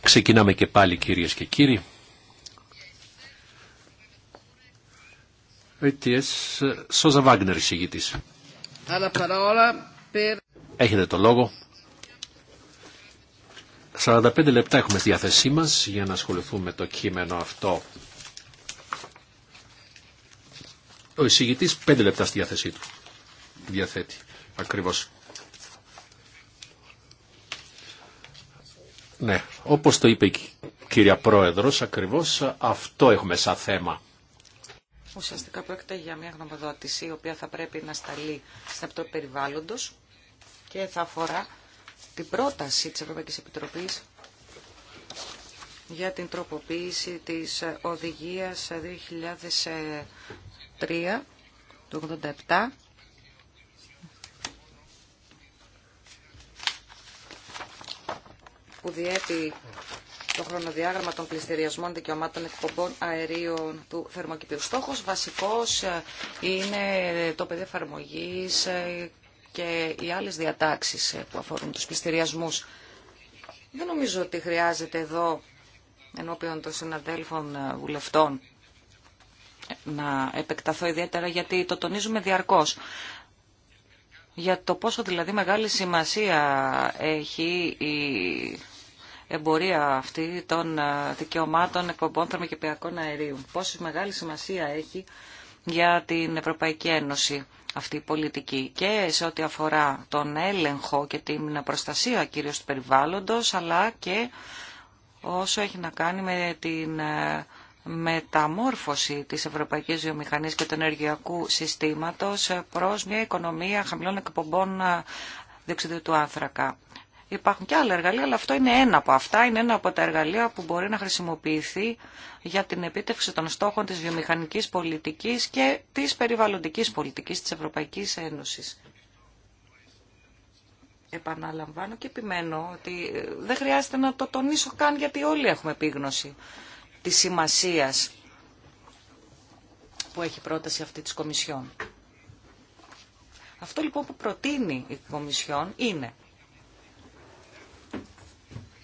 Ξεκινάμε και πάλι κυρίες και κύριοι. Σόζα Βάγνερ, εισηγητής. Έχετε το λόγο. 45 λεπτά έχουμε στη διάθεσή μας για να ασχοληθούμε το κείμενο αυτό. Ο εισηγητής 5 λεπτά στη διάθεσή του διαθέτει. Ακριβώς. Ναι, όπως το είπε η κυρία Πρόεδρος, ακριβώς αυτό έχουμε σαν θέμα. Ουσιαστικά πρόκειται για μια γνωμοδότηση η οποία θα πρέπει να σταλεί στην Επιτροπή Περιβάλλοντος και θα αφορά την πρόταση της Ευρωπαϊκής Επιτροπής για την τροποποίηση της οδηγίας 2003 ε, ε, του 87 που διέπει το χρονοδιάγραμμα των πληστηριασμών δικαιωμάτων εκπομπών αερίων του θερμοκηπίου. Στόχος βασικός ε, είναι το πεδίο εφαρμογή ε, και οι άλλες διατάξεις ε, που αφορούν τους πληστηριασμούς. Δεν νομίζω ότι χρειάζεται εδώ ενώπιον των συναδέλφων βουλευτών να επεκταθώ ιδιαίτερα γιατί το τονίζουμε διαρκώς για το πόσο δηλαδή μεγάλη σημασία έχει η εμπορία αυτή των ε, δικαιωμάτων εκπομπών θερμοκηπιακών αερίου. Πόση μεγάλη σημασία έχει για την Ευρωπαϊκή Ένωση αυτή η πολιτική και σε ό,τι αφορά τον έλεγχο και την προστασία κυρίως του περιβάλλοντος αλλά και όσο έχει να κάνει με την ε, μεταμόρφωση της ευρωπαϊκής βιομηχανίας και του ενεργειακού συστήματος προς μια οικονομία χαμηλών εκπομπών ε, διοξιδίου του άνθρακα. Υπάρχουν και άλλα εργαλεία, αλλά αυτό είναι ένα από αυτά. Είναι ένα από τα εργαλεία που μπορεί να χρησιμοποιηθεί για την επίτευξη των στόχων της βιομηχανικής πολιτικής και της περιβαλλοντικής πολιτικής της Ευρωπαϊκής Ένωσης. Επαναλαμβάνω και επιμένω ότι ε, δεν χρειάζεται να το τονίσω καν γιατί όλοι έχουμε επίγνωση της σημασίας που έχει πρόταση αυτή της Κομισιόν. Αυτό λοιπόν που προτείνει η Κομισιόν είναι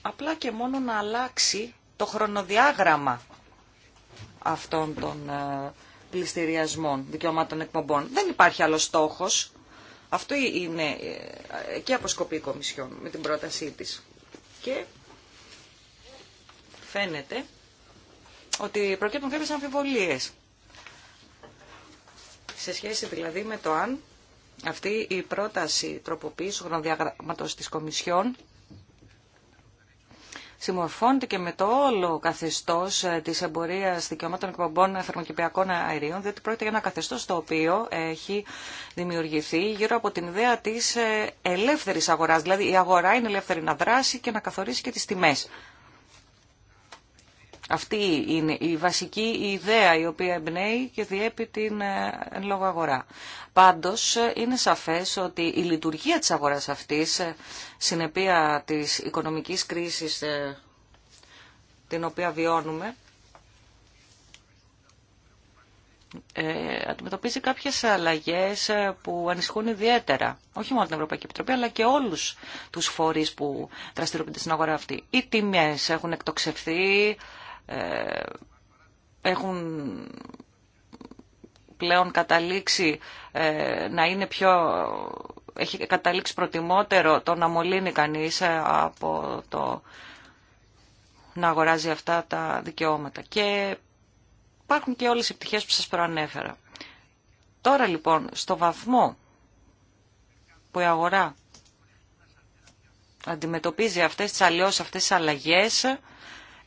απλά και μόνο να αλλάξει το χρονοδιάγραμμα αυτών των ε, πληστηριασμών δικαιωμάτων εκπομπών. Δεν υπάρχει άλλο στόχος. Αυτό είναι ε, και αποσκοπεί η Κομισιόν με την πρότασή της. Και φαίνεται ότι προκύπτουν κάποιες αμφιβολίες. Σε σχέση δηλαδή με το αν αυτή η πρόταση τροποποίηση χρονοδιαγραμματος της Κομισιόν συμμορφώνεται και με το όλο καθεστώ ε, τη εμπορία δικαιωμάτων εκπομπών θερμοκηπιακών αερίων, διότι πρόκειται για ένα καθεστώ το οποίο έχει δημιουργηθεί γύρω από την ιδέα τη ε, ελεύθερη αγορά. Δηλαδή η αγορά είναι ελεύθερη να δράσει και να καθορίσει και τι τιμέ. Αυτή είναι η βασική ιδέα η οποία εμπνέει και διέπει την ε, εν λόγω αγορά. Πάντως είναι σαφές ότι η λειτουργία της αγοράς αυτής, ε, συνεπία της οικονομικής κρίσης ε, την οποία βιώνουμε, αντιμετωπίζει κάποιες αλλαγές που ανησυχούν ιδιαίτερα, όχι μόνο την Ευρωπαϊκή Επιτροπή, αλλά και όλους τους φορείς που δραστηριοποιούνται στην αγορά αυτή. Οι τιμές έχουν εκτοξευθεί, ε, έχουν πλέον καταλήξει ε, να είναι πιο... Έχει καταλήξει προτιμότερο το να μολύνει κανείς ε, από το να αγοράζει αυτά τα δικαιώματα. Και υπάρχουν και όλες οι πτυχές που σας προανέφερα. Τώρα λοιπόν, στο βαθμό που η αγορά αντιμετωπίζει αυτές τις αλλιώς αυτές τις αλλαγές,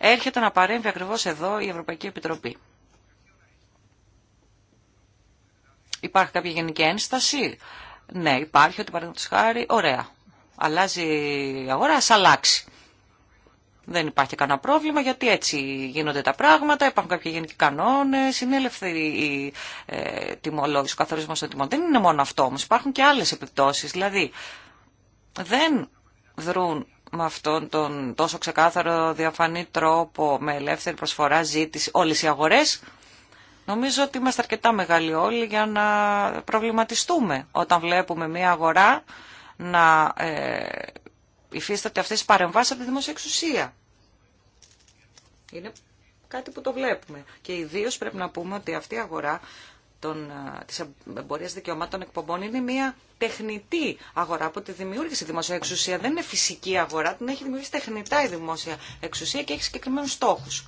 έρχεται να παρέμβει ακριβώς εδώ η Ευρωπαϊκή Επιτροπή. Υπάρχει κάποια γενική ένσταση. Ναι, υπάρχει ότι παραδείγματο χάρη, ωραία. Αλλάζει η αγορά, Ας αλλάξει. Δεν υπάρχει κανένα πρόβλημα γιατί έτσι γίνονται τα πράγματα, υπάρχουν κάποιοι γενικοί κανόνε, είναι ελεύθερη η ε, τιμολόγηση, ο καθορισμό των τιμών. Δεν είναι μόνο αυτό όμω, υπάρχουν και άλλε επιπτώσει. Δηλαδή, δεν δρούν με αυτόν τον τόσο ξεκάθαρο διαφανή τρόπο, με ελεύθερη προσφορά ζήτηση, όλες οι αγορές, νομίζω ότι είμαστε αρκετά μεγάλοι όλοι για να προβληματιστούμε όταν βλέπουμε μια αγορά να ε, υφίσταται αυτές τις παρεμβάσεις από τη δημόσια εξουσία. Είναι κάτι που το βλέπουμε. Και ιδίω πρέπει να πούμε ότι αυτή η αγορά των, ε, της εμπορίας δικαιωμάτων εκπομπών είναι μια τεχνητή αγορά που τη δημιούργησε η δημόσια εξουσία. Δεν είναι φυσική αγορά, την έχει δημιουργήσει τεχνητά η δημόσια εξουσία και έχει συγκεκριμένους στόχους.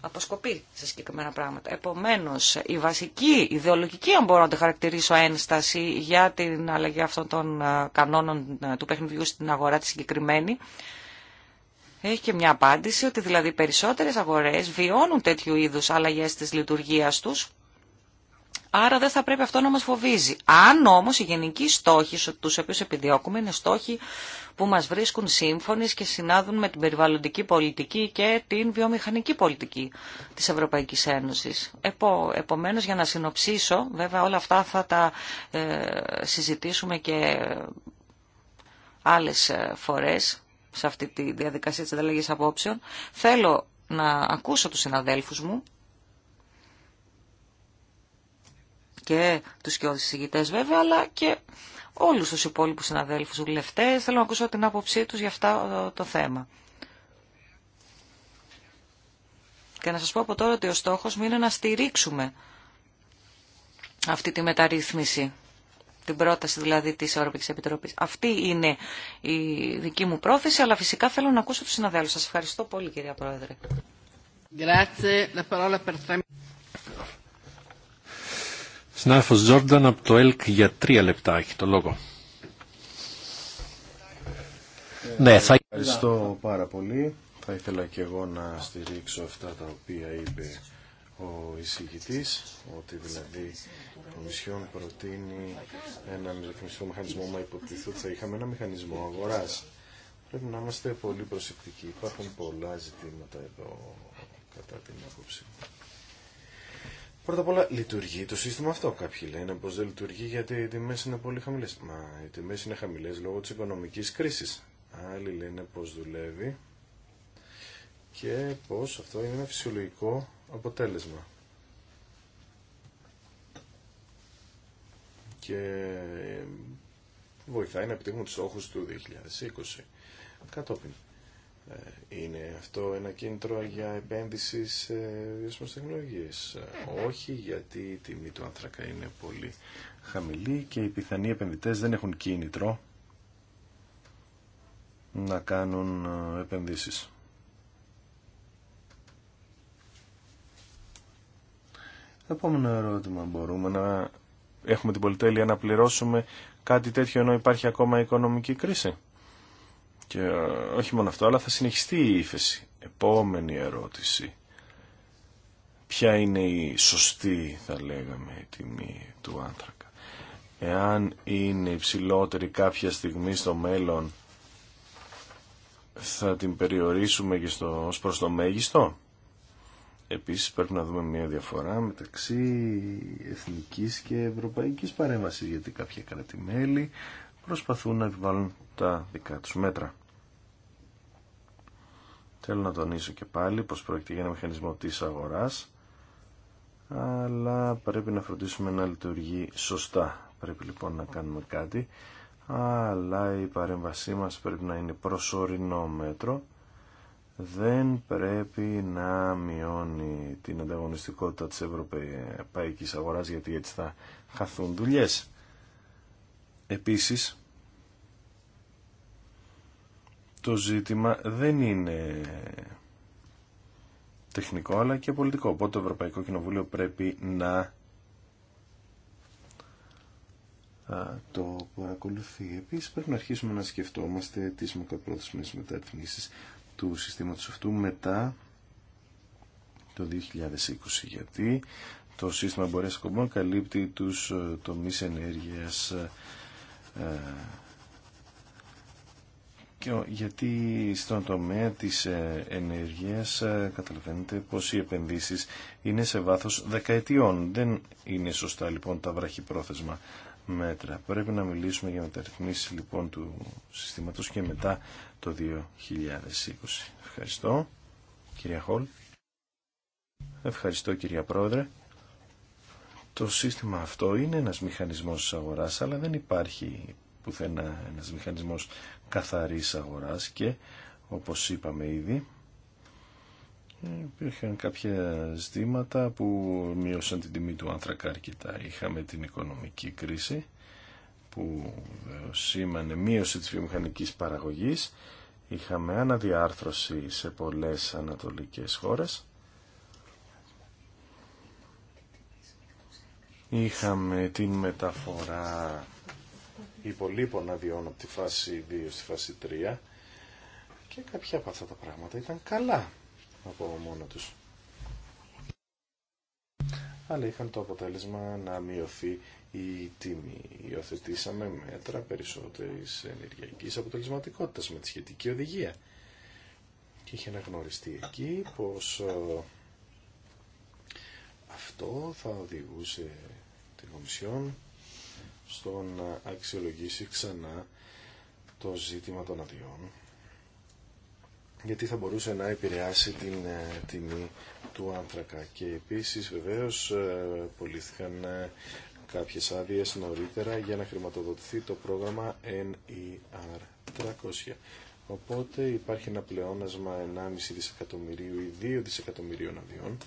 Αποσκοπεί σε συγκεκριμένα πράγματα. Επομένως, η βασική ιδεολογική, αν μπορώ να τη χαρακτηρίσω, ένσταση για την αλλαγή αυτών των ε, κανόνων ε, του παιχνιδιού στην αγορά τη συγκεκριμένη, έχει και μια απάντηση ότι δηλαδή περισσότερες αγορές βιώνουν τέτοιου είδους αλλαγέ τη λειτουργία τους Άρα δεν θα πρέπει αυτό να μας φοβίζει. Αν όμως οι γενικοί στόχοι τους οποίους επιδιώκουμε είναι στόχοι που μας βρίσκουν σύμφωνοι και συνάδουν με την περιβαλλοντική πολιτική και την βιομηχανική πολιτική της Ευρωπαϊκής Ένωσης. Επο, επομένως, για να συνοψίσω, βέβαια όλα αυτά θα τα ε, συζητήσουμε και άλλες ε, φορές σε αυτή τη διαδικασία της ανταλλαγής απόψεων. Θέλω να ακούσω τους συναδέλφους μου και τους και ηγητέ βέβαια, αλλά και όλους τους υπόλοιπους συναδέλφους βουλευτέ. Θέλω να ακούσω την άποψή τους για αυτό ε, το θέμα. Και να σας πω από τώρα ότι ο στόχος μου είναι να στηρίξουμε αυτή τη μεταρρύθμιση, την πρόταση δηλαδή της Ευρωπαϊκής Επιτροπής. Αυτή είναι η δική μου πρόθεση, αλλά φυσικά θέλω να ακούσω τους συναδέλφους. Σας ευχαριστώ πολύ κυρία Πρόεδρε. Συνάδελφος Τζόρνταν από το ΕΛΚ για τρία λεπτά έχει το λόγο. ναι, Ευχαριστώ πάρα πολύ. Θα ήθελα και εγώ να στηρίξω αυτά τα οποία είπε ο εισηγητής, ότι δηλαδή η Κομισιόν προτείνει έναν ρυθμιστικό μηχανισμό, μα ότι θα είχαμε ένα μηχανισμό αγοράς. Πρέπει να είμαστε πολύ προσεκτικοί. Υπάρχουν πολλά ζητήματα εδώ κατά την άποψή μου. Πρώτα απ' όλα, λειτουργεί το σύστημα αυτό. Κάποιοι λένε πω δεν λειτουργεί γιατί οι τιμέ είναι πολύ χαμηλέ. Μα οι τιμέ είναι χαμηλέ λόγω τη οικονομική κρίση. Άλλοι λένε πω δουλεύει και πω αυτό είναι ένα φυσιολογικό αποτέλεσμα. Και ε, βοηθάει να επιτύχουν τους στόχους του 2020 κατόπιν. Ε, είναι αυτό ένα κίνητρο για επένδυση σε βιώσιμες τεχνολογίες. Όχι γιατί η τιμή του άνθρακα είναι πολύ χαμηλή και οι πιθανοί επενδυτές δεν έχουν κίνητρο να κάνουν ε, επενδύσεις. Επόμενο ερώτημα μπορούμε να έχουμε την πολυτέλεια να πληρώσουμε κάτι τέτοιο ενώ υπάρχει ακόμα οικονομική κρίση. Και ε, όχι μόνο αυτό, αλλά θα συνεχιστεί η ύφεση. Επόμενη ερώτηση. Ποια είναι η σωστή, θα λέγαμε, η τιμή του άνθρακα. Εάν είναι υψηλότερη κάποια στιγμή στο μέλλον, θα την περιορίσουμε και στο, ως προς το μέγιστο. Επίσης πρέπει να δούμε μια διαφορά μεταξύ εθνικής και ευρωπαϊκής παρέμβασης, γιατί κάποια κράτη-μέλη προσπαθούν να επιβάλλουν τα δικά τους μέτρα. Θέλω να τονίσω και πάλι πως πρόκειται για ένα μηχανισμό της αγοράς, αλλά πρέπει να φροντίσουμε να λειτουργεί σωστά. Πρέπει λοιπόν να κάνουμε κάτι, αλλά η παρέμβασή μας πρέπει να είναι προσωρινό μέτρο. Δεν πρέπει να μειώνει την ανταγωνιστικότητα της ευρωπαϊκής αγοράς, γιατί έτσι θα χαθούν δουλειές. Επίσης, το ζήτημα δεν είναι τεχνικό αλλά και πολιτικό. Οπότε το Ευρωπαϊκό Κοινοβούλιο πρέπει να το παρακολουθεί. Επίσης πρέπει να αρχίσουμε να σκεφτόμαστε τις μακροπρόθεσμες μεταρρυθμίσεις του συστήματος αυτού μετά το 2020 γιατί το σύστημα μπορέας να καλύπτει τους ε, τομείς ενέργειας ε, γιατί στον τομέα της ε, ενεργείας ε, καταλαβαίνετε πως οι επενδύσεις είναι σε βάθος δεκαετιών. Δεν είναι σωστά λοιπόν τα βραχυπρόθεσμα μέτρα. Πρέπει να μιλήσουμε για μεταρρυθμίσεις λοιπόν του συστήματος και μετά το 2020. Ευχαριστώ κυρία Χολ. Ευχαριστώ κυρία Πρόεδρε. Το σύστημα αυτό είναι ένας μηχανισμός αγοράς, αλλά δεν υπάρχει πουθενά ένας μηχανισμός καθαρής αγοράς και όπως είπαμε ήδη υπήρχαν κάποια ζητήματα που μείωσαν την τιμή του άνθρακα αρκετά. Είχαμε την οικονομική κρίση που σήμανε μείωση της βιομηχανικής παραγωγής. Είχαμε αναδιάρθρωση σε πολλές ανατολικές χώρες. Είχαμε την μεταφορά υπολείπων αδειών από τη φάση 2 στη φάση 3 και κάποια από αυτά τα πράγματα ήταν καλά από μόνο τους. Αλλά είχαν το αποτέλεσμα να μειωθεί η τιμή. Υιοθετήσαμε μέτρα περισσότερης ενεργειακής αποτελεσματικότητας με τη σχετική οδηγία. Και είχε αναγνωριστεί εκεί πως ε, αυτό θα οδηγούσε την Κομισιόν στο να αξιολογήσει ξανά το ζήτημα των αδειών γιατί θα μπορούσε να επηρεάσει την ε, τιμή του άνθρακα. Και επίσης βεβαίως ε, πουλήθηκαν ε, κάποιες άδειες νωρίτερα για να χρηματοδοτηθεί το πρόγραμμα NER300. Οπότε υπάρχει ένα πλεόνασμα 1,5 δισεκατομμυρίου ή 2 δισεκατομμυρίων αδειών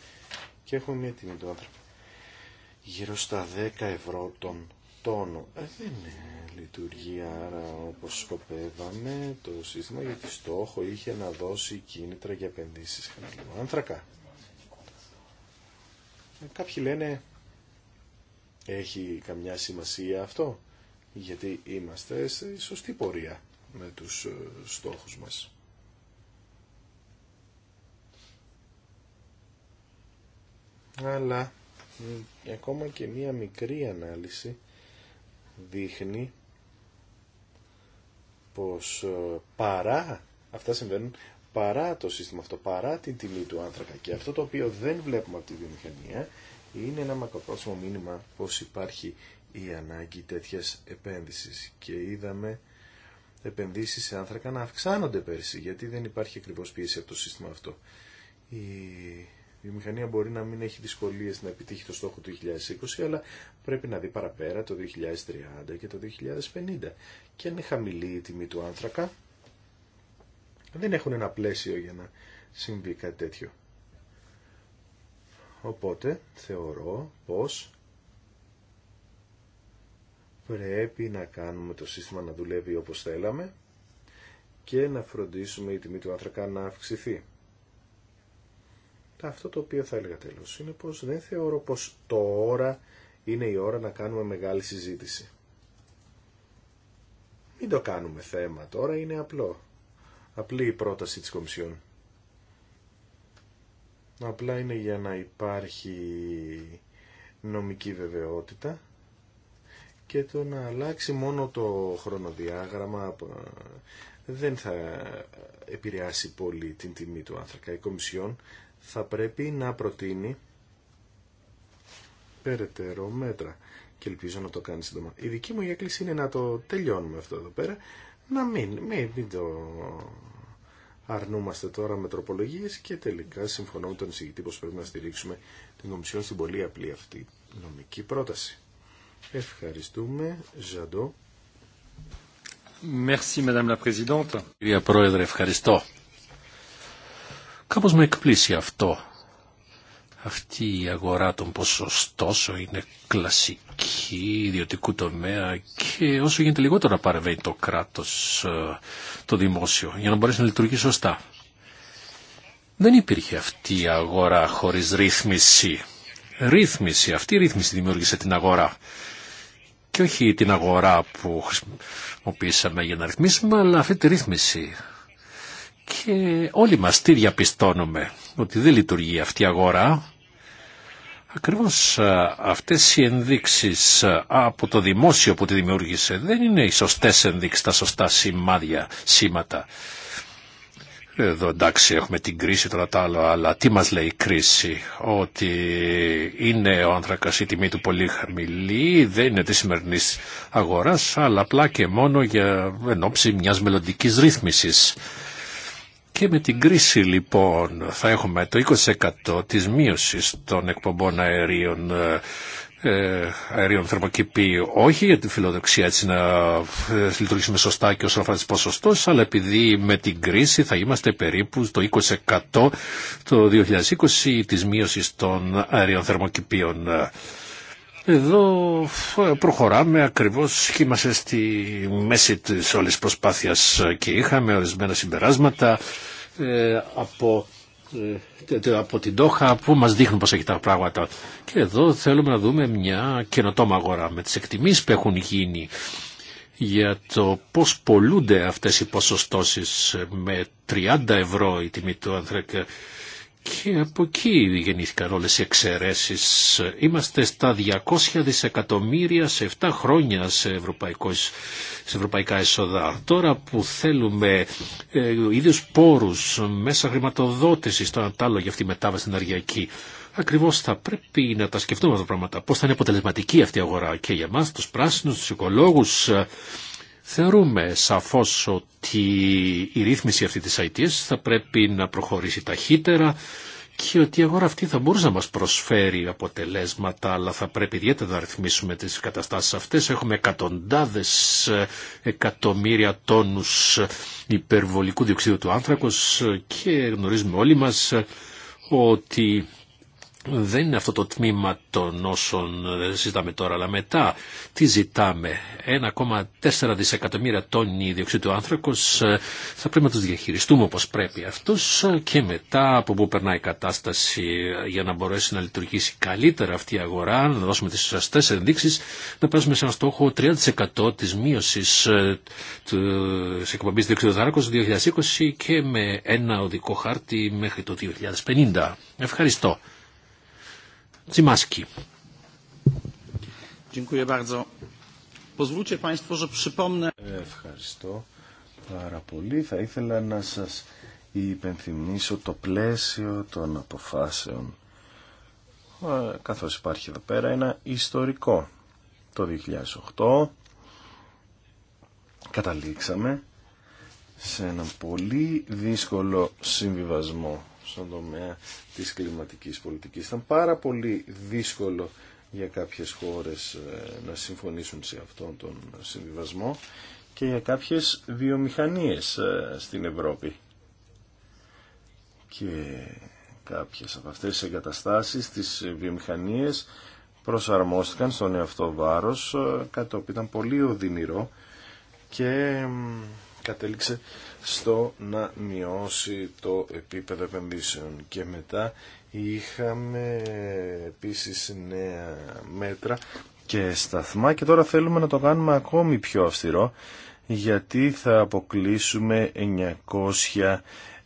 και έχουμε μια τιμή του άνθρακα γύρω στα 10 ευρώ τον Τόνο. Ε, δεν λειτουργεί άρα όπως σκοπεύαμε το σύστημα γιατί στόχο είχε να δώσει κίνητρα για επενδύσεις χαμηλού άνθρακα. Ε, κάποιοι λένε έχει καμιά σημασία αυτό γιατί είμαστε σε σωστή πορεία με τους ε, στόχους μας. Αλλά ακόμα και μία μικρή ανάλυση δείχνει πως ε, παρά, αυτά συμβαίνουν παρά το σύστημα αυτό, παρά την τιμή του άνθρακα και αυτό το οποίο δεν βλέπουμε από τη βιομηχανία είναι ένα μακροπρόθεσμο μήνυμα πως υπάρχει η ανάγκη τέτοιας επένδυσης και είδαμε επενδύσεις σε άνθρακα να αυξάνονται πέρσι γιατί δεν υπάρχει ακριβώ πίεση από το σύστημα αυτό. Η η μηχανία μπορεί να μην έχει δυσκολίες να επιτύχει το στόχο του 2020, αλλά πρέπει να δει παραπέρα το 2030 και το 2050. Και αν είναι χαμηλή η τιμή του άνθρακα, δεν έχουν ένα πλαίσιο για να συμβεί κάτι τέτοιο. Οπότε θεωρώ πως πρέπει να κάνουμε το σύστημα να δουλεύει όπως θέλαμε και να φροντίσουμε η τιμή του άνθρακα να αυξηθεί. Αυτό το οποίο θα έλεγα τέλος είναι πως δεν θεωρώ πως τώρα είναι η ώρα να κάνουμε μεγάλη συζήτηση. Μην το κάνουμε θέμα τώρα, είναι απλό. Απλή η πρόταση της Κομισιόν. Απλά είναι για να υπάρχει νομική βεβαιότητα και το να αλλάξει μόνο το χρονοδιάγραμμα δεν θα επηρεάσει πολύ την τιμή του άνθρακα. Η Κομισιόν θα πρέπει να προτείνει περαιτέρω μέτρα και ελπίζω να το κάνει σύντομα. Η δική μου έκκληση είναι να το τελειώνουμε αυτό εδώ πέρα, να μην, μην, το αρνούμαστε τώρα με τροπολογίες και τελικά συμφωνώ με τον εισηγητή πως πρέπει να στηρίξουμε την Κομισιόν στην πολύ απλή αυτή νομική πρόταση. Ευχαριστούμε. Ζαντό. Merci, Madame la Présidente. Κυρία Πρόεδρε, ευχαριστώ. Κάπως με εκπλήσει αυτό. Αυτή η αγορά των ποσοστώσεων είναι κλασική ιδιωτικού τομέα και όσο γίνεται λιγότερο παρεμβαίνει το κράτος, ε, το δημόσιο, για να μπορέσει να λειτουργεί σωστά. Δεν υπήρχε αυτή η αγορά χωρίς ρύθμιση. Ρύθμιση, αυτή η ρύθμιση δημιούργησε την αγορά. Και όχι την αγορά που χρησιμοποιήσαμε για να ρυθμίσουμε, αλλά αυτή τη ρύθμιση και όλοι μας τι διαπιστώνουμε, ότι δεν λειτουργεί αυτή η αγορά. Ακριβώς ε, αυτές οι ενδείξεις ε, από το δημόσιο που τη δημιούργησε δεν είναι οι σωστές ενδείξεις, τα σωστά σημάδια, σήματα. Ε, εδώ εντάξει έχουμε την κρίση τώρα τα άλλα, αλλά τι μας λέει η κρίση, ότι είναι ο άνθρακας η τιμή του πολύ χαμηλή, δεν είναι της σημερινή αγοράς, αλλά απλά και μόνο για ενόψη μιας μελλοντική ρύθμισης. Και με την κρίση λοιπόν θα έχουμε το 20% της μείωσης των εκπομπών αερίων ε, ε, αερίων θερμοκηπίου. Όχι για τη φιλοδοξία έτσι να ε, λειτουργήσουμε σωστά και όσον αφορά τις ποσοστό, αλλά επειδή με την κρίση θα είμαστε περίπου στο 20% το 2020 της μείωσης των αερίων θερμοκηπίων. Εδώ ε, προχωράμε ακριβώς, είμαστε στη μέση της όλης προσπάθειας και είχαμε ορισμένα συμπεράσματα ε, από ε, από την Τόχα που μας δείχνουν πως έχει τα πράγματα. Και εδώ θέλουμε να δούμε μια καινοτόμα αγορά με τις εκτιμήσεις που έχουν γίνει για το πώς πολλούνται αυτές οι ποσοστώσεις με 30 ευρώ η τιμή του ανθρακ και από εκεί γεννήθηκαν όλες οι εξαιρέσεις. Είμαστε στα 200 δισεκατομμύρια σε 7 χρόνια σε, σε ευρωπαϊκά έσοδα. Τώρα που θέλουμε ε, ίδιους πόρους μέσα χρηματοδότησης, στον αντάλλο για αυτή η μετάβαση ενεργειακή, Ακριβώς θα πρέπει να τα σκεφτούμε αυτά τα πράγματα. Πώς θα είναι αποτελεσματική αυτή η αγορά και για εμά, του πράσινου, του οικολόγου. Θεωρούμε σαφώς ότι η ρύθμιση αυτή της αιτίας θα πρέπει να προχωρήσει ταχύτερα και ότι η αγορά αυτή θα μπορούσε να μας προσφέρει αποτελέσματα, αλλά θα πρέπει ιδιαίτερα να ρυθμίσουμε τις καταστάσεις αυτές. Έχουμε εκατοντάδες εκατομμύρια τόνους υπερβολικού διοξίδου του άνθρακος και γνωρίζουμε όλοι μας ότι δεν είναι αυτό το τμήμα των όσων ε, συζητάμε τώρα, αλλά μετά τι ζητάμε. 1,4 δισεκατομμύρια τόνοι διοξείδου του ε, θα πρέπει να του διαχειριστούμε όπω πρέπει αυτού ε, και μετά από πού περνάει η κατάσταση για να μπορέσει να λειτουργήσει καλύτερα αυτή η αγορά, να δώσουμε τι σωστέ ενδείξει, να περάσουμε σε ένα στόχο 30% τη μείωση τη εκπομπή διοξείδιου του το 2020 και με ένα οδικό χάρτη μέχρι το 2050. Ευχαριστώ. Ευχαριστώ πάρα πολύ. Θα ήθελα να σα υπενθυμίσω το πλαίσιο των αποφάσεων. Ε, καθώ υπάρχει εδώ πέρα ένα ιστορικό. Το 2008 καταλήξαμε σε ένα πολύ δύσκολο συμβιβασμό στον τομέα της κλιματικής πολιτικής. Ήταν πάρα πολύ δύσκολο για κάποιες χώρες ε, να συμφωνήσουν σε αυτόν τον συμβιβασμό και για κάποιες βιομηχανίες ε, στην Ευρώπη. Και κάποιες από αυτές τις εγκαταστάσεις, τις βιομηχανίες προσαρμόστηκαν στον εαυτό βάρος, ε, κάτι το ήταν πολύ οδυνηρό και κατέληξε στο να μειώσει το επίπεδο επενδύσεων. Και μετά είχαμε επίσης νέα μέτρα και σταθμά και τώρα θέλουμε να το κάνουμε ακόμη πιο αυστηρό γιατί θα αποκλείσουμε 900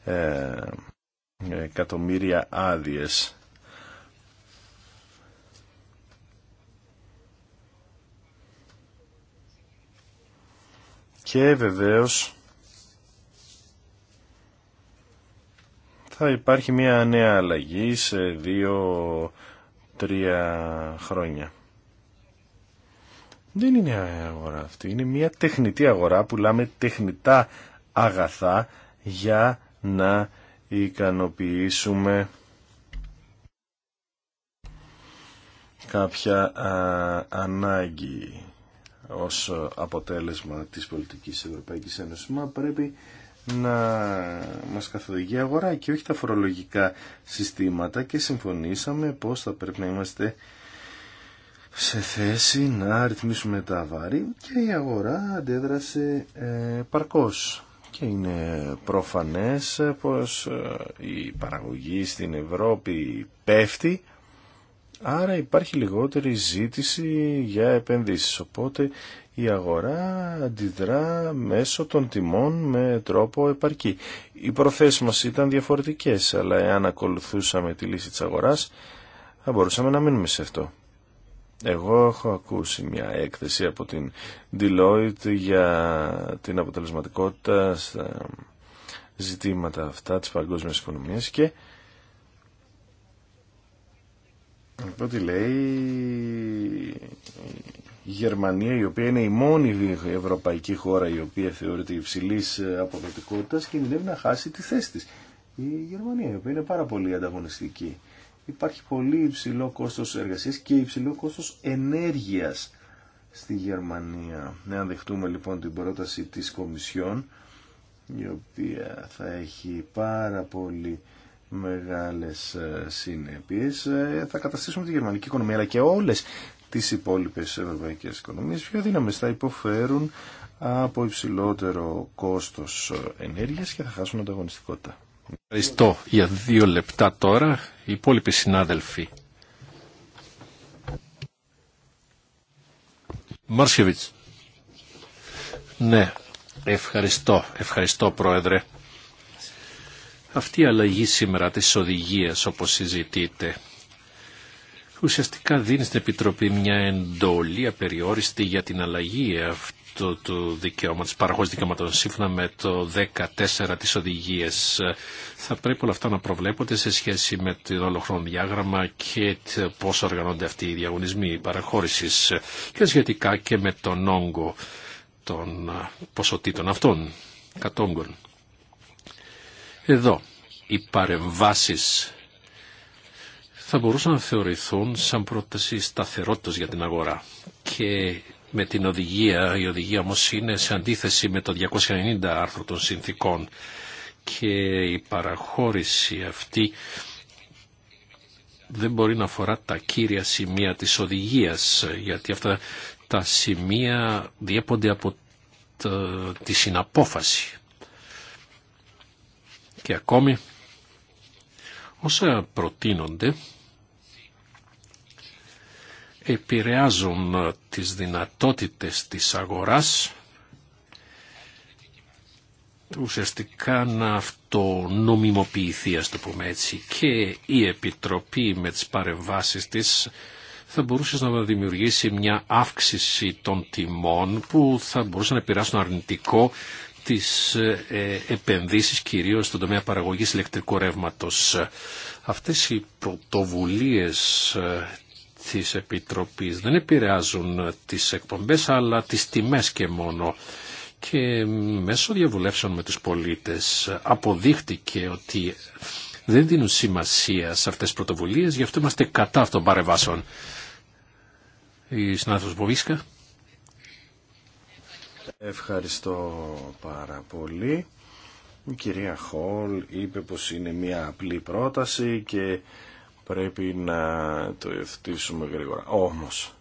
ε, εκατομμύρια άδειες και βεβαίως θα υπάρχει μια νέα αλλαγή σε δύο-τρία χρόνια. Δεν είναι αγορά αυτή, είναι μια τεχνητή αγορά, πουλάμε τεχνητά αγαθά για να ικανοποιήσουμε κάποια ανάγκη ως αποτέλεσμα της πολιτικής Ευρωπαϊκής Ένωσης. Μα πρέπει να μας καθοδηγεί αγορά και όχι τα φορολογικά συστήματα και συμφωνήσαμε πως θα πρέπει να είμαστε σε θέση να ρυθμίσουμε τα βάρη και η αγορά αντέδρασε ε, παρκώς. Και είναι προφανές πως ε, η παραγωγή στην Ευρώπη πέφτει Άρα υπάρχει λιγότερη ζήτηση για επενδύσεις. Οπότε η αγορά αντιδρά μέσω των τιμών με τρόπο επαρκή. Οι προθέσεις μας ήταν διαφορετικές, αλλά εάν ακολουθούσαμε τη λύση της αγοράς θα μπορούσαμε να μείνουμε σε αυτό. Εγώ έχω ακούσει μια έκθεση από την Deloitte για την αποτελεσματικότητα στα ζητήματα αυτά της παγκόσμιας οικονομίας και Οπότε λέει η Γερμανία η οποία είναι η μόνη ευρωπαϊκή χώρα η οποία θεωρείται υψηλή αποδοτικότητα κινδυνεύει να χάσει τη θέση της. Η Γερμανία η οποία είναι πάρα πολύ ανταγωνιστική. Υπάρχει πολύ υψηλό κόστος εργασίας και υψηλό κόστος ενέργειας στη Γερμανία. αν δεχτούμε λοιπόν την πρόταση της Κομισιόν η οποία θα έχει πάρα πολύ μεγάλες ε, συνέπειες, ε, θα καταστήσουμε τη γερμανική οικονομία αλλά και όλες τις υπόλοιπες ευρωπαϊκές οικονομίες πιο δύναμες θα υποφέρουν από υψηλότερο κόστος ε, ενέργειας και θα χάσουν ανταγωνιστικότητα. Ευχαριστώ για δύο λεπτά τώρα. Οι υπόλοιποι συνάδελφοι. Μάρσιεβιτς. Ναι, ευχαριστώ. Ευχαριστώ πρόεδρε αυτή η αλλαγή σήμερα της οδηγίας όπως συζητείτε ουσιαστικά δίνει στην Επιτροπή μια εντολή απεριόριστη για την αλλαγή αυτού του δικαιώματος, παραγωγής δικαιωματών σύμφωνα με το 14 της οδηγίας. Θα πρέπει όλα αυτά να προβλέπονται σε σχέση με το ολοχρόνο διάγραμμα και πώς οργανώνται αυτοί οι διαγωνισμοί παραχώρησης και σχετικά και με τον όγκο των ποσοτήτων αυτών, κατόγκων. Εδώ οι παρεμβάσεις θα μπορούσαν να θεωρηθούν σαν πρόταση σταθερότητας για την αγορά και με την οδηγία, η οδηγία όμω είναι σε αντίθεση με το 290 άρθρο των συνθήκων και η παραχώρηση αυτή δεν μπορεί να αφορά τα κύρια σημεία της οδηγίας γιατί αυτά τα σημεία διέπονται από τη συναπόφαση. Και ακόμη, όσα προτείνονται επηρεάζουν τις δυνατότητες της αγοράς ουσιαστικά να αυτονομιμοποιηθεί, ας το πούμε έτσι, και η Επιτροπή με τις παρεμβάσεις της θα μπορούσε να δημιουργήσει μια αύξηση των τιμών που θα μπορούσε να επηρεάσουν αρνητικό τις ε, ε, επενδύσεις κυρίως στον τομέα παραγωγής ηλεκτρικού ρεύματος. Αυτές οι πρωτοβουλίες ε, της Επιτροπής δεν επηρεάζουν τις εκπομπές αλλά τις τιμές και μόνο. Και μέσω διαβουλεύσεων με τους πολίτες αποδείχτηκε ότι δεν δίνουν σημασία σε αυτές τις πρωτοβουλίες, γι' αυτό είμαστε κατά αυτών παρεμβάσεων. Η συνάδελφος Μποβίσκα. Ευχαριστώ πάρα πολύ. Η κυρία Χολ είπε πως είναι μια απλή πρόταση και πρέπει να το ευθύσουμε γρήγορα. Όμως,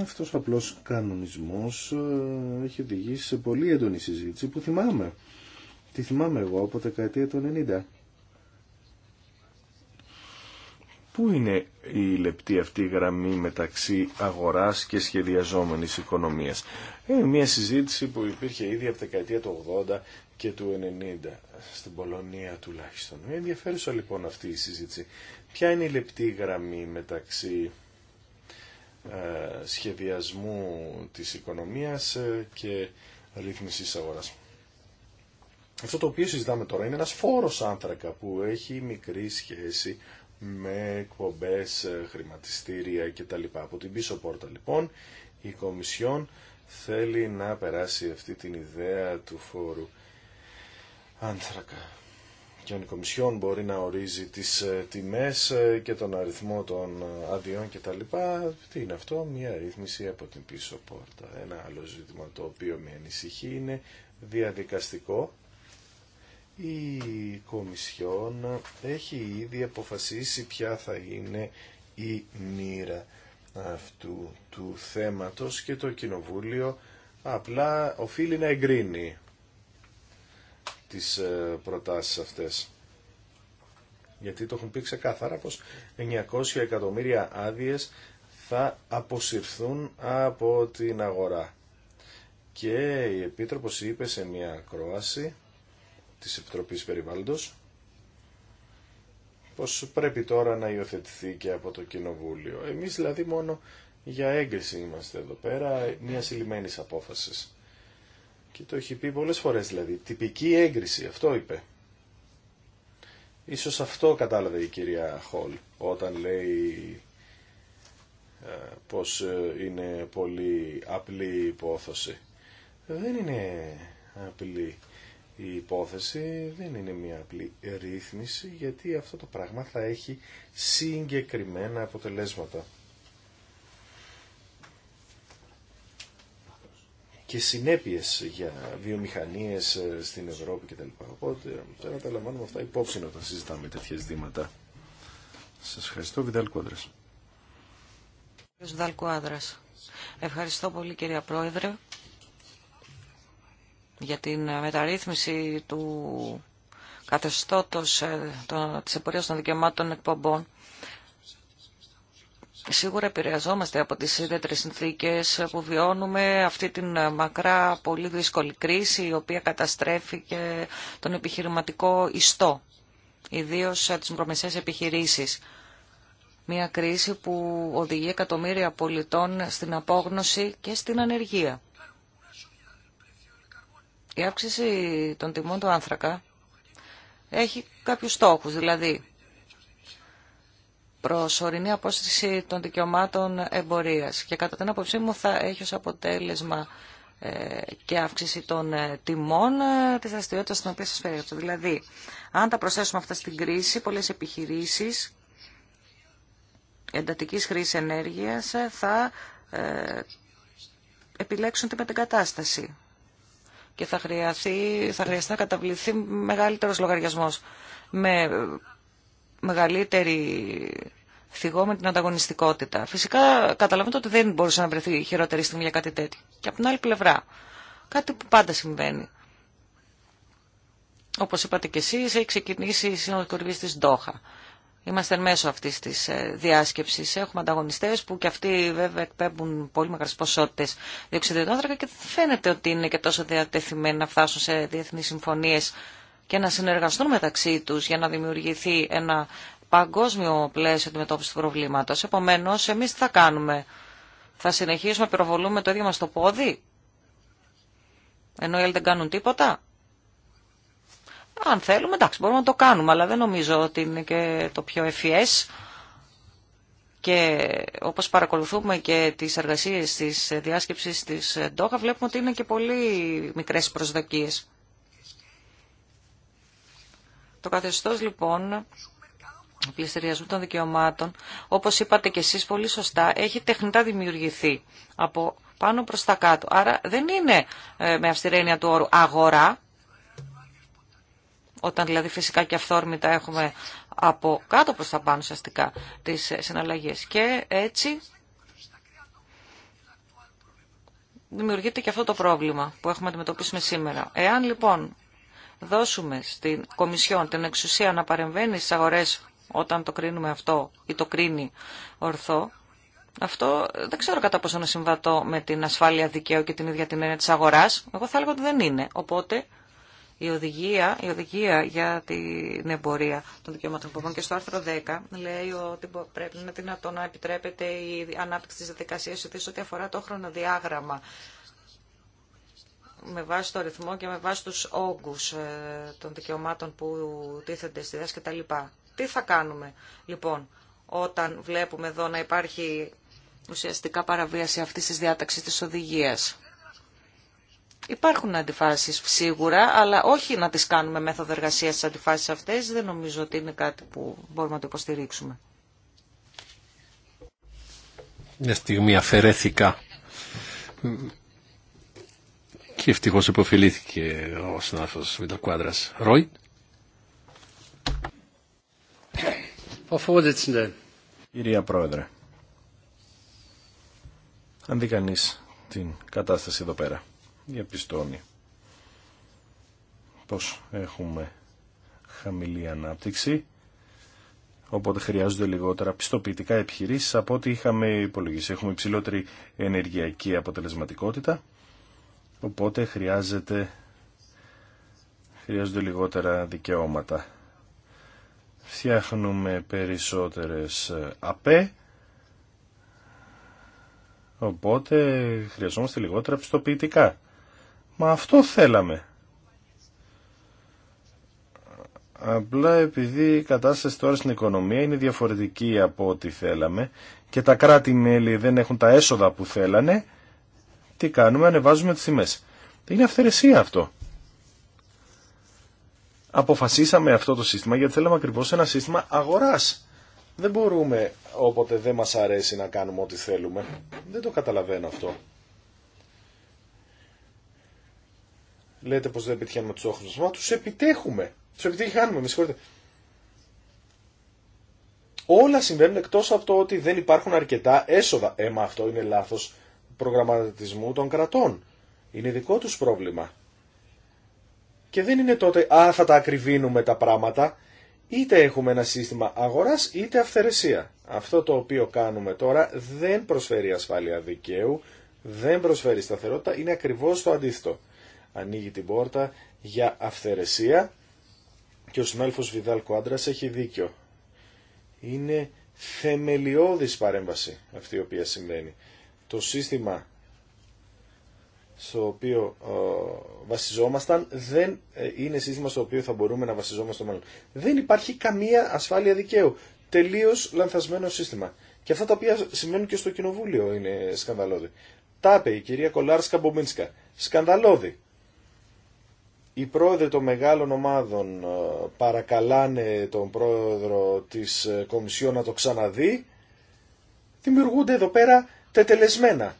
αυτός απλός κανονισμός ε, έχει οδηγήσει σε πολύ έντονη συζήτηση που θυμάμαι. Τη θυμάμαι εγώ από δεκαετία των 90 Πού είναι η λεπτή αυτή γραμμή μεταξύ αγοράς και σχεδιαζόμενης οικονομίας. Είναι μια συζήτηση που υπήρχε ήδη από δεκαετία του 80 και του 90, στην Πολωνία τουλάχιστον. Είναι ενδιαφέρουσα λοιπόν αυτή η συζήτηση. Ποια είναι η λεπτή γραμμή μεταξύ ε, σχεδιασμού της οικονομίας ε, και ρύθμισης αγοράς. Αυτό το οποίο συζητάμε τώρα είναι ένας φόρος άνθρακα που έχει μικρή σχέση με εκπομπές, ε, χρηματιστήρια κτλ. Από την πίσω πόρτα λοιπόν η Κομισιόν θέλει να περάσει αυτή την ιδέα του φόρου άνθρακα. Και αν η Κομισιόν μπορεί να ορίζει τις ε, τιμές ε, και τον αριθμό των αδειών κτλ. Τι είναι αυτό, μια ρύθμιση από την πίσω πόρτα. Ένα άλλο ζήτημα το οποίο με ανησυχεί είναι διαδικαστικό η Κομισιόν έχει ήδη αποφασίσει ποια θα είναι η μοίρα αυτού του θέματος και το Κοινοβούλιο απλά οφείλει να εγκρίνει τις ε, προτάσεις αυτές. Γιατί το έχουν πει ξεκάθαρα πως 900 εκατομμύρια άδειες θα αποσυρθούν από την αγορά. Και η Επίτροπος είπε σε μια ακρόαση της Επιτροπής Περιβάλλοντος πως πρέπει τώρα να υιοθετηθεί και από το Κοινοβούλιο. Εμείς δηλαδή μόνο για έγκριση είμαστε εδώ πέρα, μια συλλημένης απόφασης. Και το έχει πει πολλές φορές δηλαδή, τυπική έγκριση, αυτό είπε. Ίσως αυτό κατάλαβε η κυρία Χολ όταν λέει ε, πως ε, είναι πολύ απλή υπόθεση. Δεν είναι απλή η υπόθεση δεν είναι μια απλή ρύθμιση γιατί αυτό το πράγμα θα έχει συγκεκριμένα αποτελέσματα. και συνέπειες για βιομηχανίες ε, στην Ευρώπη κτλ. Οπότε τώρα τα λαμβάνουμε αυτά υπόψη όταν συζητάμε τέτοια ζητήματα. Σας ευχαριστώ. Βιντάλ Κόντρας. Ευχαριστώ πολύ κυρία Πρόεδρε για την μεταρρύθμιση του καθεστώτος ε, της εμπορίας των δικαιωμάτων εκπομπών. Σίγουρα επηρεαζόμαστε από τις ιδιαίτερες συνθήκες που βιώνουμε αυτή την μακρά πολύ δύσκολη κρίση η οποία καταστρέφει και τον επιχειρηματικό ιστό, ιδίως ε, τις μικρομεσαίες επιχειρήσεις. Μια κρίση που οδηγεί εκατομμύρια πολιτών στην απόγνωση και στην ανεργία. Η αύξηση των τιμών του άνθρακα έχει κάποιους στόχους, δηλαδή προσωρινή απόσταση των δικαιωμάτων εμπορίας και κατά την άποψή μου θα έχει ως αποτέλεσμα ε, και αύξηση των ε, τιμών ε, τη δραστηριότητα στην οποία σα περιέγραψα. Δηλαδή, αν τα προσθέσουμε αυτά στην κρίση, πολλέ επιχειρήσει εντατική χρήση ενέργεια θα επιλέξουν την μετεγκατάσταση και θα, χρειαστεί, θα χρειαστεί να καταβληθεί μεγαλύτερος λογαριασμός με μεγαλύτερη θυγό με την ανταγωνιστικότητα. Φυσικά καταλαβαίνετε ότι δεν μπορούσε να βρεθεί χειρότερη στιγμή για κάτι τέτοιο. Και από την άλλη πλευρά, κάτι που πάντα συμβαίνει. Όπως είπατε και εσείς, έχει ξεκινήσει η συνοδοκορυβή τη της Ντόχα. Είμαστε μέσω αυτή τη ε, διάσκεψη. Έχουμε ανταγωνιστέ που και αυτοί βέβαια εκπέμπουν πολύ μεγάλε ποσότητε διοξιδίου και φαίνεται ότι είναι και τόσο διατεθειμένοι να φτάσουν σε διεθνεί συμφωνίε και να συνεργαστούν μεταξύ του για να δημιουργηθεί ένα παγκόσμιο πλαίσιο αντιμετώπιση του προβλήματο. Επομένω, εμεί τι θα κάνουμε, θα συνεχίσουμε να πυροβολούμε το ίδιο μα το πόδι, ενώ οι άλλοι δεν κάνουν τίποτα. Αν θέλουμε, εντάξει, μπορούμε να το κάνουμε, αλλά δεν νομίζω ότι είναι και το πιο ευφιές. Και όπως παρακολουθούμε και τις εργασίες της διάσκεψης της Ντόχα, βλέπουμε ότι είναι και πολύ μικρές προσδοκίες. Το καθεστώς λοιπόν πληστηριασμού των δικαιωμάτων, όπως είπατε και εσείς πολύ σωστά, έχει τεχνητά δημιουργηθεί από πάνω προς τα κάτω. Άρα δεν είναι ε, με αυστηρένεια του όρου αγορά, όταν δηλαδή φυσικά και αυθόρμητα έχουμε από κάτω προς τα πάνω σαστικά τις συναλλαγές. Και έτσι δημιουργείται και αυτό το πρόβλημα που έχουμε αντιμετωπίσει αντιμετωπίσουμε σήμερα. Εάν λοιπόν δώσουμε στην Κομισιόν την εξουσία να παρεμβαίνει στις αγορές όταν το κρίνουμε αυτό ή το κρίνει ορθό, αυτό δεν ξέρω κατά πόσο να συμβατώ με την ασφάλεια δικαίου και την ίδια την έννοια της αγοράς. Εγώ θα έλεγα ότι δεν είναι. Οπότε η οδηγία, η οδηγία για την εμπορία των δικαιωμάτων υποβόλων και στο άρθρο 10 λέει ότι πρέπει να δυνατό να επιτρέπεται η ανάπτυξη της διαδικασίας ό,τι αφορά το χρονοδιάγραμμα με βάση το ρυθμό και με βάση τους όγκους ε, των δικαιωμάτων που τίθενται στη δάση κτλ. Τι θα κάνουμε λοιπόν όταν βλέπουμε εδώ να υπάρχει ουσιαστικά παραβίαση αυτής της διάταξης της οδηγίας. Υπάρχουν αντιφάσεις σίγουρα, αλλά όχι να τις κάνουμε μέθοδο εργασίας στις αντιφάσεις αυτές. Δεν νομίζω ότι είναι κάτι που μπορούμε να το υποστηρίξουμε. Μια στιγμή αφαιρέθηκα και ευτυχώς υποφελήθηκε ο συνάδελφος Βιντακουάντρας. Ρόι. Κυρία Πρόεδρε, αν δει κανείς την κατάσταση εδώ πέρα διαπιστώνει πως έχουμε χαμηλή ανάπτυξη οπότε χρειάζονται λιγότερα πιστοποιητικά επιχειρήσεις από ό,τι είχαμε υπολογίσει. Έχουμε υψηλότερη ενεργειακή αποτελεσματικότητα οπότε χρειάζεται, χρειάζονται λιγότερα δικαιώματα. Φτιάχνουμε περισσότερες ε, ΑΠΕ οπότε χρειαζόμαστε λιγότερα πιστοποιητικά. Μα αυτό θέλαμε. Απλά επειδή η κατάσταση τώρα στην οικονομία είναι διαφορετική από ό,τι θέλαμε και τα κράτη-μέλη δεν έχουν τα έσοδα που θέλανε, τι κάνουμε, ανεβάζουμε τις τιμές. Είναι αυθαιρεσία αυτό. Αποφασίσαμε αυτό το σύστημα γιατί θέλαμε ακριβώς ένα σύστημα αγοράς. Δεν μπορούμε όποτε δεν μας αρέσει να κάνουμε ό,τι θέλουμε. Δεν το καταλαβαίνω αυτό. λέτε πως δεν επιτυχαίνουμε τους όχους μας. Μα τους επιτέχουμε. Τους επιτυχάνουμε, με συγχωρείτε. Όλα συμβαίνουν εκτός από το ότι δεν υπάρχουν αρκετά έσοδα. Έμα ε, αυτό είναι λάθος προγραμματισμού των κρατών. Είναι δικό του πρόβλημα. Και δεν είναι τότε, α, θα τα ακριβίνουμε τα πράγματα. Είτε έχουμε ένα σύστημα αγοράς, είτε αυθαιρεσία. Αυτό το οποίο κάνουμε τώρα δεν προσφέρει ασφάλεια δικαίου, δεν προσφέρει σταθερότητα, είναι ακριβώς το αντίθετο ανοίγει την πόρτα για αυθαιρεσία και ο συνάδελφος Βιδάλ Κουάντρας έχει δίκιο. Είναι θεμελιώδης παρέμβαση αυτή η οποία συμβαίνει. Το σύστημα στο οποίο ε, βασιζόμασταν δεν ε, είναι σύστημα στο οποίο θα μπορούμε να βασιζόμαστε στο Δεν υπάρχει καμία ασφάλεια δικαίου. Τελείως λανθασμένο σύστημα. Και αυτά τα οποία σημαίνουν και στο κοινοβούλιο είναι σκανδαλώδη. Τα είπε η κυρία Κολάρ Σκαμπομίνσκα. Σκανδαλώδη οι πρόεδροι των μεγάλων ομάδων ε, παρακαλάνε τον πρόεδρο της ε, Κομισιόν να το ξαναδεί, δημιουργούνται εδώ πέρα τετελεσμένα.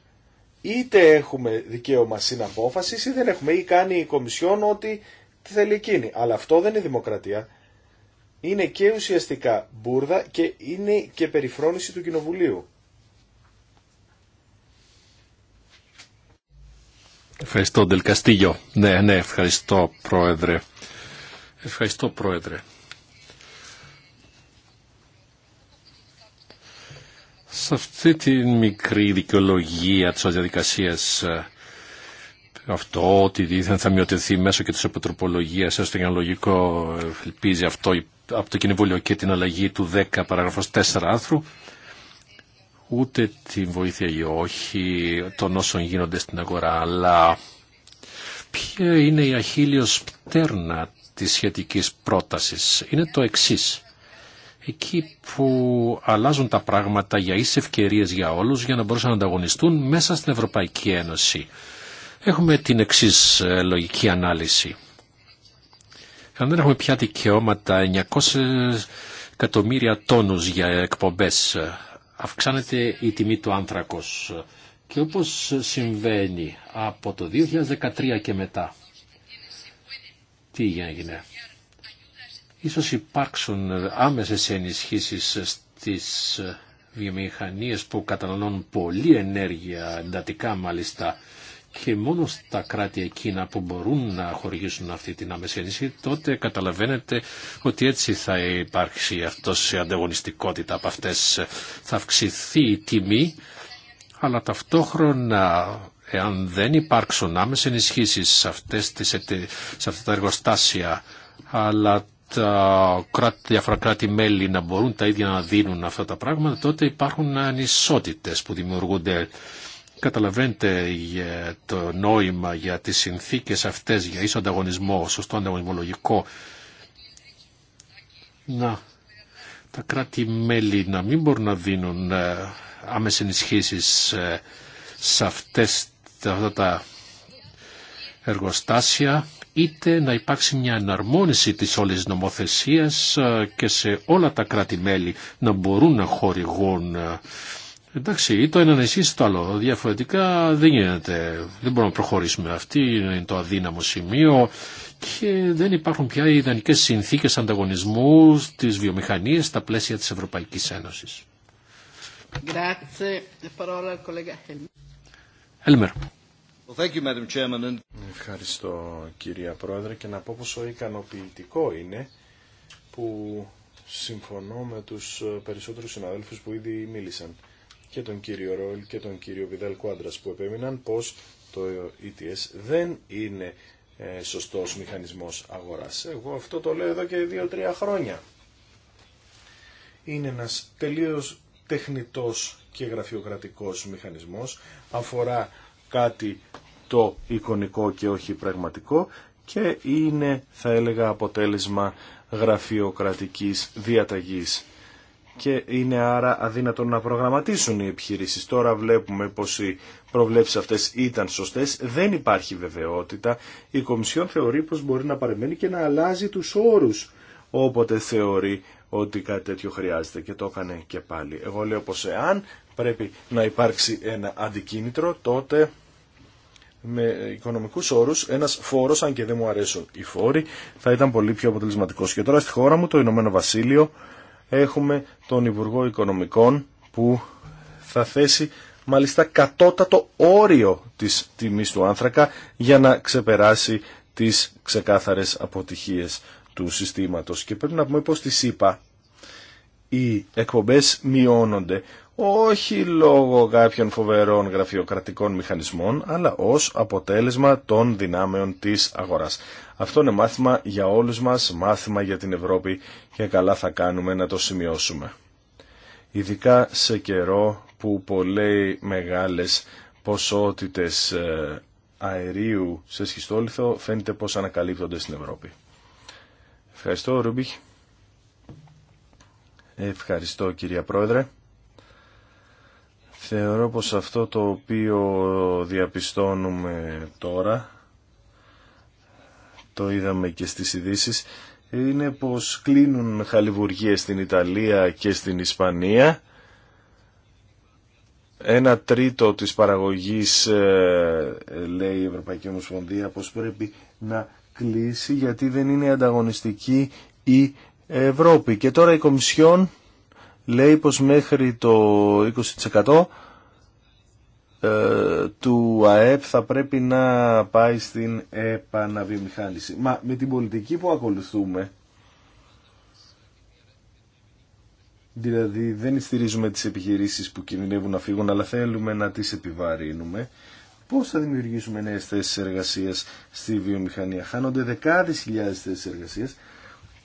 Είτε έχουμε δικαίωμα συναπόφαση ή δεν έχουμε. Ή κάνει η Κομισιόν ό,τι θέλει εκείνη. Αλλά αυτό δεν είναι δημοκρατία. Είναι και ουσιαστικά μπουρδα και είναι και περιφρόνηση του Κοινοβουλίου. Ευχαριστώ, Ντελκαστίγιο. Ναι, ναι, ευχαριστώ, Πρόεδρε. Ευχαριστώ, Πρόεδρε. Σε αυτή τη μικρή δικαιολογία της διαδικασίας ε, αυτό ότι δεν θα μειωτεθεί μέσω και της επιτροπολογίας, έστω για λογικό ε, ελπίζει αυτό από το Κοινοβούλιο και την αλλαγή του 10 παράγραφος 4 άρθρου ούτε την βοήθεια ή όχι των όσων γίνονται στην αγορά, αλλά ποια είναι η αχίλιος πτέρνα της σχετικής πρότασης. Είναι το εξής. Εκεί που αλλάζουν τα πράγματα για ίσες ευκαιρίες για όλους για να μπορούσαν να ανταγωνιστούν μέσα στην Ευρωπαϊκή Ένωση. Έχουμε την εξή ε, λογική ανάλυση. Αν δεν έχουμε πια δικαιώματα 900 εκατομμύρια τόνους για εκπομπές ε, αυξάνεται η τιμή του άνθρακος. Και όπως συμβαίνει από το 2013 και μετά, τι έγινε. Ίσως υπάρξουν άμεσες ενισχύσεις στις βιομηχανίες που καταναλώνουν πολλή ενέργεια, εντατικά μάλιστα, και μόνο στα κράτη εκείνα που μπορούν να χορηγήσουν αυτή την άμεση ενίσχυση, τότε καταλαβαίνετε ότι έτσι θα υπάρξει αυτό η ανταγωνιστικότητα από αυτέ. Θα αυξηθεί η τιμή, αλλά ταυτόχρονα εάν δεν υπάρξουν άμεσε ενισχύσει σε, σε αυτά τα εργοστάσια, αλλά τα κράτη, διάφορα κράτη-μέλη να μπορούν τα ίδια να δίνουν αυτά τα πράγματα, τότε υπάρχουν ανισότητες που δημιουργούνται Καταλαβαίνετε το νόημα, για τις συνθήκες αυτές, για ίσο ανταγωνισμό, σωστό ανταγωνισμολογικό. Να, τα κράτη-μέλη να μην μπορούν να δίνουν ε, άμεσες ενισχύσεις ε, σε αυτές αυτά τα εργοστάσια είτε να υπάρξει μια εναρμόνιση της όλης νομοθεσίας ε, και σε όλα τα κράτη-μέλη να μπορούν να χορηγούν Εντάξει, ή το ένα να ισχύσει το άλλο. Διαφορετικά δεν γίνεται. Δεν μπορούμε να προχωρήσουμε. Αυτή είναι το αδύναμο σημείο και δεν υπάρχουν πια οι ιδανικές συνθήκες ανταγωνισμού της βιομηχανίας στα πλαίσια της Ευρωπαϊκής Ένωσης. Ευχαριστώ κυρία Πρόεδρε και να πω πόσο ικανοποιητικό είναι που συμφωνώ με τους περισσότερους συναδέλφους που ήδη μίλησαν και τον κύριο Ρόλ και τον κύριο Βιδάλ Κουάντρας που επέμειναν πως το ETS ε δεν είναι ε, σωστός μηχανισμός αγοράς. Εγώ αυτό το λέω εδώ και 2-3 χρόνια. Είναι ένας τελείως τεχνητός και γραφειοκρατικός μηχανισμός. Αφορά κάτι το εικονικό και όχι πραγματικό και είναι, θα έλεγα, αποτέλεσμα γραφειοκρατικής διαταγής και είναι άρα αδύνατον να προγραμματίσουν οι επιχειρήσεις. Τώρα βλέπουμε πως οι προβλέψεις αυτές ήταν σωστές, δεν υπάρχει βεβαιότητα. Η Κομισιόν θεωρεί πως μπορεί να παρεμένει και να αλλάζει τους όρους όποτε θεωρεί ότι κάτι τέτοιο χρειάζεται και το έκανε και πάλι. Εγώ λέω πως εάν πρέπει να υπάρξει ένα αντικίνητρο τότε με οικονομικούς όρους ένας φόρος, αν και δεν μου αρέσουν οι φόροι, θα ήταν πολύ πιο αποτελεσματικός. Και τώρα στη χώρα μου το Ηνωμένο Βασίλειο έχουμε τον Υπουργό Οικονομικών που θα θέσει μάλιστα κατώτατο όριο της τιμής του άνθρακα για να ξεπεράσει τις ξεκάθαρες αποτυχίες του συστήματος. Και πρέπει να πούμε πως τη ΣΥΠΑ οι εκπομπές μειώνονται όχι λόγω κάποιων φοβερών γραφειοκρατικών μηχανισμών, αλλά ως αποτέλεσμα των δυνάμεων της αγοράς. Αυτό είναι μάθημα για όλους μας, μάθημα για την Ευρώπη και καλά θα κάνουμε να το σημειώσουμε. Ειδικά σε καιρό που πολλοί μεγάλες ποσότητες ε, αερίου σε σχιστόλιθο φαίνεται πως ανακαλύπτονται στην Ευρώπη. Ευχαριστώ Ρουμπίχ. Ευχαριστώ κυρία Πρόεδρε. Θεωρώ πως αυτό το οποίο διαπιστώνουμε τώρα, το είδαμε και στις ειδήσει, είναι πως κλείνουν χαλιβουργίες στην Ιταλία και στην Ισπανία. Ένα τρίτο της παραγωγής, ε, λέει η Ευρωπαϊκή Ομοσπονδία, πως πρέπει να κλείσει γιατί δεν είναι ανταγωνιστική η Ευρώπη. Και τώρα η Κομισιόν λέει πως μέχρι το 20% ε, του ΑΕΠ θα πρέπει να πάει στην επαναβιομηχάνηση. Μα με την πολιτική που ακολουθούμε, δηλαδή δεν στηρίζουμε τις επιχειρήσεις που κινδυνεύουν να φύγουν, αλλά θέλουμε να τις επιβαρύνουμε, πώς θα δημιουργήσουμε νέες θέσεις εργασίας στη βιομηχανία. Χάνονται δεκάδες χιλιάδες θέσεις εργασίας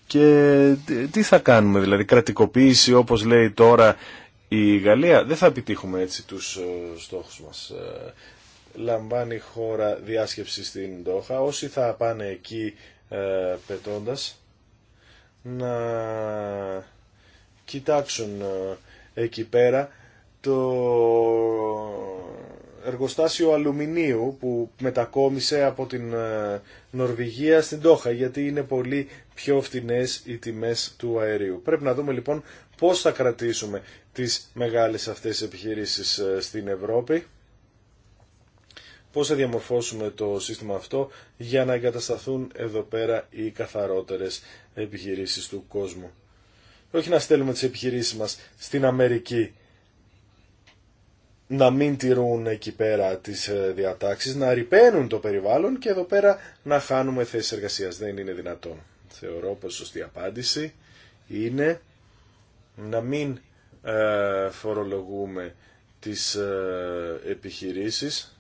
και τι θα κάνουμε, δηλαδή κρατικοποίηση όπως λέει τώρα η Γαλλία, δεν θα επιτύχουμε έτσι τους ε, στόχους μας. Ε, λαμβάνει χώρα διάσκεψη στην Ντόχα, όσοι θα πάνε εκεί ε, πετώντας να κοιτάξουν εκεί πέρα το εργοστάσιο αλουμινίου που μετακόμισε από την ε, Νορβηγία στην Τόχα γιατί είναι πολύ πιο φτηνές οι τιμές του αερίου. Πρέπει να δούμε λοιπόν πώς θα κρατήσουμε τις μεγάλες αυτές επιχειρήσεις ε, στην Ευρώπη πώς θα διαμορφώσουμε το σύστημα αυτό για να εγκατασταθούν εδώ πέρα οι καθαρότερες επιχειρήσεις του κόσμου. Όχι να στέλνουμε τις επιχειρήσεις μας στην Αμερική να μην τηρούν εκεί πέρα τις ε, διατάξεις, να ρηπαίνουν το περιβάλλον και εδώ πέρα να χάνουμε θέσεις εργασίας. Δεν είναι δυνατόν. Θεωρώ πως σωστή απάντηση είναι να μην ε, φορολογούμε τις ε, επιχειρήσεις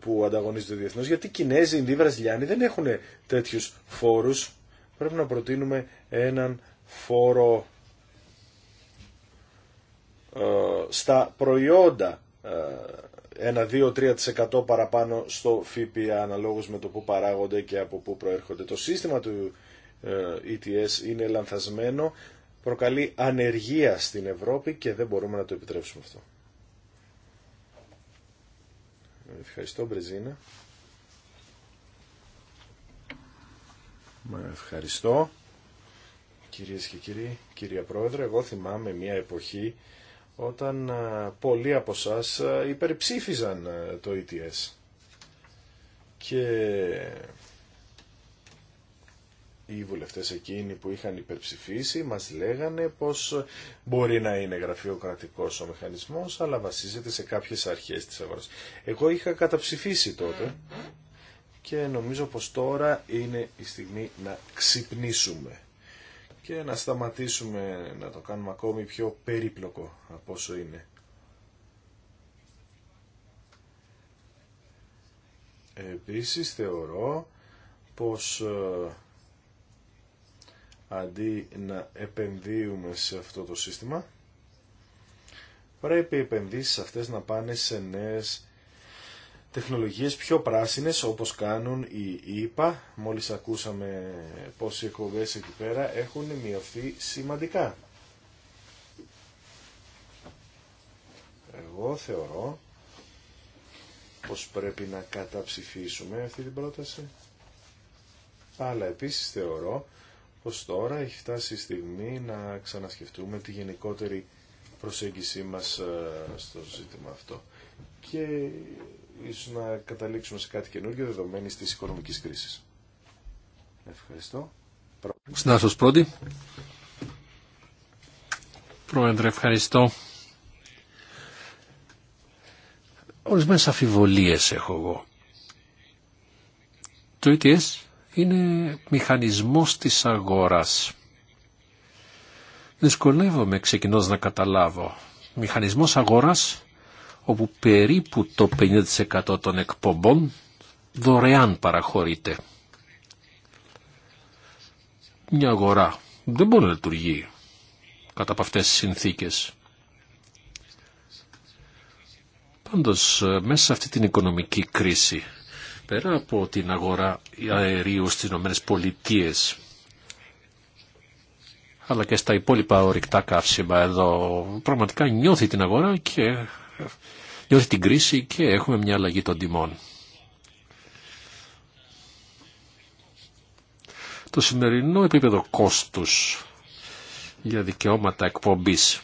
που ανταγωνίζονται διεθνώς, γιατί οι Κινέζοι, οι δεν έχουν τέτοιους φόρους. Πρέπει να προτείνουμε έναν φόρο ε, στα προϊόντα ε, ένα 2-3% παραπάνω στο ΦΠΑ αναλόγως με το που παράγονται και από που προέρχονται. Το σύστημα του ε, ETS είναι λανθασμένο, προκαλεί ανεργία στην Ευρώπη και δεν μπορούμε να το επιτρέψουμε αυτό. Ευχαριστώ Μπρεζίνα. Ευχαριστώ. Κυρίες και κύριοι, κυρία Πρόεδρε, εγώ θυμάμαι μια εποχή όταν ε, πολλοί από εσά ε, υπερψήφιζαν ε, το ETS. Και οι βουλευτές εκείνοι που είχαν υπερψηφίσει μας λέγανε πως μπορεί να είναι γραφειοκρατικός ο μηχανισμός αλλά βασίζεται σε κάποιες αρχές της αγοράς. Εγώ είχα καταψηφίσει τότε mm-hmm. και νομίζω πως τώρα είναι η στιγμή να ξυπνήσουμε και να σταματήσουμε να το κάνουμε ακόμη πιο περίπλοκο από όσο είναι. Επίσης θεωρώ πως ε, αντί να επενδύουμε σε αυτό το σύστημα πρέπει οι επενδύσεις αυτές να πάνε σε νέες τεχνολογίες πιο πράσινες όπως κάνουν οι ΙΠΑ. Μόλις ακούσαμε πως οι εκπομπές εκεί πέρα έχουν μειωθεί σημαντικά. Εγώ θεωρώ πως πρέπει να καταψηφίσουμε αυτή την πρόταση. Αλλά επίσης θεωρώ πως τώρα έχει φτάσει η στιγμή να ξανασκεφτούμε τη γενικότερη προσέγγιση μας ε, στο ζήτημα αυτό. Και ίσως να καταλήξουμε σε κάτι καινούργιο δεδομένη της οικονομική κρίση. Ευχαριστώ. Συνάστος πρώτη. Πρόεδρε, ευχαριστώ. Ορισμένες αφιβολίες έχω εγώ. Το ETS ε είναι μηχανισμός της αγοράς. Δυσκολεύομαι ξεκινώ να καταλάβω. Μηχανισμός αγοράς όπου περίπου το 50% των εκπομπών δωρεάν παραχωρείται. Μια αγορά δεν μπορεί να λειτουργεί κατά από αυτές τις συνθήκες. Πάντως, μέσα σε αυτή την οικονομική κρίση, πέρα από την αγορά αερίου στις ΗΠΑ Πολιτείες, αλλά και στα υπόλοιπα ορυκτά καύσιμα εδώ, πραγματικά νιώθει την αγορά και νιώθει την κρίση και έχουμε μια αλλαγή των τιμών. Το σημερινό επίπεδο κόστους για δικαιώματα εκπομπής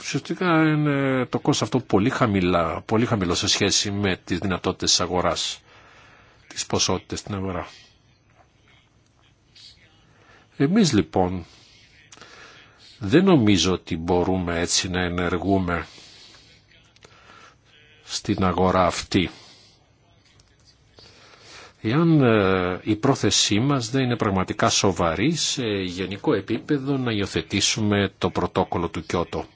ουσιαστικά είναι το κόστος αυτό πολύ, χαμηλά, πολύ χαμηλό σε σχέση με τις δυνατότητες της αγοράς, τις ποσότητες στην αγορά. Εμείς λοιπόν δεν νομίζω ότι μπορούμε έτσι να ενεργούμε στην αγορά αυτή. Εάν ε, η πρόθεσή μας δεν είναι πραγματικά σοβαρή σε γενικό επίπεδο να υιοθετήσουμε το πρωτόκολλο του Κιώτο.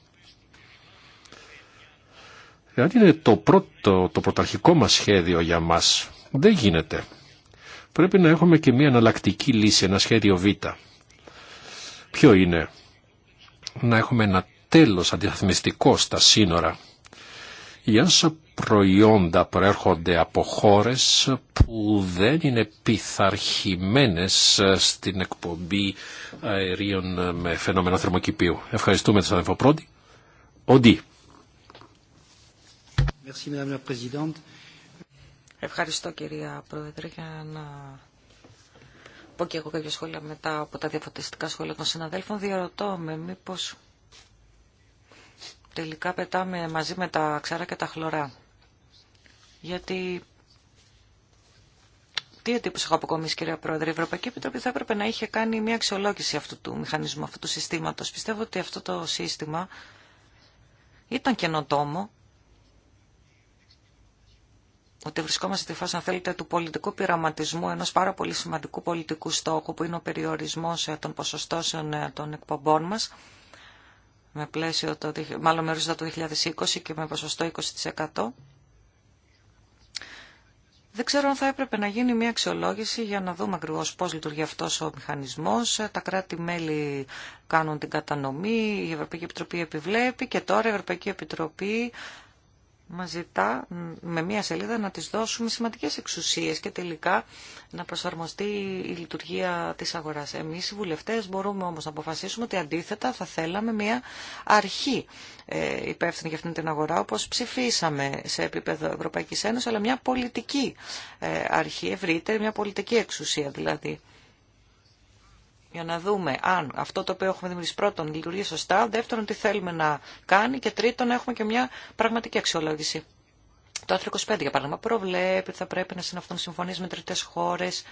Εάν είναι το, πρώτο, το πρωταρχικό μας σχέδιο για μας, δεν γίνεται. Πρέπει να έχουμε και μια αναλλακτική λύση, ένα σχέδιο Β. Ποιο είναι? Να έχουμε ένα τέλος αντιθαθμιστικό στα σύνορα. Η Άσα προϊόντα προέρχονται από χώρες που δεν είναι πειθαρχημένες ε, στην εκπομπή αερίων με φαινόμενο θερμοκηπίου. Ευχαριστούμε τον αδελφό πρώτη. Οντί. Ευχαριστώ κυρία Πρόεδρε για να πω και εγώ κάποια σχόλια μετά από τα διαφωτιστικά σχόλια των συναδέλφων. Διαρωτώ με μήπως τελικά πετάμε μαζί με τα ξέρα και τα χλωρά γιατί τι εντύπωση έχω αποκομίσει, κυρία Πρόεδρε. Η Ευρωπαϊκή Επιτροπή θα έπρεπε να είχε κάνει μια αξιολόγηση αυτού του μηχανισμού, αυτού του συστήματο. Πιστεύω ότι αυτό το σύστημα ήταν καινοτόμο. Ότι βρισκόμαστε στη φάση, αν θέλετε, του πολιτικού πειραματισμού ενό πάρα πολύ σημαντικού πολιτικού στόχου που είναι ο περιορισμό ε, των ποσοστώσεων ε, των εκπομπών μα. Με πλαίσιο, το, μάλλον με ορίζοντα το 2020 και με ποσοστό 20%. Δεν ξέρω αν θα έπρεπε να γίνει μια αξιολόγηση για να δούμε ακριβώ πώς λειτουργεί αυτός ο μηχανισμός. Τα κράτη-μέλη κάνουν την κατανομή, η Ευρωπαϊκή Επιτροπή επιβλέπει και τώρα η Ευρωπαϊκή Επιτροπή Μα ζητά με μία σελίδα να της δώσουμε σημαντικές εξουσίες και τελικά να προσαρμοστεί η λειτουργία της αγοράς. Εμείς οι βουλευτές μπορούμε όμως να αποφασίσουμε ότι αντίθετα θα θέλαμε μία αρχή ε, υπεύθυνη για αυτήν την αγορά όπως ψηφίσαμε σε επίπεδο Ευρωπαϊκής Ένωσης αλλά μια πολιτική ε, αρχή ευρύτερη, μια πολιτική εξουσία δηλαδή για να δούμε αν αυτό το οποίο έχουμε δημιουργήσει πρώτον λειτουργεί σωστά, δεύτερον τι θέλουμε να κάνει και τρίτον έχουμε και μια πραγματική αξιολόγηση. Το άρθρο 25 για παράδειγμα προβλέπει ότι θα πρέπει να συναυτούν συμφωνίες με τρίτες χώρες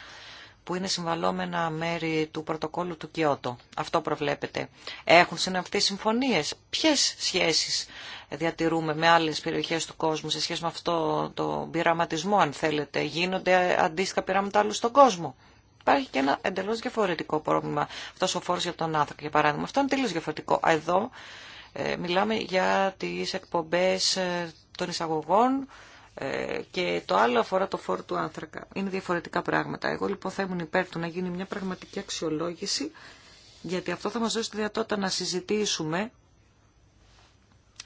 που είναι συμβαλόμενα μέρη του πρωτοκόλλου του Κιώτο. Αυτό προβλέπεται. Έχουν συναυτεί συμφωνίες. Ποιε σχέσεις διατηρούμε με άλλες περιοχές του κόσμου σε σχέση με αυτό το πειραματισμό, αν θέλετε. Γίνονται αντίστοιχα πειράματα άλλου στον κόσμο υπάρχει και ένα εντελώ διαφορετικό πρόβλημα. Αυτό ο φόρο για τον άνθρωπο, για παράδειγμα. Αυτό είναι τελείω διαφορετικό. Εδώ ε, μιλάμε για τι εκπομπέ ε, των εισαγωγών ε, και το άλλο αφορά το φόρο του άνθρακα. Είναι διαφορετικά πράγματα. Εγώ λοιπόν θα ήμουν υπέρ του να γίνει μια πραγματική αξιολόγηση γιατί αυτό θα μα δώσει τη δυνατότητα να συζητήσουμε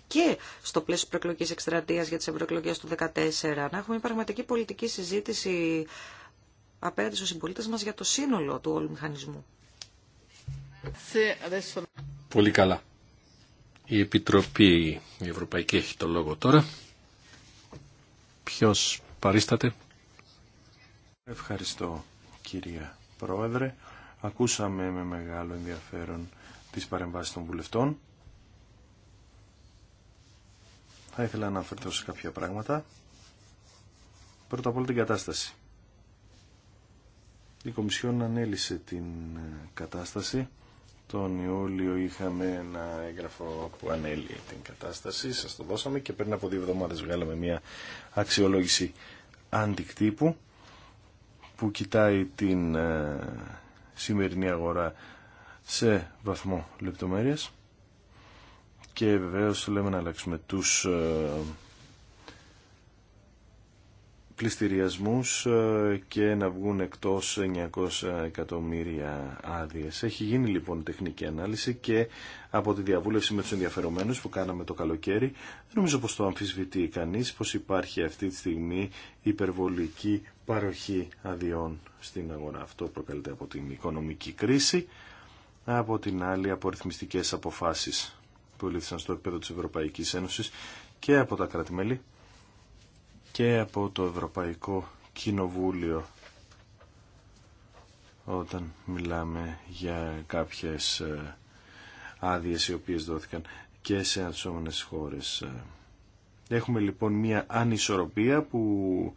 και στο πλαίσιο προεκλογική εκστρατεία για τι ευρωεκλογέ του 2014, να έχουμε μια πραγματική πολιτική συζήτηση απέναντι στους συμπολίτε μας για το σύνολο του όλου μηχανισμού. Πολύ καλά. Η Επιτροπή η Ευρωπαϊκή έχει το λόγο τώρα. Ποιος παρίσταται. Ευχαριστώ κυρία Πρόεδρε. Ακούσαμε με μεγάλο ενδιαφέρον τις παρεμβάσεις των βουλευτών. Θα ήθελα να αναφερθώ σε κάποια πράγματα. Πρώτα απ' όλα την κατάσταση η Κομισιόν ανέλησε την ε, κατάσταση. Τον Ιούλιο είχαμε ένα έγγραφο που ανέλυε την κατάσταση, σας το δώσαμε και πριν από δύο εβδομάδες βγάλαμε μια αξιολόγηση αντικτύπου που κοιτάει την ε, σημερινή αγορά σε βαθμό λεπτομέρειας και βεβαίως λέμε να αλλάξουμε τους ε, Πληστηριασμού ε, και να βγουν εκτός 900 εκατομμύρια άδειες. Έχει γίνει λοιπόν τεχνική ανάλυση και από τη διαβούλευση με τους ενδιαφερομένους που κάναμε το καλοκαίρι νομίζω πως το αμφισβητεί κανείς πως υπάρχει αυτή τη στιγμή υπερβολική παροχή αδειών στην αγορά. Αυτό προκαλείται από την οικονομική κρίση, από την άλλη από ρυθμιστικές αποφάσεις που λήφθησαν στο επίπεδο της Ευρωπαϊκής Ένωσης και από τα κρατη και από το Ευρωπαϊκό Κοινοβούλιο όταν μιλάμε για κάποιες ε, άδειες οι οποίες δόθηκαν και σε ανσόμενες χώρες. Ε, έχουμε λοιπόν μια ανισορροπία που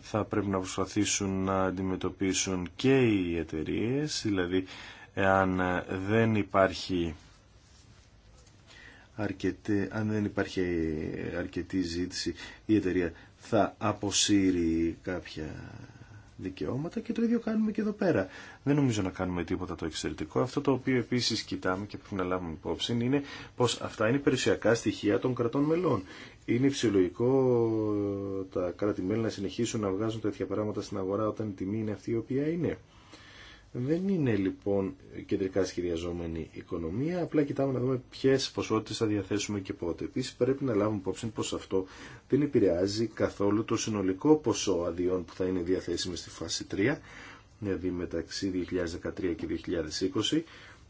θα πρέπει να προσπαθήσουν να αντιμετωπίσουν και οι εταιρείε, δηλαδή εάν δεν υπάρχει αρκετή, αν δεν υπάρχει αρκετή ζήτηση η εταιρεία θα αποσύρει κάποια δικαιώματα και το ίδιο κάνουμε και εδώ πέρα. Δεν νομίζω να κάνουμε τίποτα το εξαιρετικό. Αυτό το οποίο επίσης κοιτάμε και πρέπει να λάβουμε υπόψη είναι πως αυτά είναι περιουσιακά στοιχεία των κρατών μελών. Είναι φυσιολογικό ε, τα κράτη-μέλη να συνεχίσουν να βγάζουν τέτοια πράγματα στην αγορά όταν η τιμή είναι αυτή η οποία είναι. Δεν είναι λοιπόν κεντρικά σχεδιαζόμενη οικονομία, απλά κοιτάμε να δούμε ποιε ποσότητε θα διαθέσουμε και πότε. Επίση πρέπει να λάβουμε υπόψη πω αυτό δεν επηρεάζει καθόλου το συνολικό ποσό αδειών που θα είναι διαθέσιμε στη φάση 3, δηλαδή μεταξύ 2013 και 2020.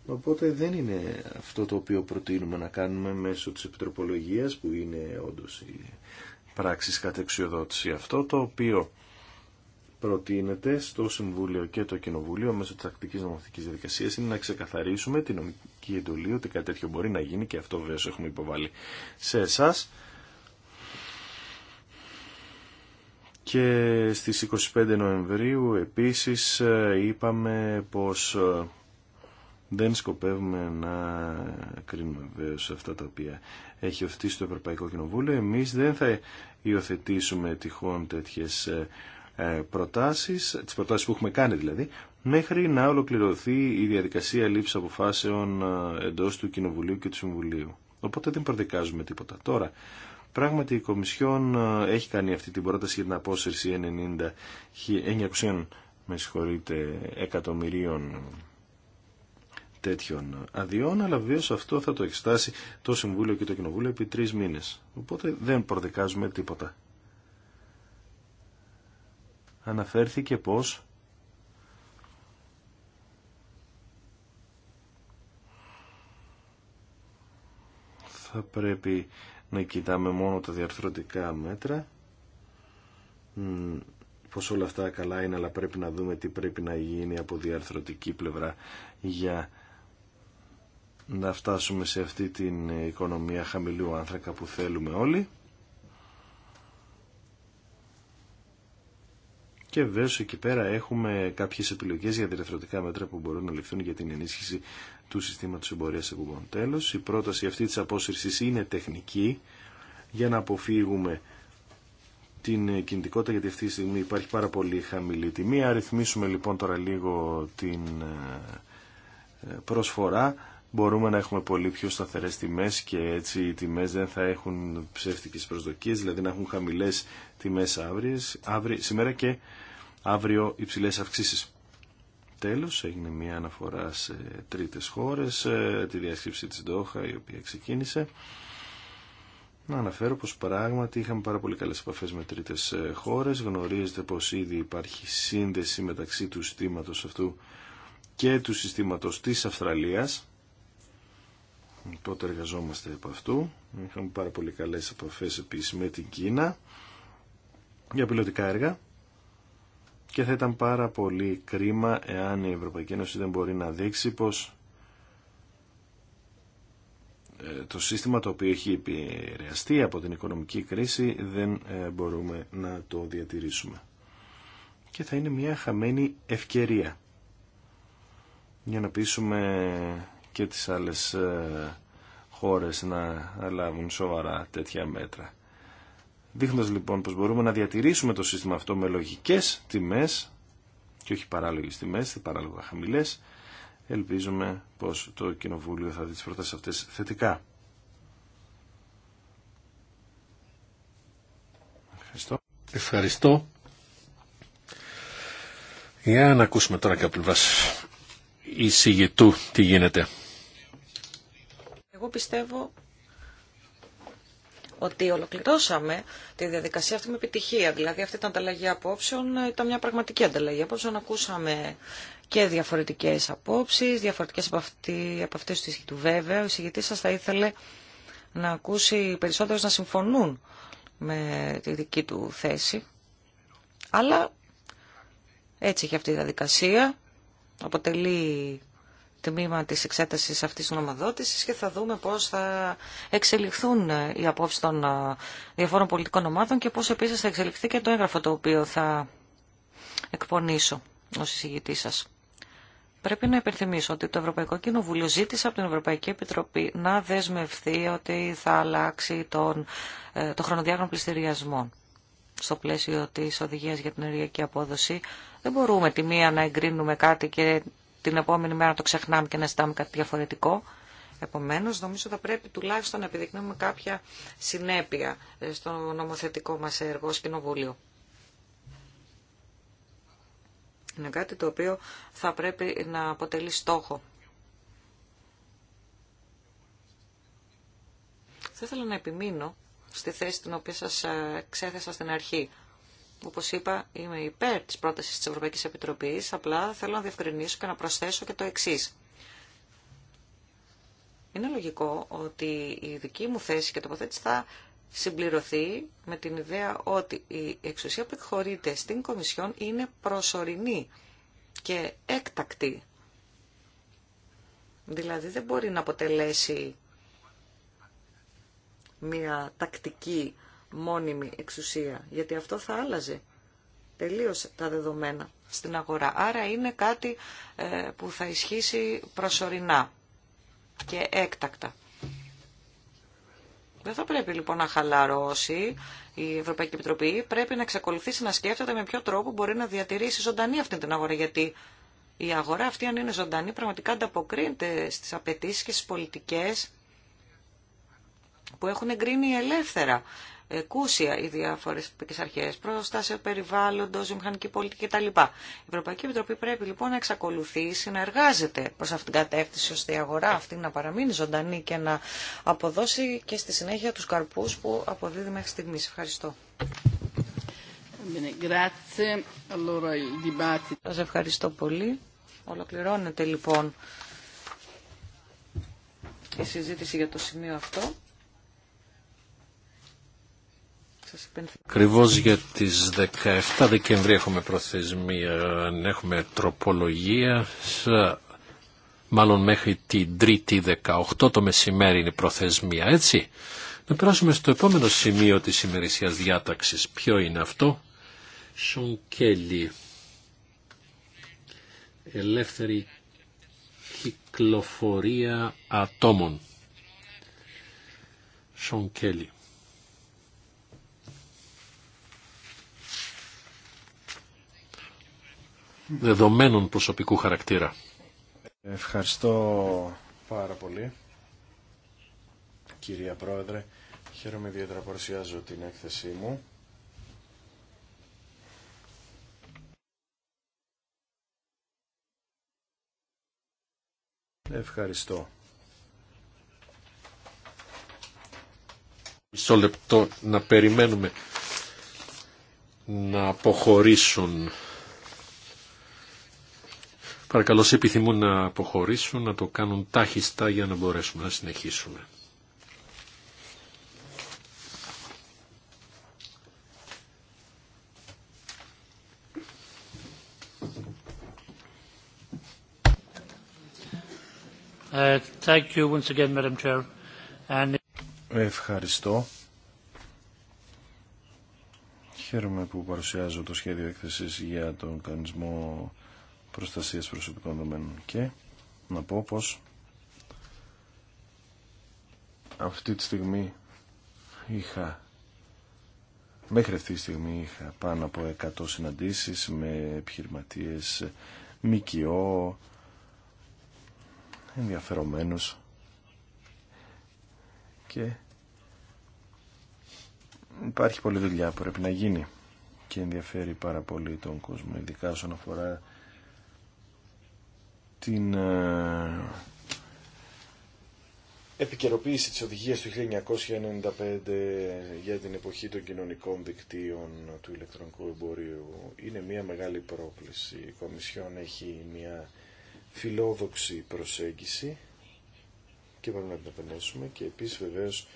Οπότε δεν είναι αυτό το οποίο προτείνουμε να κάνουμε μέσω της επιτροπολογίας που είναι όντως η πράξη κατεξιοδότηση. Αυτό το οποίο προτείνεται στο Συμβούλιο και το Κοινοβούλιο μέσω τη ακτική νομοθετική διαδικασία είναι να ξεκαθαρίσουμε την νομική εντολή ότι κάτι τέτοιο μπορεί να γίνει και αυτό βέβαια έχουμε υποβάλει σε εσάς. Και στις 25 Νοεμβρίου επίσης ε, είπαμε πως ε, δεν σκοπεύουμε να κρίνουμε βέβαια σε αυτά τα οποία έχει οφθεί το Ευρωπαϊκό Κοινοβούλιο. Εμείς δεν θα υιοθετήσουμε τυχόν τέτοιες ε, ε, προτάσεις, τις προτάσεις που έχουμε κάνει δηλαδή, μέχρι να ολοκληρωθεί η διαδικασία λήψη αποφάσεων ε, εντός του Κοινοβουλίου και του Συμβουλίου. Οπότε δεν προδικάζουμε τίποτα. Τώρα, πράγματι η Κομισιόν ε, έχει κάνει αυτή την πρόταση για την απόσυρση 90, 900 με συγχωρείτε, εκατομμυρίων τέτοιων αδειών, αλλά βεβαίω αυτό θα το εξετάσει το Συμβούλιο και το Κοινοβούλιο επί τρει μήνε. Οπότε δεν προδικάζουμε τίποτα αναφέρθηκε πως θα πρέπει να κοιτάμε μόνο τα διαρθρωτικά μέτρα πως όλα αυτά καλά είναι αλλά πρέπει να δούμε τι πρέπει να γίνει από διαρθρωτική πλευρά για να φτάσουμε σε αυτή την οικονομία χαμηλού άνθρακα που θέλουμε όλοι Και βέβαια εκεί πέρα έχουμε κάποιε επιλογέ για διαρθρωτικά μέτρα που μπορούν να ληφθούν για την ενίσχυση του συστήματο εμπορία εκπομπών. τέλο. η πρόταση αυτή τη απόσυρση είναι τεχνική για να αποφύγουμε την κινητικότητα γιατί αυτή τη στιγμή υπάρχει πάρα πολύ χαμηλή τιμή. Αριθμίσουμε λοιπόν τώρα λίγο την ε, προσφορά. Μπορούμε να έχουμε πολύ πιο σταθερές τιμές και έτσι οι τιμές δεν θα έχουν ψεύτικες προσδοκίες, δηλαδή να έχουν χαμηλέ τιμές αύριε. σήμερα και αύριο υψηλέ αυξήσει. Τέλος, έγινε μια αναφορά σε τρίτες χώρες, ε, τη διάσκεψη τη Ντόχα η οποία ξεκίνησε. Να αναφέρω πως πράγματι είχαμε πάρα πολύ καλές επαφές με τρίτες ε, χώρες. Γνωρίζετε πως ήδη υπάρχει σύνδεση μεταξύ του συστήματος αυτού και του συστήματος της Αυστραλίας. Τότε εργαζόμαστε από αυτού. Είχαμε πάρα πολύ καλές επαφές επίσης με την Κίνα για πιλωτικά έργα και θα ήταν πάρα πολύ κρίμα εάν η Ευρωπαϊκή Ένωση δεν μπορεί να δείξει πως ε, το σύστημα το οποίο έχει επηρεαστεί από την οικονομική κρίση δεν ε, μπορούμε να το διατηρήσουμε. Και θα είναι μια χαμένη ευκαιρία για να πείσουμε και τις άλλες ε, χώρες να λάβουν σοβαρά τέτοια μέτρα. Δείχνοντα λοιπόν πως μπορούμε να διατηρήσουμε το σύστημα αυτό με λογικέ τιμές και όχι παράλογες τιμές, παράλογα χαμηλέ. ελπίζουμε πως το Κοινοβούλιο θα δει τις προτάσει αυτέ θετικά. Ευχαριστώ. Ευχαριστώ. Για να ακούσουμε τώρα και από πλευρά εισηγητού τι γίνεται. Εγώ πιστεύω ότι ολοκληρώσαμε τη διαδικασία αυτή με επιτυχία. Δηλαδή αυτή ήταν ανταλλαγή απόψεων, ήταν μια πραγματική ανταλλαγή απόψεων. Ακούσαμε και διαφορετικές απόψεις, διαφορετικές από, αυτή, από αυτές του βέβαια. Ο εισηγητής σας θα ήθελε να ακούσει περισσότερους να συμφωνούν με τη δική του θέση. Αλλά έτσι έχει αυτή η διαδικασία. Αποτελεί τμήμα της εξέτασης αυτής της νομοδότησης και θα δούμε πώς θα εξελιχθούν οι απόψεις των ε, διαφόρων πολιτικών ομάδων και πώς επίσης θα εξελιχθεί και το έγγραφο το οποίο θα εκπονήσω ως εισηγητή σας. Πρέπει να υπενθυμίσω ότι το Ευρωπαϊκό Κοινοβούλιο ζήτησε από την Ευρωπαϊκή Επιτροπή να δεσμευθεί ότι θα αλλάξει τον, ε, το χρονοδιάγραμμα πληστηριασμών στο πλαίσιο της οδηγίας για την ενεργειακή απόδοση. Δεν μπορούμε τη μία να εγκρίνουμε κάτι και την επόμενη μέρα να το ξεχνάμε και να ζητάμε κάτι διαφορετικό. Επομένω, νομίζω θα πρέπει τουλάχιστον να επιδεικνύουμε κάποια συνέπεια ε, στο νομοθετικό μα έργο ως Κοινοβούλιο. Είναι κάτι το οποίο θα πρέπει να αποτελεί στόχο. Θα ήθελα να επιμείνω στη θέση την οποία σας ε, ξέθεσα στην αρχή. Όπως είπα, είμαι υπέρ της πρότασης της Ευρωπαϊκής Επιτροπής, απλά θέλω να διευκρινίσω και να προσθέσω και το εξή. Είναι λογικό ότι η δική μου θέση και τοποθέτηση θα συμπληρωθεί με την ιδέα ότι η εξουσία που εκχωρείται στην Κομισιόν είναι προσωρινή και έκτακτη. Δηλαδή δεν μπορεί να αποτελέσει μια τακτική μόνιμη εξουσία, γιατί αυτό θα άλλαζε τελείως τα δεδομένα στην αγορά. Άρα είναι κάτι ε, που θα ισχύσει προσωρινά και έκτακτα. Δεν θα πρέπει λοιπόν να χαλαρώσει η Ευρωπαϊκή Επιτροπή. Πρέπει να εξακολουθήσει να σκέφτεται με ποιο τρόπο μπορεί να διατηρήσει ζωντανή αυτή την αγορά. Γιατί η αγορά αυτή, αν είναι ζωντανή, πραγματικά ανταποκρίνεται στις απαιτήσει και στις πολιτικές που έχουν εγκρίνει ελεύθερα εκούσια οι διάφορε τοπικέ αρχέ, προστάσεω περιβάλλοντο, μηχανική πολιτική κτλ. Η Ευρωπαϊκή Επιτροπή πρέπει λοιπόν να εξακολουθήσει να εργάζεται προ αυτήν την κατεύθυνση, ώστε η αγορά αυτή να παραμείνει ζωντανή και να αποδώσει και στη συνέχεια του καρπού που αποδίδει μέχρι στιγμή. Ευχαριστώ. Σα ευχαριστώ πολύ. Ολοκληρώνεται λοιπόν η συζήτηση για το σημείο αυτό. Ακριβώ για τι 17 Δεκεμβρίου έχουμε προθεσμία, έχουμε τροπολογία. Μάλλον μέχρι την η 18 το μεσημέρι είναι η προθεσμία, έτσι. Να περάσουμε στο επόμενο σημείο της ημερησίας διάταξης. Ποιο είναι αυτό? Σον Κέλλη. Ελεύθερη κυκλοφορία ατόμων. Σον Κέλλη. δεδομένων προσωπικού χαρακτήρα. Ευχαριστώ πάρα πολύ, κυρία Πρόεδρε. Χαίρομαι ιδιαίτερα παρουσιάζω την έκθεσή μου. Ευχαριστώ. Μισό λεπτό να περιμένουμε να αποχωρήσουν Παρακαλώ, σε επιθυμούν να αποχωρήσουν, να το κάνουν τάχιστα για να μπορέσουμε να συνεχίσουμε. Uh, Ευχαριστώ. Χαίρομαι που παρουσιάζω το σχέδιο έκθεσης για τον κανονισμό προστασίας προσωπικών δεδομένων. Και να πω πως αυτή τη στιγμή είχα μέχρι αυτή τη στιγμή είχα πάνω από 100 συναντήσεις με επιχειρηματίες ΜΚΟ ενδιαφερομένους και υπάρχει πολλή δουλειά που πρέπει να γίνει και ενδιαφέρει πάρα πολύ τον κόσμο ειδικά όσον αφορά την ε, επικαιροποίηση της οδηγίας του 1995 για την εποχή των κοινωνικών δικτύων του ηλεκτρονικού εμπορίου είναι μια μεγάλη πρόκληση. Η Κομισιόν έχει μια φιλόδοξη προσέγγιση και πρέπει να την επενέσουμε και επίσης βεβαίως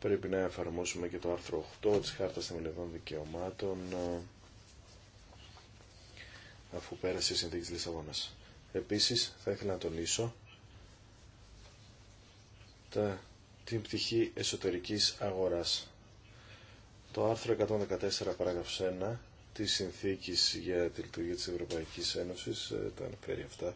πρέπει να εφαρμόσουμε και το άρθρο 8 της Χάρτας Θεμελιωδών Δικαιωμάτων ε, αφού πέρασε η συνθήκη της Λισαβόνας. Επίσης θα ήθελα να τονίσω τα, την πτυχή εσωτερικής αγοράς. Το άρθρο 114 παράγραφος 1 της συνθήκης για τη λειτουργία της Ευρωπαϊκής Ένωσης ε, τα αναφέρει αυτά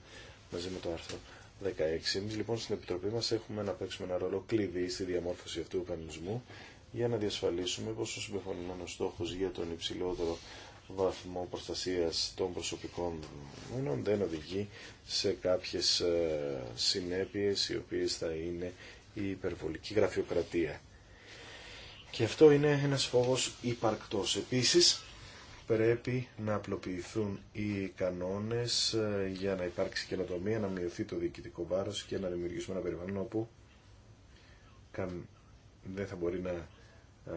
μαζί με το άρθρο 16. Εμείς λοιπόν στην Επιτροπή μας έχουμε να παίξουμε ένα ρόλο κλειδί στη διαμόρφωση αυτού του κανονισμού για να διασφαλίσουμε πως ο συμπεφωνημένος στόχος για τον υψηλότερο βαθμό προστασίας των προσωπικών δεδομένων δεν οδηγεί σε κάποιες ε, συνέπειες οι οποίες θα είναι η υπερβολική γραφειοκρατία. Και αυτό είναι ένας φόβος υπαρκτός. Επίσης, πρέπει να απλοποιηθούν οι κανόνες ε, για να υπάρξει καινοτομία, να μειωθεί το διοικητικό βάρος και να δημιουργήσουμε ένα περιβάλλον όπου δεν θα μπορεί να ε,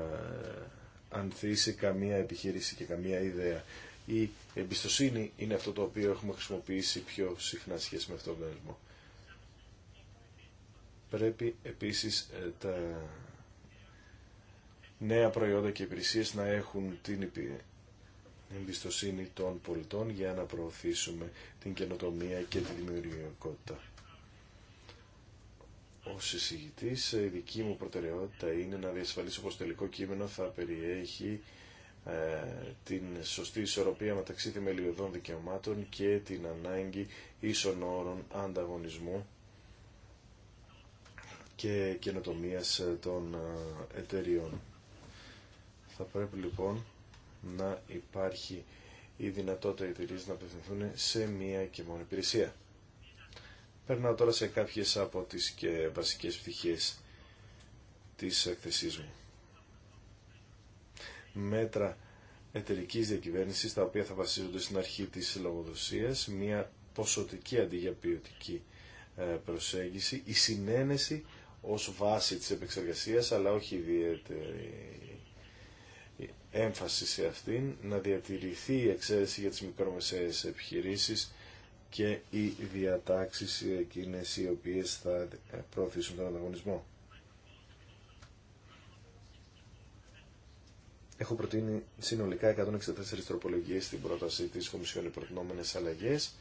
ανθίσει καμία επιχείρηση και καμία ιδέα. Η εμπιστοσύνη είναι αυτό το οποίο έχουμε χρησιμοποιήσει πιο συχνά σχέση με αυτόν τον κόσμο Πρέπει επίσης ε, τα νέα προϊόντα και υπηρεσίες να έχουν την εμπιστοσύνη των πολιτών για να προωθήσουμε την καινοτομία και τη δημιουργικότητα ως εισηγητή, η δική μου προτεραιότητα είναι να διασφαλίσω πω το τελικό κείμενο θα περιέχει ε, την σωστή ισορροπία μεταξύ θεμελιωδών δικαιωμάτων και την ανάγκη ίσων όρων ανταγωνισμού και καινοτομία ε, των ε, εταιριών. Θα πρέπει λοιπόν να υπάρχει η δυνατότητα οι εταιρείε να απευθυνθούν σε μία και μόνη υπηρεσία. Περνάω τώρα σε κάποιες από τις βασικές πτυχές της εκθεσής μου. Μέτρα εταιρική διακυβέρνησης, τα οποία θα βασίζονται στην αρχή της λογοδοσίας, μια ποσοτική αντί για ποιοτική ε, προσέγγιση, η συνένεση ως βάση της επεξεργασίας, αλλά όχι ιδιαίτερη έμφαση σε αυτήν, να διατηρηθεί η εξαίρεση για τις μικρομεσαίες επιχειρήσεις και οι διατάξεις εκείνες οι οποίες θα προωθήσουν τον ανταγωνισμό. Έχω προτείνει συνολικά 164 τροπολογίες στην πρόταση της Κομισιόν προτινόμενες αλλαγές.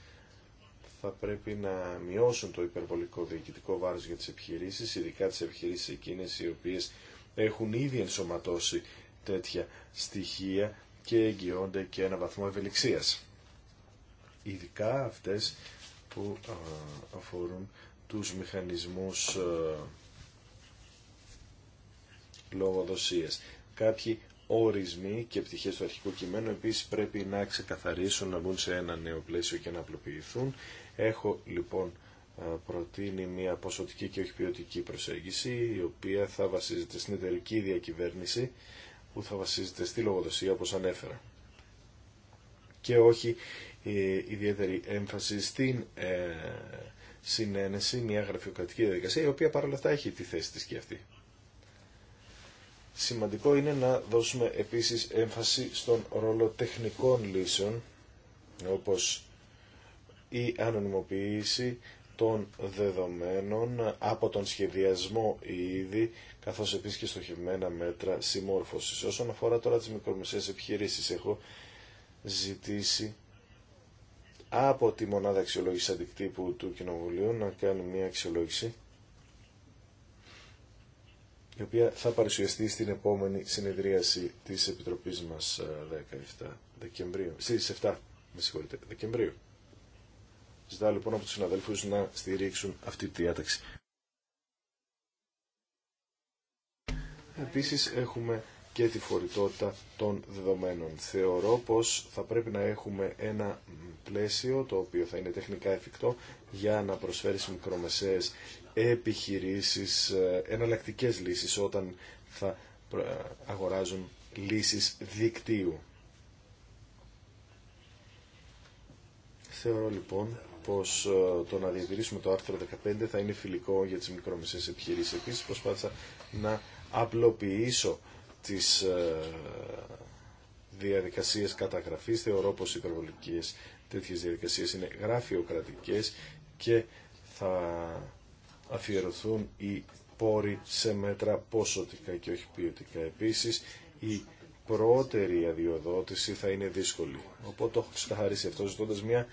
Θα πρέπει να μειώσουν το υπερβολικό διοικητικό βάρος για τις επιχειρήσεις, ειδικά τις επιχειρήσεις εκείνες οι οποίες έχουν ήδη ενσωματώσει τέτοια στοιχεία και εγγυώνται και ένα βαθμό ευελιξίας ειδικά αυτές που αφορούν τους μηχανισμούς λογοδοσίας. Κάποιοι ορισμοί και πτυχές του αρχικού κειμένου επίσης πρέπει να ξεκαθαρίσουν, να μπουν σε ένα νέο πλαίσιο και να απλοποιηθούν. Έχω λοιπόν προτείνει μια ποσοτική και όχι ποιοτική προσέγγιση η οποία θα βασίζεται στην εταιρική διακυβέρνηση που θα βασίζεται στη λογοδοσία όπως ανέφερα και όχι ε, ιδιαίτερη έμφαση στην ε, συνένεση, μια γραφειοκρατική διαδικασία, η οποία παρόλα αυτά έχει τη θέση της και αυτή. Σημαντικό είναι να δώσουμε επίσης έμφαση στον ρόλο τεχνικών λύσεων, όπως η ανωνυμοποίηση των δεδομένων από τον σχεδιασμό ήδη, καθώς επίσης και στοχευμένα μέτρα συμμόρφωσης. Όσον αφορά τώρα τις μικρομεσαίες επιχειρήσεις, έχω ζητήσει από τη μονάδα αξιολόγηση αντικτύπου του Κοινοβουλίου να κάνει μια αξιολόγηση η οποία θα παρουσιαστεί στην επόμενη συνεδρίαση της Επιτροπής μας 17 ε, Δεκεμβρίου, στις 7 με συγχωρείτε, Δεκεμβρίου. Ζητάω λοιπόν από τους συναδέλφους να στηρίξουν αυτή τη διάταξη. Επίσης έχουμε και τη φορητότητα των δεδομένων. Θεωρώ πως θα πρέπει να έχουμε ένα πλαίσιο το οποίο θα είναι τεχνικά εφικτό για να προσφέρει στις μικρομεσαίες επιχειρήσεις ε, εναλλακτικές λύσεις όταν θα ε, αγοράζουν λύσεις δικτύου. Θεωρώ λοιπόν πως ε, το να διατηρήσουμε το άρθρο 15 θα είναι φιλικό για τις μικρομεσαίες επιχειρήσεις. Επίσης προσπάθησα να απλοποιήσω τις ε, διαδικασίες καταγραφής. Θεωρώ πως οι υπερβολικές τέτοιες διαδικασίες είναι γραφειοκρατικές και θα αφιερωθούν οι πόροι σε μέτρα ποσοτικά και όχι ποιοτικά. Επίσης, η πρώτερη αδειοδότηση θα είναι δύσκολη. Οπότε το έχω ξεκαθαρίσει αυτό ζητώντας μια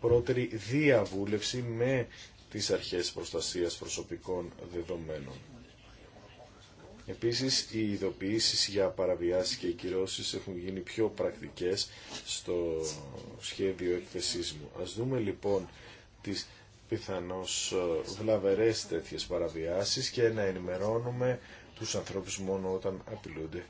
πρώτερη διαβούλευση με τις αρχές προστασίας προσωπικών δεδομένων. Επίσης, οι ειδοποιήσεις για παραβιάσεις και οι κυρώσεις έχουν γίνει πιο πρακτικές στο σχέδιο εκθεσίσμου. μου. Ας δούμε λοιπόν τις πιθανώς ε, βλαβερές τέτοιες παραβιάσεις και να ενημερώνουμε τους ανθρώπους μόνο όταν απειλούνται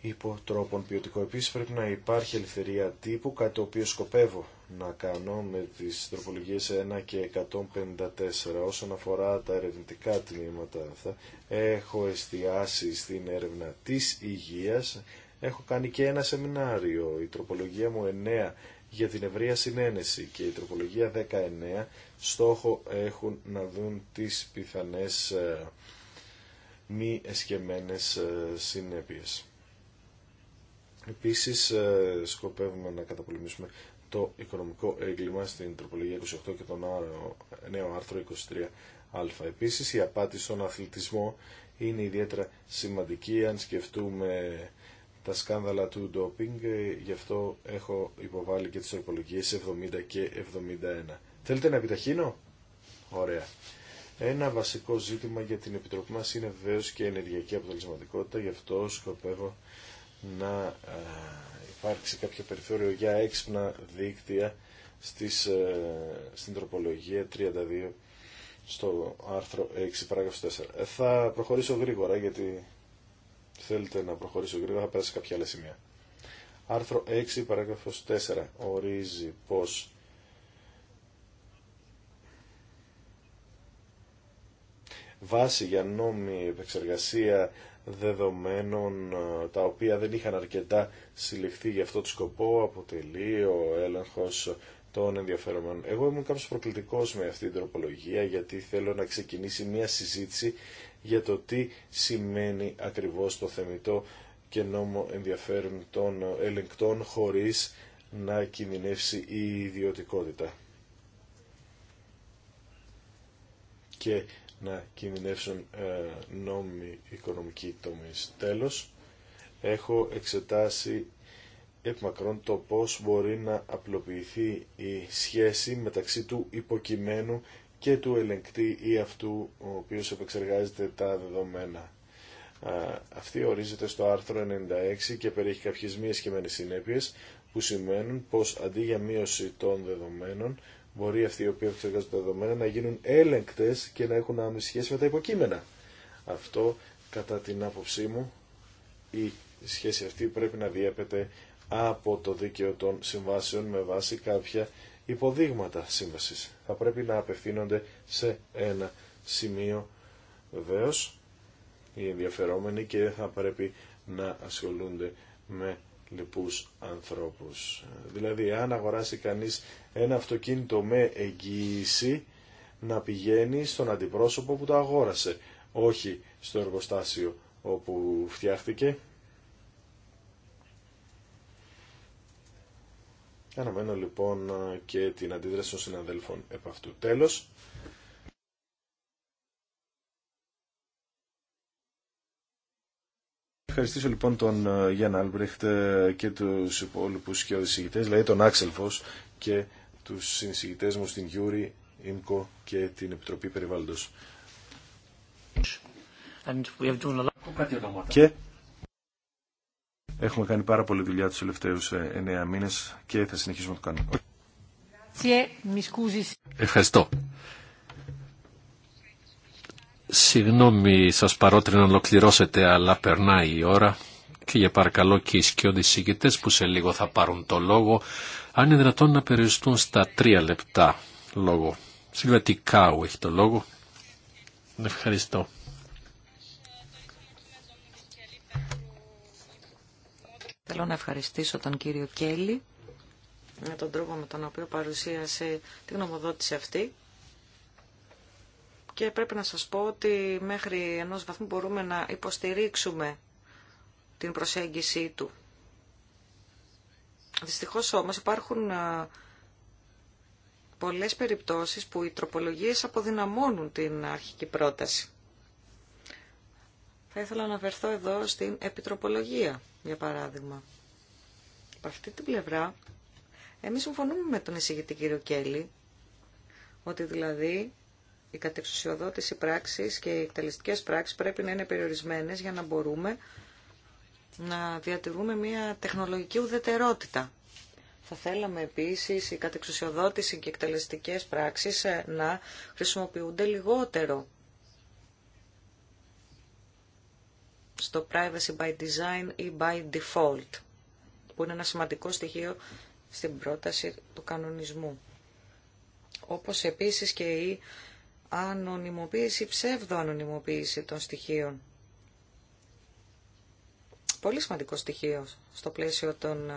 υπό τρόπον ποιοτικό. Επίσης πρέπει να υπάρχει ελευθερία τύπου, κάτι το οποίο σκοπεύω να κάνω με τις τροπολογίες 1 και 154 όσον αφορά τα ερευνητικά τμήματα αυτά. Έχω εστιάσει στην έρευνα της υγείας. Έχω κάνει και ένα σεμινάριο. Η τροπολογία μου 9 για την ευρεία συνένεση και η τροπολογία 19 στόχο έχουν να δουν τις πιθανές ε, μη εσκεμμένες ε, συνέπειες. Επίσης ε, σκοπεύουμε να καταπολεμήσουμε το οικονομικό έγκλημα στην τροπολογία 28 και τον νέο άρθρο 23α. Επίσης η απάτη στον αθλητισμό είναι ιδιαίτερα σημαντική αν σκεφτούμε τα σκάνδαλα του ντόπινγκ, γι' αυτό έχω υποβάλει και τις τροπολογίες 70 και 71. Θέλετε να επιταχύνω? Ωραία. Ένα βασικό ζήτημα για την Επιτροπή μας είναι βεβαίω και η ενεργειακή αποτελεσματικότητα, γι' αυτό σκοπεύω να ε, υπάρξει κάποιο περιθώριο για έξυπνα δίκτυα στις, ε, στην τροπολογία 32 στο άρθρο 6 παράγραφος 4. Ε, θα προχωρήσω γρήγορα γιατί θέλετε να προχωρήσω γρήγορα θα πέρασε κάποια άλλα σημεία. Άρθρο 6 παράγραφος 4 ορίζει πως βάση για νόμιμη επεξεργασία δεδομένων ε, τα οποία δεν είχαν αρκετά συλληφθεί για αυτό το σκοπό αποτελεί ο έλεγχος των ενδιαφερομένων. Εγώ ήμουν κάπως προκλητικός με αυτή την τροπολογία γιατί θέλω να ξεκινήσει μια συζήτηση για το τι σημαίνει ακριβώς το θεμητό και νόμο ενδιαφέρον των ελεγκτών χωρίς να κινδυνεύσει η ιδιωτικότητα. Και να κινδυνεύσουν ε, νόμιμοι οικονομικοί τομείς. Τέλος, έχω εξετάσει μακρόν το πώς μπορεί να απλοποιηθεί η σχέση μεταξύ του υποκειμένου και του ελεγκτή ή αυτού ο οποίος επεξεργάζεται τα δεδομένα. Αυτή ορίζεται στο άρθρο 96 και περιέχει κάποιες μη συνέπειες που σημαίνουν πως αντί για μείωση των δεδομένων μπορεί αυτοί οι οποίοι εξεργάζονται τα δεδομένα να γίνουν έλεγκτες και να έχουν άμεση σχέση με τα υποκείμενα. Αυτό, κατά την άποψή μου, η σχέση αυτή πρέπει να διέπεται από το δίκαιο των συμβάσεων με βάση κάποια υποδείγματα σύμβασης. Θα πρέπει να απευθύνονται σε ένα σημείο βεβαίω οι ενδιαφερόμενοι και θα πρέπει να ασχολούνται με λοιπούς ανθρώπους. Δηλαδή, αν αγοράσει κανείς ένα αυτοκίνητο με εγγύηση, να πηγαίνει στον αντιπρόσωπο που το αγόρασε, όχι στο εργοστάσιο όπου φτιάχτηκε. Αναμένω λοιπόν και την αντίδραση των συναδέλφων επ' αυτού. Τέλος, ευχαριστήσω λοιπόν τον ε, Γιάννα Άλμπρεχτ ε, και του υπόλοιπους και οδησηγητές, δηλαδή τον Άξελφος και τους συνεισηγητές μου στην Γιούρη, ΙΜΚΟ και την Επιτροπή Περιβάλλοντος. Και έχουμε κάνει πάρα πολλή δουλειά τους τελευταίους ε, εννέα μήνες και θα συνεχίσουμε να το κάνουμε. Ευχαριστώ. Συγγνώμη, σας παρότρινα να ολοκληρώσετε, αλλά περνάει η ώρα και για παρακαλώ και οι σκιώδεις συγκητές που σε λίγο θα πάρουν το λόγο, αν είναι δυνατόν να περιοριστούν στα τρία λεπτά λόγο. κάου έχει το λόγο. Ευχαριστώ. Θέλω να ευχαριστήσω τον κύριο Κέλλη με τον τρόπο με τον οποίο παρουσίασε τη γνωμοδότηση αυτή και πρέπει να σας πω ότι μέχρι ενός βαθμού μπορούμε να υποστηρίξουμε την προσέγγιση του. Δυστυχώς όμως υπάρχουν πολλές περιπτώσεις που οι τροπολογίες αποδυναμώνουν την αρχική πρόταση. Θα ήθελα να αναφερθώ εδώ στην επιτροπολογία, για παράδειγμα. Από αυτή την πλευρά, εμείς συμφωνούμε με τον εισηγητή κύριο Κέλλη, ότι δηλαδή η κατεξουσιοδότηση πράξη και οι εκτελεστικές πράξεις πρέπει να είναι περιορισμένες για να μπορούμε να διατηρούμε μια τεχνολογική ουδετερότητα. Θα θέλαμε επίσης η κατεξουσιοδότηση και οι εκτελεστικές πράξεις ε, να χρησιμοποιούνται λιγότερο στο privacy by design ή by default, που είναι ένα σημαντικό στοιχείο στην πρόταση του κανονισμού. Όπως επίσης και η ανωνυμοποίηση, ανονιμοποίηση των στοιχείων. Πολύ σημαντικό στοιχείο στο πλαίσιο των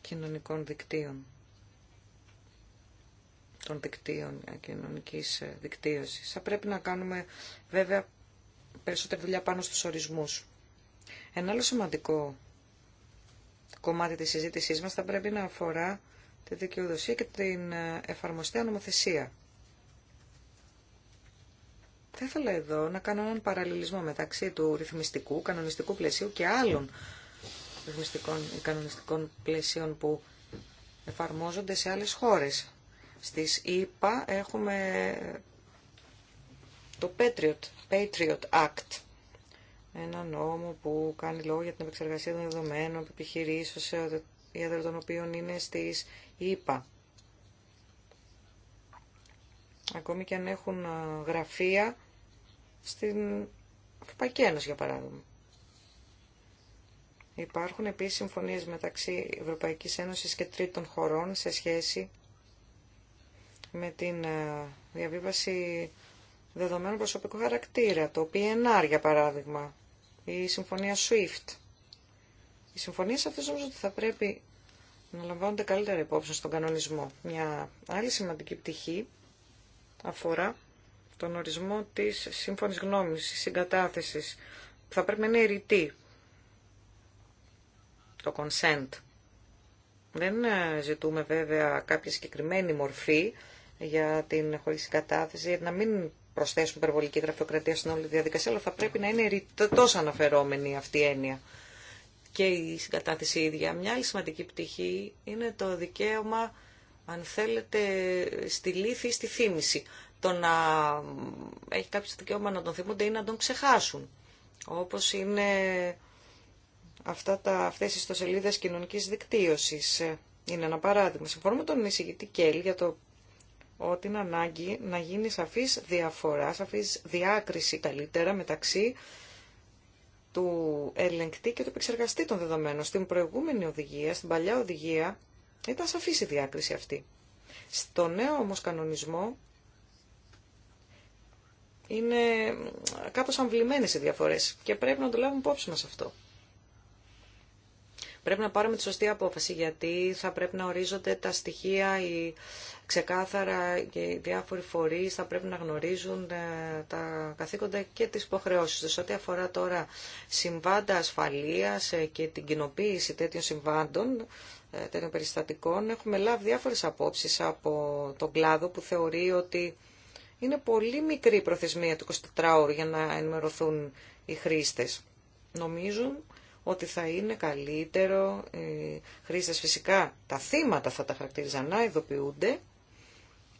κοινωνικών δικτύων των δικτύων, κοινωνικής ε, δικτύωσης. Θα πρέπει να κάνουμε βέβαια περισσότερη δουλειά πάνω στους ορισμούς. Ένα άλλο σημαντικό κομμάτι της συζήτησής μας θα πρέπει να αφορά τη δικαιοδοσία και την ε, εφαρμοστέα νομοθεσία. Θα ήθελα εδώ να κάνω έναν παραλληλισμό μεταξύ του ρυθμιστικού, κανονιστικού πλαισίου και άλλων ρυθμιστικών ή κανονιστικών πλαισίων που εφαρμόζονται σε άλλες χώρες. Στις ΗΠΑ έχουμε το Patriot, Patriot Act, ένα νόμο που κάνει λόγο για την επεξεργασία των δεδομένων, επιχειρήσεως, οι έδρα των οποίων είναι στις ΙΠΑ. Ακόμη και αν έχουν γραφεία στην Ευρωπαϊκή Ένωση, για παράδειγμα. Υπάρχουν επίσης συμφωνίες μεταξύ Ευρωπαϊκής Ένωσης και τρίτων χωρών σε σχέση με την διαβίβαση δεδομένων προσωπικού χαρακτήρα, το PNR για παράδειγμα, η συμφωνία SWIFT. Οι συμφωνίες αυτές όμως ότι θα πρέπει να λαμβάνονται καλύτερα υπόψη στον κανονισμό. Μια άλλη σημαντική πτυχή αφορά τον ορισμό της σύμφωνης γνώμης, της συγκατάθεσης, θα πρέπει να είναι ρητή. Το consent. Δεν ε, ζητούμε βέβαια κάποια συγκεκριμένη μορφή για την χωρίς συγκατάθεση, για να μην προσθέσουν υπερβολική γραφειοκρατία στην όλη διαδικασία, αλλά θα πρέπει να είναι τόσο αναφερόμενη αυτή η έννοια και η συγκατάθεση ίδια. Μια άλλη σημαντική πτυχή είναι το δικαίωμα, αν θέλετε, στη λύθη ή στη θύμηση. Το να έχει κάποιο δικαίωμα να τον θυμούνται ή να τον ξεχάσουν. Όπως είναι αυτά τα, αυτές οι ιστοσελίδες κοινωνικής δικτύωσης. Είναι ένα παράδειγμα. Συμφωνώ με τον εισηγητή Κέλ για το ότι είναι ανάγκη να γίνει σαφής διαφορά, σαφής διάκριση καλύτερα μεταξύ του ελεγκτή και του επεξεργαστή των δεδομένων. Στην προηγούμενη οδηγία, στην παλιά οδηγία, ήταν σαφής η διάκριση αυτή. Στο νέο όμω κανονισμό είναι κάπως αμβλημένες οι διαφορές και πρέπει να το λάβουμε υπόψη μας αυτό. Πρέπει να πάρουμε τη σωστή απόφαση γιατί θα πρέπει να ορίζονται τα στοιχεία οι ξεκάθαρα και οι διάφοροι φορείς θα πρέπει να γνωρίζουν ε, τα καθήκοντα και τις υποχρεώσεις τους. Ό,τι αφορά τώρα συμβάντα ασφαλείας ε, και την κοινοποίηση τέτοιων συμβάντων, ε, τέτοιων περιστατικών, έχουμε λάβει διάφορες απόψεις από τον κλάδο που θεωρεί ότι είναι πολύ μικρή η προθεσμία του 24 ου για να ενημερωθούν οι χρήστες. Νομίζουν ότι θα είναι καλύτερο Ε, χρήστες φυσικά. Τα θύματα θα τα χαρακτηρίζαν να ειδοποιούνται,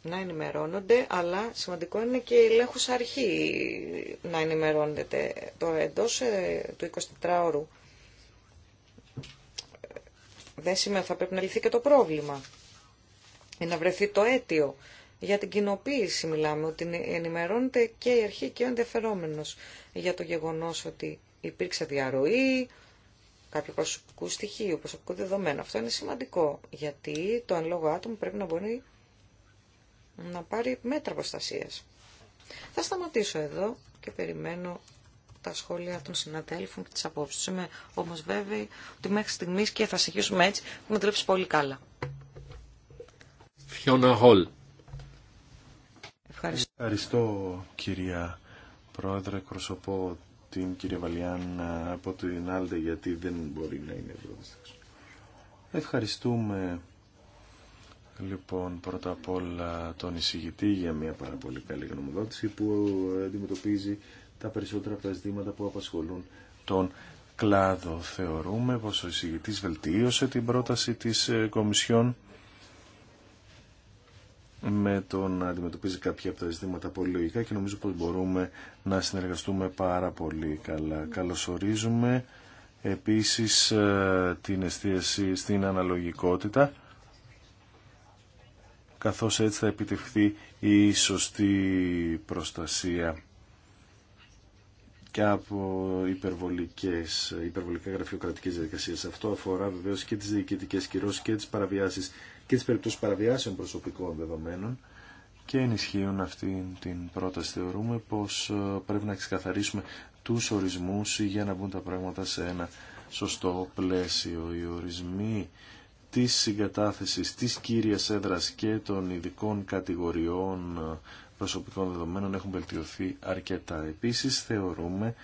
να ενημερώνονται, αλλά σημαντικό είναι και η αρχή να ενημερώνεται. το εντός ε, του 24ωρου δεν σημαίνει θα πρέπει να λυθεί και το πρόβλημα ή να βρεθεί το αίτιο. Για την κοινοποίηση μιλάμε, ότι ενημερώνεται και η αρχή και ο ενδιαφερόμενος για το γεγονός ότι υπήρξε διαρροή, κάποιο προσωπικού στοιχείου, προσωπικού δεδομένου. Αυτό είναι σημαντικό, γιατί το αν λόγω άτομο πρέπει να μπορεί να πάρει μέτρα προστασία. Θα σταματήσω εδώ και περιμένω τα σχόλια των συναδέλφων και τις απόψεις. Είμαι όμως βέβαιη ότι μέχρι στιγμής και θα συνεχίσουμε έτσι, έχουμε δουλέψει πολύ καλά. Φιώνα Χολ. Ευχαριστώ. κυρία Πρόεδρε, την κυρία Βαλιάν ε, από την Άλτε γιατί δεν μπορεί να είναι εδώ Ευχαριστούμε λοιπόν πρώτα απ' όλα τον εισηγητή για μια πάρα πολύ καλή γνωμοδότηση που αντιμετωπίζει τα περισσότερα από τα ζητήματα που απασχολούν τον κλάδο. Θεωρούμε πως ο εισηγητής βελτίωσε την πρόταση της ε, Κομισιόν με το να αντιμετωπίζει κάποια από τα ζητήματα πολύ λογικά και νομίζω πως μπορούμε να συνεργαστούμε πάρα πολύ καλά. Καλωσορίζουμε επίσης ε, την εστίαση στην αναλογικότητα καθώς έτσι θα επιτευχθεί η σωστή προστασία και από υπερβολικές, υπερβολικά γραφειοκρατικές διαδικασίες. Αυτό αφορά βεβαίως και τις διοικητικές κυρώσεις και τις παραβιάσεις και τις περιπτώσεις παραβιάσεων προσωπικών δεδομένων και ενισχύουν αυτή την πρόταση. Θεωρούμε πως ε, πρέπει να ξεκαθαρίσουμε τους ορισμούς για να μπουν τα πράγματα σε ένα σωστό πλαίσιο. Οι ορισμοί της συγκατάθεσης της κύριας έδρας και των ειδικών κατηγοριών ε, προσωπικών δεδομένων έχουν βελτιωθεί αρκετά. Επίσης θεωρούμε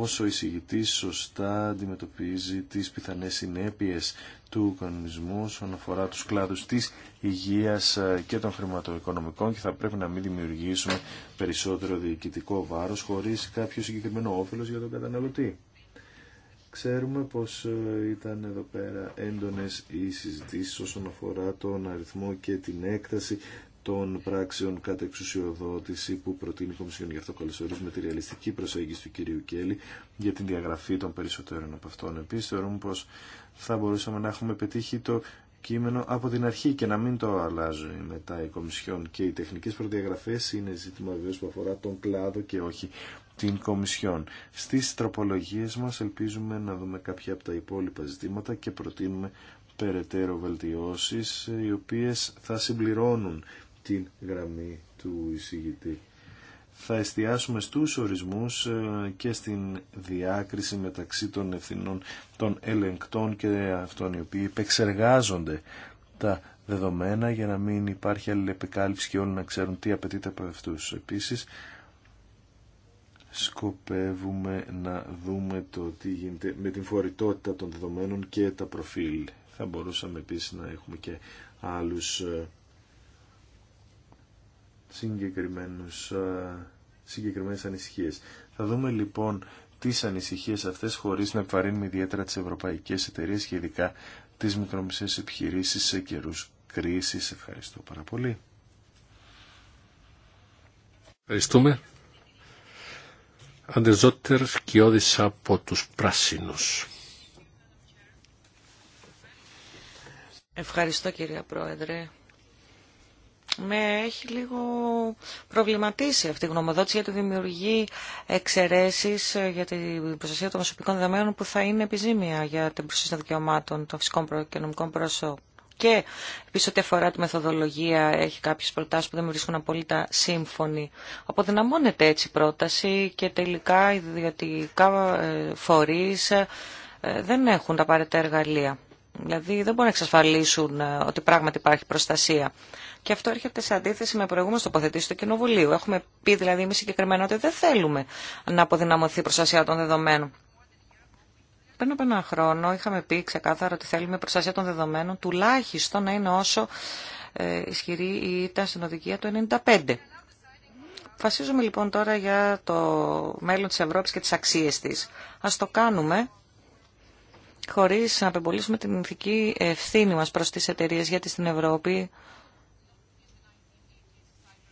όσο ο σωστά αντιμετωπίζει τις πιθανές συνέπειες του κανονισμού όσον αφορά τους κλάδους της υγείας ε, και των χρηματοοικονομικών και θα πρέπει να μην δημιουργήσουμε περισσότερο διοικητικό βάρος χωρίς κάποιο συγκεκριμένο όφελος για τον καταναλωτή. Ξέρουμε πως ε, ήταν εδώ πέρα έντονες οι συζητήσεις όσον αφορά τον αριθμό και την έκταση των πράξεων κατά εξουσιοδότηση που προτείνει η Κομισιόν. Γι' αυτό καλωσορίζουμε τη ρεαλιστική προσέγγιση του κυρίου Κέλλη για την διαγραφή των περισσότερων από αυτών. Επίση, θεωρούμε πω θα μπορούσαμε να έχουμε πετύχει το κείμενο από την αρχή και να μην το αλλάζουν μετά η Κομισιόν. Και οι τεχνικέ προδιαγραφέ είναι ζήτημα βεβαίω που αφορά τον κλάδο και όχι την Κομισιόν. Στι τροπολογίε μα ελπίζουμε να δούμε κάποια από τα υπόλοιπα ζητήματα και προτείνουμε περαιτέρω βελτιώσεις οι οποίες θα συμπληρώνουν την γραμμή του εισηγητή. Θα εστιάσουμε στους ορισμούς ε, και στην διάκριση μεταξύ των ευθυνών των ελεγκτών και αυτών οι οποίοι επεξεργάζονται τα δεδομένα για να μην υπάρχει αλληλεπικάλυψη και όλοι να ξέρουν τι απαιτείται από αυτούς. Επίσης, σκοπεύουμε να δούμε το τι γίνεται με την φορητότητα των δεδομένων και τα προφίλ. Θα μπορούσαμε επίσης να έχουμε και άλλους ε, συγκεκριμένους, ε, συγκεκριμένες ανησυχίες. Θα δούμε λοιπόν τις ανησυχίες αυτές χωρίς να επιβαρύνουμε ιδιαίτερα τις ευρωπαϊκές εταιρείες και ειδικά τις μικρομισές επιχειρήσεις σε καιρούς κρίσης. Ευχαριστώ πάρα πολύ. Ευχαριστούμε. Αντεζότερ όδησα από τους Πράσινους. Ευχαριστώ κυρία Πρόεδρε με έχει λίγο προβληματίσει αυτή η γνωμοδότηση γιατί δημιουργεί εξαιρέσει ε, για την προστασία των προσωπικών δεδομένων που θα είναι επιζήμια για την προστασία των δικαιωμάτων των φυσικών και νομικών προσώπων. Και επίση ό,τι αφορά τη μεθοδολογία έχει κάποιε προτάσει που δεν βρίσκουν απόλυτα σύμφωνοι. Αποδυναμώνεται έτσι η πρόταση και τελικά οι ιδιωτικά ε, φορεί ε, δεν έχουν τα απαραίτητα εργαλεία Δηλαδή δεν μπορούν να εξασφαλίσουν ε, ότι πράγματι υπάρχει προστασία. Και αυτό έρχεται σε αντίθεση με προηγούμενε τοποθετήσει του Κοινοβουλίου. Έχουμε πει δηλαδή εμεί συγκεκριμένα ότι δεν θέλουμε να αποδυναμωθεί η προστασία των δεδομένων. Πριν από ένα χρόνο είχαμε πει ξεκάθαρα ότι θέλουμε η προστασία των δεδομένων τουλάχιστον να είναι όσο ε, ισχυρή ήταν στην οδηγία του 1995. Φασίζουμε λοιπόν τώρα για το μέλλον της Ευρώπης και τις αξίες της. Ας το κάνουμε χωρίς να απεμπολίσουμε την ηθική ευθύνη μας προς τις εταιρείες, γιατί στην Ευρώπη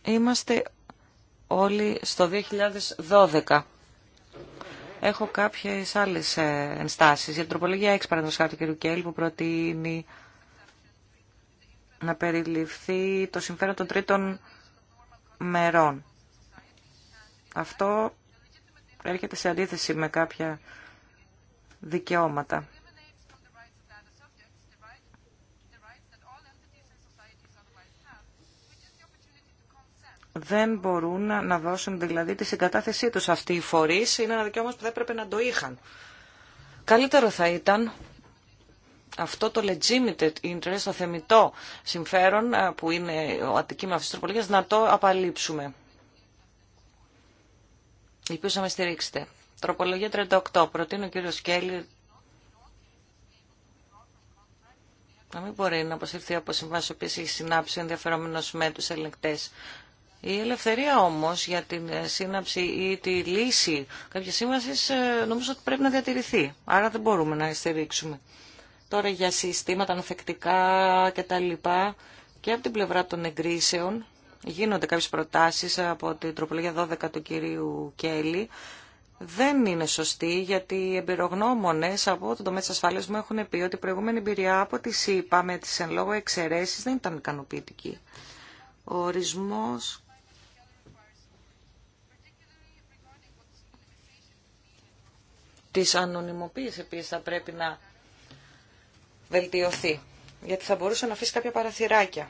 είμαστε όλοι στο 2012. Έχω κάποιες άλλες ε, ενστάσεις. Για την τροπολογία 6 παραδοσιακά του κ. Κέλ που προτείνει να περιληφθεί το συμφέρον των τρίτων μερών. Αυτό έρχεται σε αντίθεση με κάποια δικαιώματα δεν μπορούν να δώσουν δηλαδή τη συγκατάθεσή τους αυτοί οι φορείς. Είναι ένα δικαίωμα που δεν έπρεπε να το είχαν. Καλύτερο θα ήταν αυτό το legitimate interest, το θεμητό συμφέρον ε, που είναι ο αντικείμενο αυτής της τροπολογίας, να το απαλείψουμε. Ελπίζω να με στηρίξετε. Τροπολογία 38. Προτείνω ο κύριος Κέλλη να μην μπορεί να αποσυρθεί από συμβάσει που έχει συνάψει ο με του ελεγκτέ. Η ελευθερία όμως για την ε, σύναψη ή τη λύση κάποια σύμβασης ε, νομίζω ότι πρέπει να διατηρηθεί. Άρα δεν μπορούμε να ειστερίξουμε. Τώρα για συστήματα ανθεκτικά και και από την πλευρά των εγκρίσεων γίνονται κάποιες προτάσεις από την τροπολογία 12 του κυρίου Κέλλη. Δεν είναι σωστή γιατί οι εμπειρογνώμονες από το τομέα της ασφάλειας μου έχουν πει ότι η προηγούμενη εμπειρία από τη ΣΥΠΑ με τις εν λόγω εξαιρέσεις δεν ήταν ικανοποιητική. Ο ορισμός της ανωνυμοποίησης επίσης θα πρέπει να βελτιωθεί. Γιατί θα μπορούσε να αφήσει κάποια παραθυράκια.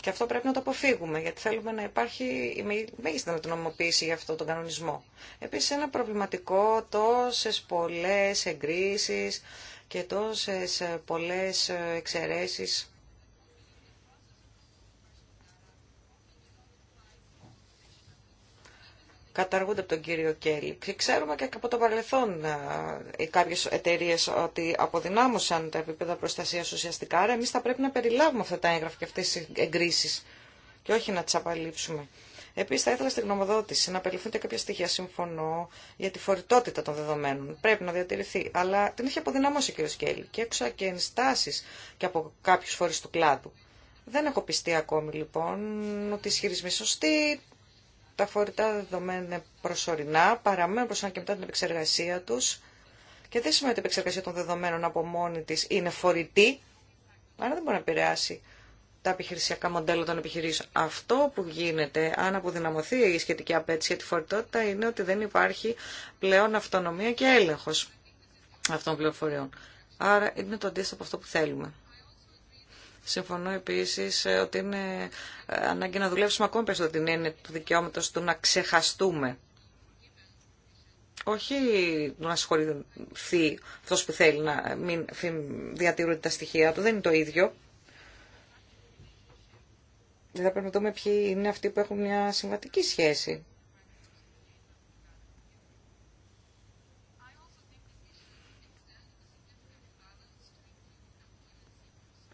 Και αυτό πρέπει να το αποφύγουμε, γιατί θέλουμε να υπάρχει η μέγιστη ανωνυμοποίηση για αυτόν τον κανονισμό. Επίσης ένα προβληματικό τόσε πολλές εγκρίσεις και τόσε ε, πολλές ε, εξαιρέσει καταργούνται από τον κύριο Κέλλη. Και ξέρουμε και από το παρελθόν κάποιε εταιρείε ότι αποδυνάμωσαν τα επίπεδα προστασία ουσιαστικά. Άρα, εμεί θα πρέπει να περιλάβουμε αυτά τα έγγραφα και αυτέ τι εγκρίσει και όχι να τι απαλείψουμε. Επίση, θα ήθελα στην γνωμοδότηση να περιληφθούν και κάποια στοιχεία. Συμφωνώ για τη φορητότητα των δεδομένων. Πρέπει να διατηρηθεί. Αλλά την έχει αποδυναμώσει ο κ. Κέλλη. Και έξω και ενστάσει και από κάποιου φορεί του κλάδου. Δεν έχω πιστεί ακόμη λοιπόν ότι ισχυρισμοί σωστοί, τα φορητά δεδομένα είναι προσωρινά, παραμένουν προσωρινά και μετά την επεξεργασία τους και δεν σημαίνει ότι η επεξεργασία των δεδομένων από μόνη τη είναι φορητή, άρα δεν μπορεί να επηρεάσει τα επιχειρησιακά μοντέλα των επιχειρήσεων. Αυτό που γίνεται, αν αποδυναμωθεί η σχετική απέτηση για τη φορητότητα, είναι ότι δεν υπάρχει πλέον αυτονομία και έλεγχος αυτών των πληροφοριών. Άρα είναι το αντίστοιχο από αυτό που θέλουμε. Συμφωνώ επίση ότι είναι ε, ανάγκη να δουλέψουμε ακόμη περισσότερο την έννοια του δικαιώματο του να ξεχαστούμε. Όχι να συγχωρηθεί αυτό που θέλει να μην διατηρούνται τα στοιχεία του, δεν είναι το ίδιο. Δεν δηλαδή, θα πρέπει να δούμε ποιοι είναι αυτοί που έχουν μια συμβατική σχέση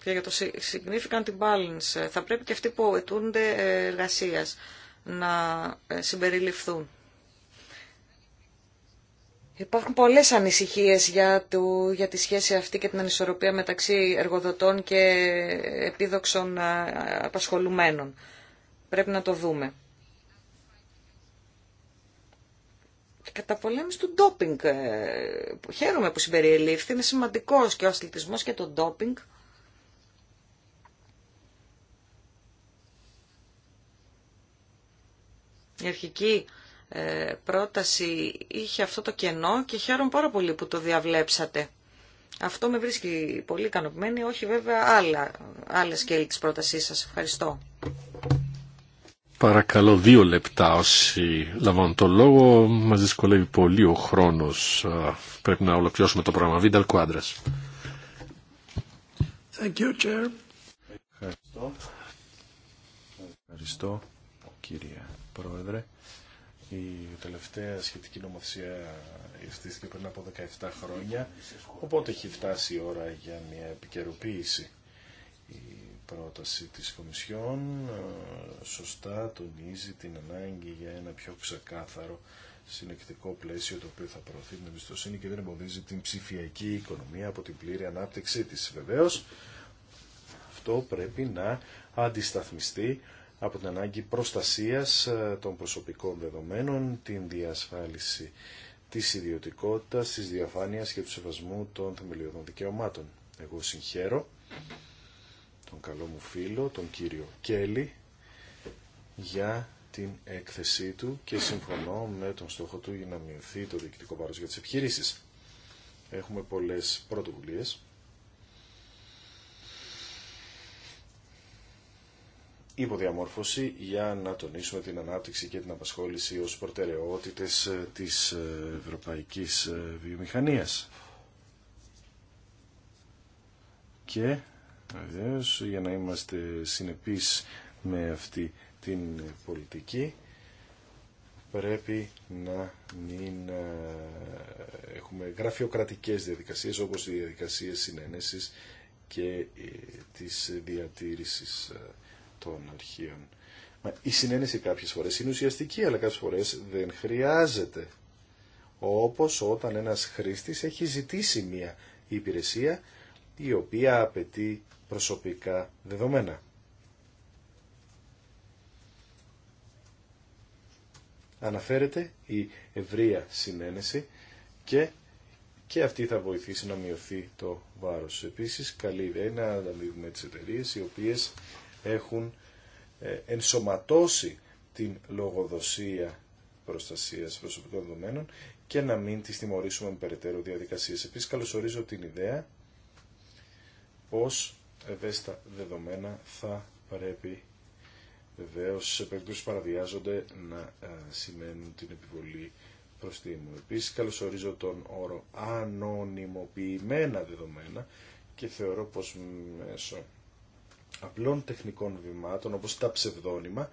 και για το significant Balance ε, θα πρέπει και αυτοί που ετούνται εργασία να ε, συμπεριληφθούν. Υπάρχουν πολλές ανησυχίες για, το, για τη σχέση αυτή και την ανισορροπία μεταξύ εργοδοτών και επίδοξων ε, απασχολουμένων. Πρέπει να το δούμε. Και καταπολέμηση του ντόπινγκ. Χαίρομαι που συμπεριελήφθη. Είναι σημαντικός και ο αθλητισμός και το ντόπινγκ. Η αρχική ε, πρόταση είχε αυτό το κενό και χαίρομαι πάρα πολύ που το διαβλέψατε. Αυτό με βρίσκει πολύ ικανοποιημένη, όχι βέβαια άλλα, άλλα σκέλη της πρότασής σας. Ευχαριστώ. Παρακαλώ δύο λεπτά όσοι λαμβάνουν το λόγο. Μας δυσκολεύει πολύ ο χρόνος. Πρέπει να ολοκληρώσουμε το πρόγραμμα. Βίνταλ Κουάντρας. Ευχαριστώ. Ευχαριστώ, κυρία Πρόεδρε. Η τελευταία σχετική νομοθεσία ευθύστηκε πριν από 17 χρόνια, οπότε έχει φτάσει η ώρα για μια επικαιροποίηση. Η πρόταση της Κομισιόν ε, σωστά τονίζει την ανάγκη για ένα πιο ξεκάθαρο συνεκτικό πλαίσιο το οποίο θα προωθεί την εμπιστοσύνη και δεν εμποδίζει την ψηφιακή οικονομία από την πλήρη ανάπτυξή της. Βεβαίως, αυτό πρέπει να αντισταθμιστεί από την ανάγκη προστασίας ε, των προσωπικών δεδομένων, την διασφάλιση της ιδιωτικότητας, της διαφάνειας και του σεβασμού των θεμελιωδών δικαιωμάτων. Εγώ συγχαίρω τον καλό μου φίλο, τον κύριο Κέλλη, για την έκθεσή του και συμφωνώ με τον στόχο του για να μειωθεί το διοικητικό βάρος για τις επιχειρήσεις. Έχουμε πολλές πρωτοβουλίες υποδιαμόρφωση για να τονίσουμε την ανάπτυξη και την απασχόληση ως προτεραιότητες ε, της ε, ευρωπαϊκής ε, βιομηχανίας. Και βεβαίως για να είμαστε συνεπείς με αυτή την πολιτική πρέπει να μην έχουμε γραφειοκρατικές διαδικασίες όπως οι διαδικασίες συνένεσης και της διατήρησης των αρχείων. Η συνένεση κάποιες φορές είναι ουσιαστική, αλλά κάποιες φορές δεν χρειάζεται. Όπως όταν ένας χρήστης έχει ζητήσει μία υπηρεσία η οποία απαιτεί προσωπικά δεδομένα. Αναφέρεται η ευρεία συνένεση και, και αυτή θα βοηθήσει να μειωθεί το βάρος. Επίσης, καλή ιδέα είναι να αναλύουμε τις εταιρείε οι οποίες έχουν ε, ενσωματώσει την λογοδοσία προστασίας προσωπικών δεδομένων και να μην τις τιμωρήσουμε με περαιτέρω διαδικασίες. Επίσης καλωσορίζω την ιδέα πως ευαίσθητα δεδομένα θα πρέπει βεβαίω σε περίπτωση παραβιάζονται να ε, σημαίνουν την επιβολή προστήμου. τίμου. Επίσης καλωσορίζω τον όρο ανωνυμοποιημένα δεδομένα και θεωρώ πως μέσω απλών τεχνικών βημάτων όπως τα ψευδόνυμα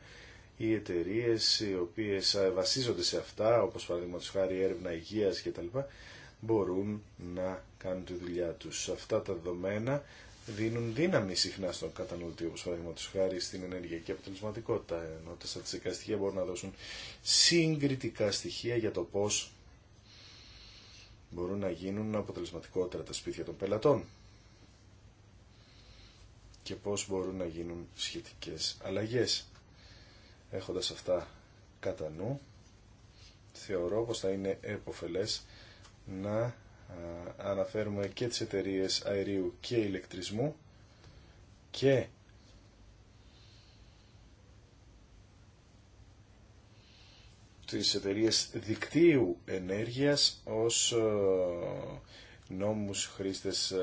οι εταιρείε οι οποίες ε, βασίζονται σε αυτά όπως παραδείγματος χάρη έρευνα υγείας κτλ μπορούν να κάνουν τη δουλειά τους. Αυτά τα δεδομένα δίνουν δύναμη συχνά στον καταναλωτή, όπως παραδείγματο χάρη στην ενεργειακή αποτελεσματικότητα, ενώ τα στατιστικά στοιχεία μπορούν να δώσουν συγκριτικά στοιχεία για το πώς μπορούν να γίνουν αποτελεσματικότερα τα σπίτια των πελατών και πώς μπορούν να γίνουν σχετικές αλλαγές. Έχοντας αυτά κατά νου, θεωρώ πως θα είναι εποφελές να αναφέρουμε και τις εταιρείε αερίου και ηλεκτρισμού και τις εταιρείε δικτύου ενέργειας ως νόμους χρήστες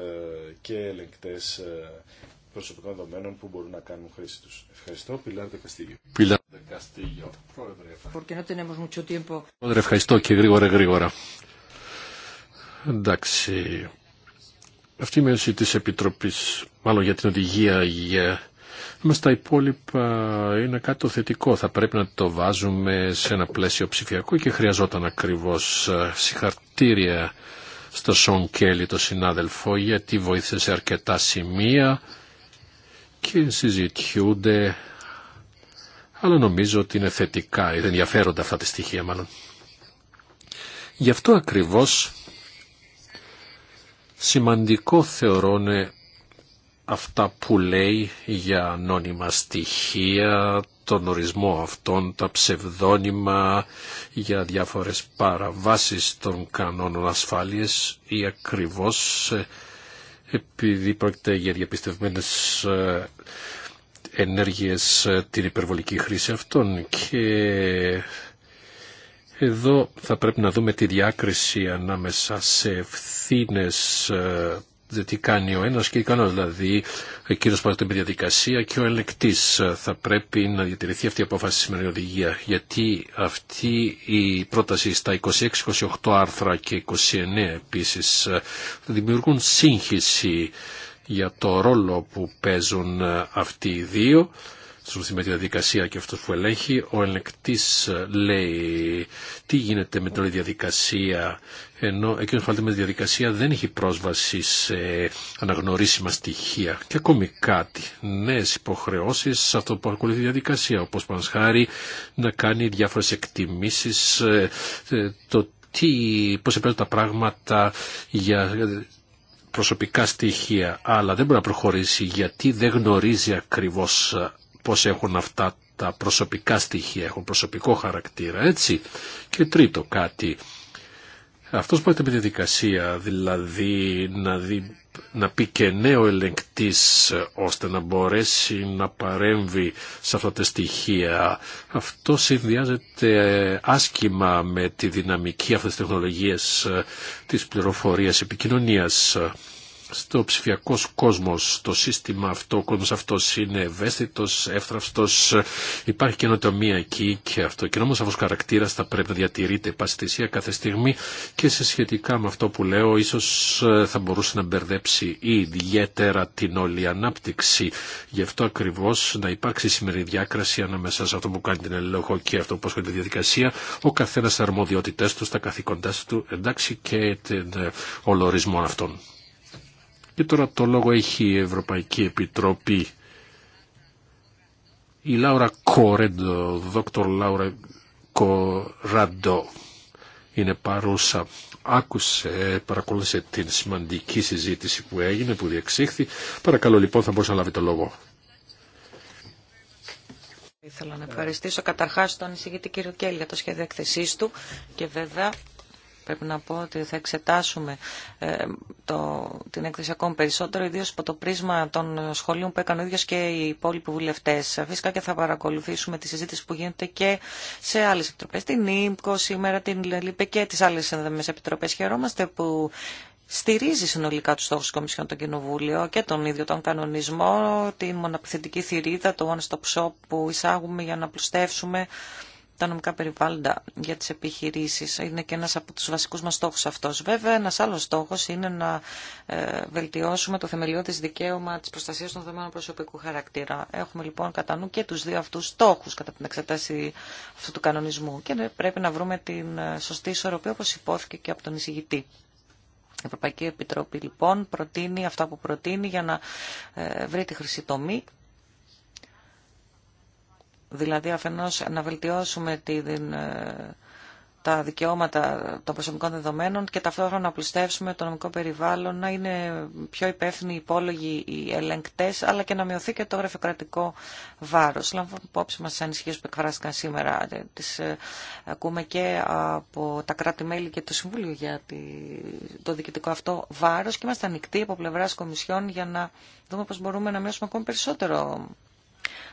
και ελεγκτές προσωπικών δεδομένων που μπορούν να κάνουν χρήση του. Ευχαριστώ. Πιλάρ Καστίγιο. Πιλάρ Καστίγιο. Πρόεδρε, ευχαριστώ και γρήγορα γρήγορα. Εντάξει. Αυτή η μέση τη Επίτροπή, μάλλον για την οδηγία για Μα τα υπόλοιπα είναι κάτι το θετικό. Θα πρέπει να το βάζουμε σε ένα πλαίσιο ψηφιακό και χρειαζόταν ακριβώς ε, συγχαρτήρια στο Σον Κέλλη, το συνάδελφο, γιατί βοήθησε σε αρκετά σημεία και συζητιούνται, αλλά νομίζω ότι είναι θετικά, είναι ενδιαφέροντα αυτά τα στοιχεία μάλλον. Γι' αυτό ακριβώς σημαντικό θεωρώνε αυτά που λέει για ανώνυμα στοιχεία, τον ορισμό αυτών, τα ψευδόνυμα για διάφορες παραβάσεις των κανόνων ασφάλειας ή ακριβώς ε, επειδή πρόκειται για διαπιστευμένες ε, ενέργειες ε, την υπερβολική χρήση αυτών και εδώ θα πρέπει να δούμε τη διάκριση ανάμεσα σε ευθύνες ε, τι κάνει ο ένας και τι δηλαδή ο δηλαδή εκείνος που με διαδικασία και ο ελεκτής θα πρέπει να διατηρηθεί αυτή η απόφαση σημερινή οδηγία γιατί αυτή η πρόταση στα 26, 28 άρθρα και 29 επίσης ε, δημιουργούν σύγχυση για το ρόλο που παίζουν ε, αυτοί οι δύο ασχοληθεί με τη διαδικασία και αυτός που ελέγχει. Ο ελεκτής ε, λέει τι γίνεται με την όλη διαδικασία, ενώ εκείνος που ασχολείται με τη διαδικασία δεν έχει πρόσβαση σε αναγνωρίσιμα στοιχεία και ακόμη κάτι, νέες υποχρεώσεις σε αυτό που ακολουθεί η διαδικασία, όπως πάνω χάρη να κάνει διάφορες εκτιμήσεις, ε, ε, το τι, πώς τα πράγματα για προσωπικά στοιχεία, αλλά δεν μπορεί να προχωρήσει γιατί δεν γνωρίζει ακριβώς πώς έχουν αυτά τα προσωπικά στοιχεία, έχουν προσωπικό χαρακτήρα, έτσι. Και τρίτο κάτι, αυτός που έρχεται με τη δικασία, δηλαδή να, να πει και νέο ελεγκτής ώστε να μπορέσει να παρέμβει σε αυτά τα στοιχεία, αυτό συνδυάζεται άσχημα με τη δυναμική αυτής τις τεχνολογίες ε, της πληροφορίας επικοινωνίας στο ψηφιακό κόσμο, το σύστημα αυτό, ο κόσμο αυτό είναι ευαίσθητο, εύθραυστο, υπάρχει καινοτομία εκεί και αυτό. Και όμω αυτό χαρακτήρα θα πρέπει να διατηρείται παστησία κάθε στιγμή και σε σχετικά με αυτό που λέω, ίσω ε, θα μπορούσε να μπερδέψει ιδιαίτερα την όλη ανάπτυξη. Γι' αυτό ακριβώ να υπάρξει σημερινή διάκραση ανάμεσα σε αυτό που κάνει την ελεγχό και αυτό που ασχολείται τη διαδικασία, ο καθένα αρμοδιότητέ του, τα καθήκοντά του, εντάξει και τον ε, ολορισμό αυτών. Και τώρα το λόγο έχει η Ευρωπαϊκή Επιτροπή. Η Λάουρα Κορέντο, δόκτωρ Λάουρα Κοράντο, είναι παρούσα. Άκουσε, παρακολούθησε την σημαντική συζήτηση που έγινε, που διεξήχθη. Παρακαλώ λοιπόν θα μπορούσα να λάβει το λόγο. Ήθελα να ευχαριστήσω καταρχάς τον εισηγητή κύριο Κέλ για το σχέδιο εκθεσής του και βέβαια Πρέπει να πω ότι θα εξετάσουμε ε, το, την έκθεση ακόμη περισσότερο, ιδίω από το πρίσμα των σχολείων που έκανε ο ίδιο και οι υπόλοιποι βουλευτέ. Φυσικά και θα παρακολουθήσουμε τη συζήτηση που γίνεται και σε άλλε επιτροπέ. Την ΙΜΚΟ σήμερα, την ΛΥΠΕ και τι άλλε ενδεμένε επιτροπέ. Χαιρόμαστε που στηρίζει συνολικά του στόχου τη Κομισιόν το Κοινοβούλιο και τον ίδιο τον κανονισμό, τη μοναπιθετική θηρίδα, το One Stop Shop που εισάγουμε για να πλουστεύσουμε τα νομικά περιβάλλοντα για τις επιχειρήσεις. Είναι και ένας από τους βασικούς μας στόχους αυτός. Βέβαια, ένας άλλος στόχος είναι να ε, βελτιώσουμε το θεμελιώδης δικαίωμα της προστασίας των δεδομένων προσωπικού χαρακτήρα. Έχουμε λοιπόν κατά νου και τους δύο αυτούς στόχους κατά την εξετάση αυτού του κανονισμού και ναι, πρέπει να βρούμε την ε, σωστή ισορροπία όπως υπόθηκε και από τον εισηγητή. Η Ευρωπαϊκή Επιτροπή λοιπόν προτείνει αυτά που προτείνει για να ε, βρει τη χρυσή τομή Δηλαδή αφενός να βελτιώσουμε την, ε, τα δικαιώματα των προσωπικών δεδομένων και ταυτόχρονα να πλουστεύσουμε το νομικό περιβάλλον, να είναι πιο υπεύθυνοι οι υπόλογοι οι ελεγκτές, αλλά και να μειωθεί και το γραφειοκρατικό βάρος. Λάβω υπόψη μας τις ανησυχίες που εκφράστηκαν σήμερα. Ε, τις ε, ακούμε και από τα κράτη-μέλη και το Συμβούλιο για το διοικητικό αυτό βάρος και είμαστε ανοιχτοί από πλευράς Κομισιόν για να δούμε πώς μπορούμε να μειώσουμε ακόμη περισσότερο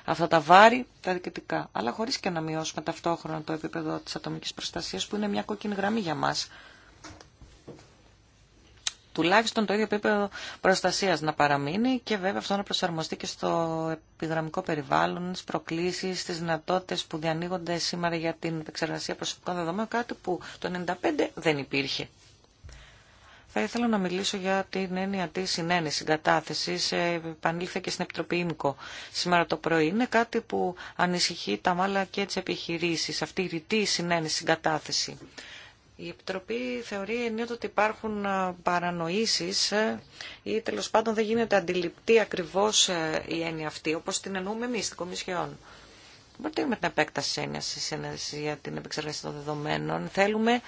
αυτά τα βάρη, τα διοικητικά. Αλλά χωρίς και να μειώσουμε ταυτόχρονα το επίπεδο της ατομικής προστασίας που είναι μια κόκκινη γραμμή για μας. Τουλάχιστον το ίδιο επίπεδο προστασίας να παραμείνει και βέβαια αυτό να προσαρμοστεί και στο επιγραμμικό περιβάλλον, στις προκλήσεις, στις δυνατότητες που διανοίγονται σήμερα για την επεξεργασία προσωπικών δεδομένων, κάτι που το 1995 δεν υπήρχε. Θα ήθελα να μιλήσω για την έννοια τη συνένεση, συγκατάθεση. Ε, επανήλθε και στην Επιτροπή ΙΜΚΟ σήμερα το πρωί. Είναι κάτι που ανησυχεί τα μάλα και τι επιχειρήσει, αυτή η ρητή συνένεση, συγκατάθεση. Η Επιτροπή θεωρεί ενίοτε ότι υπάρχουν ε, παρανοήσεις ε, ή τέλος πάντων δεν γίνεται αντιληπτή ακριβώς η έννοια αυτή, όπως την εννοούμε εμείς στην Κομισιόν. με την επέκταση έννοια για την επεξεργασία των δεδομένων. Θέλουμε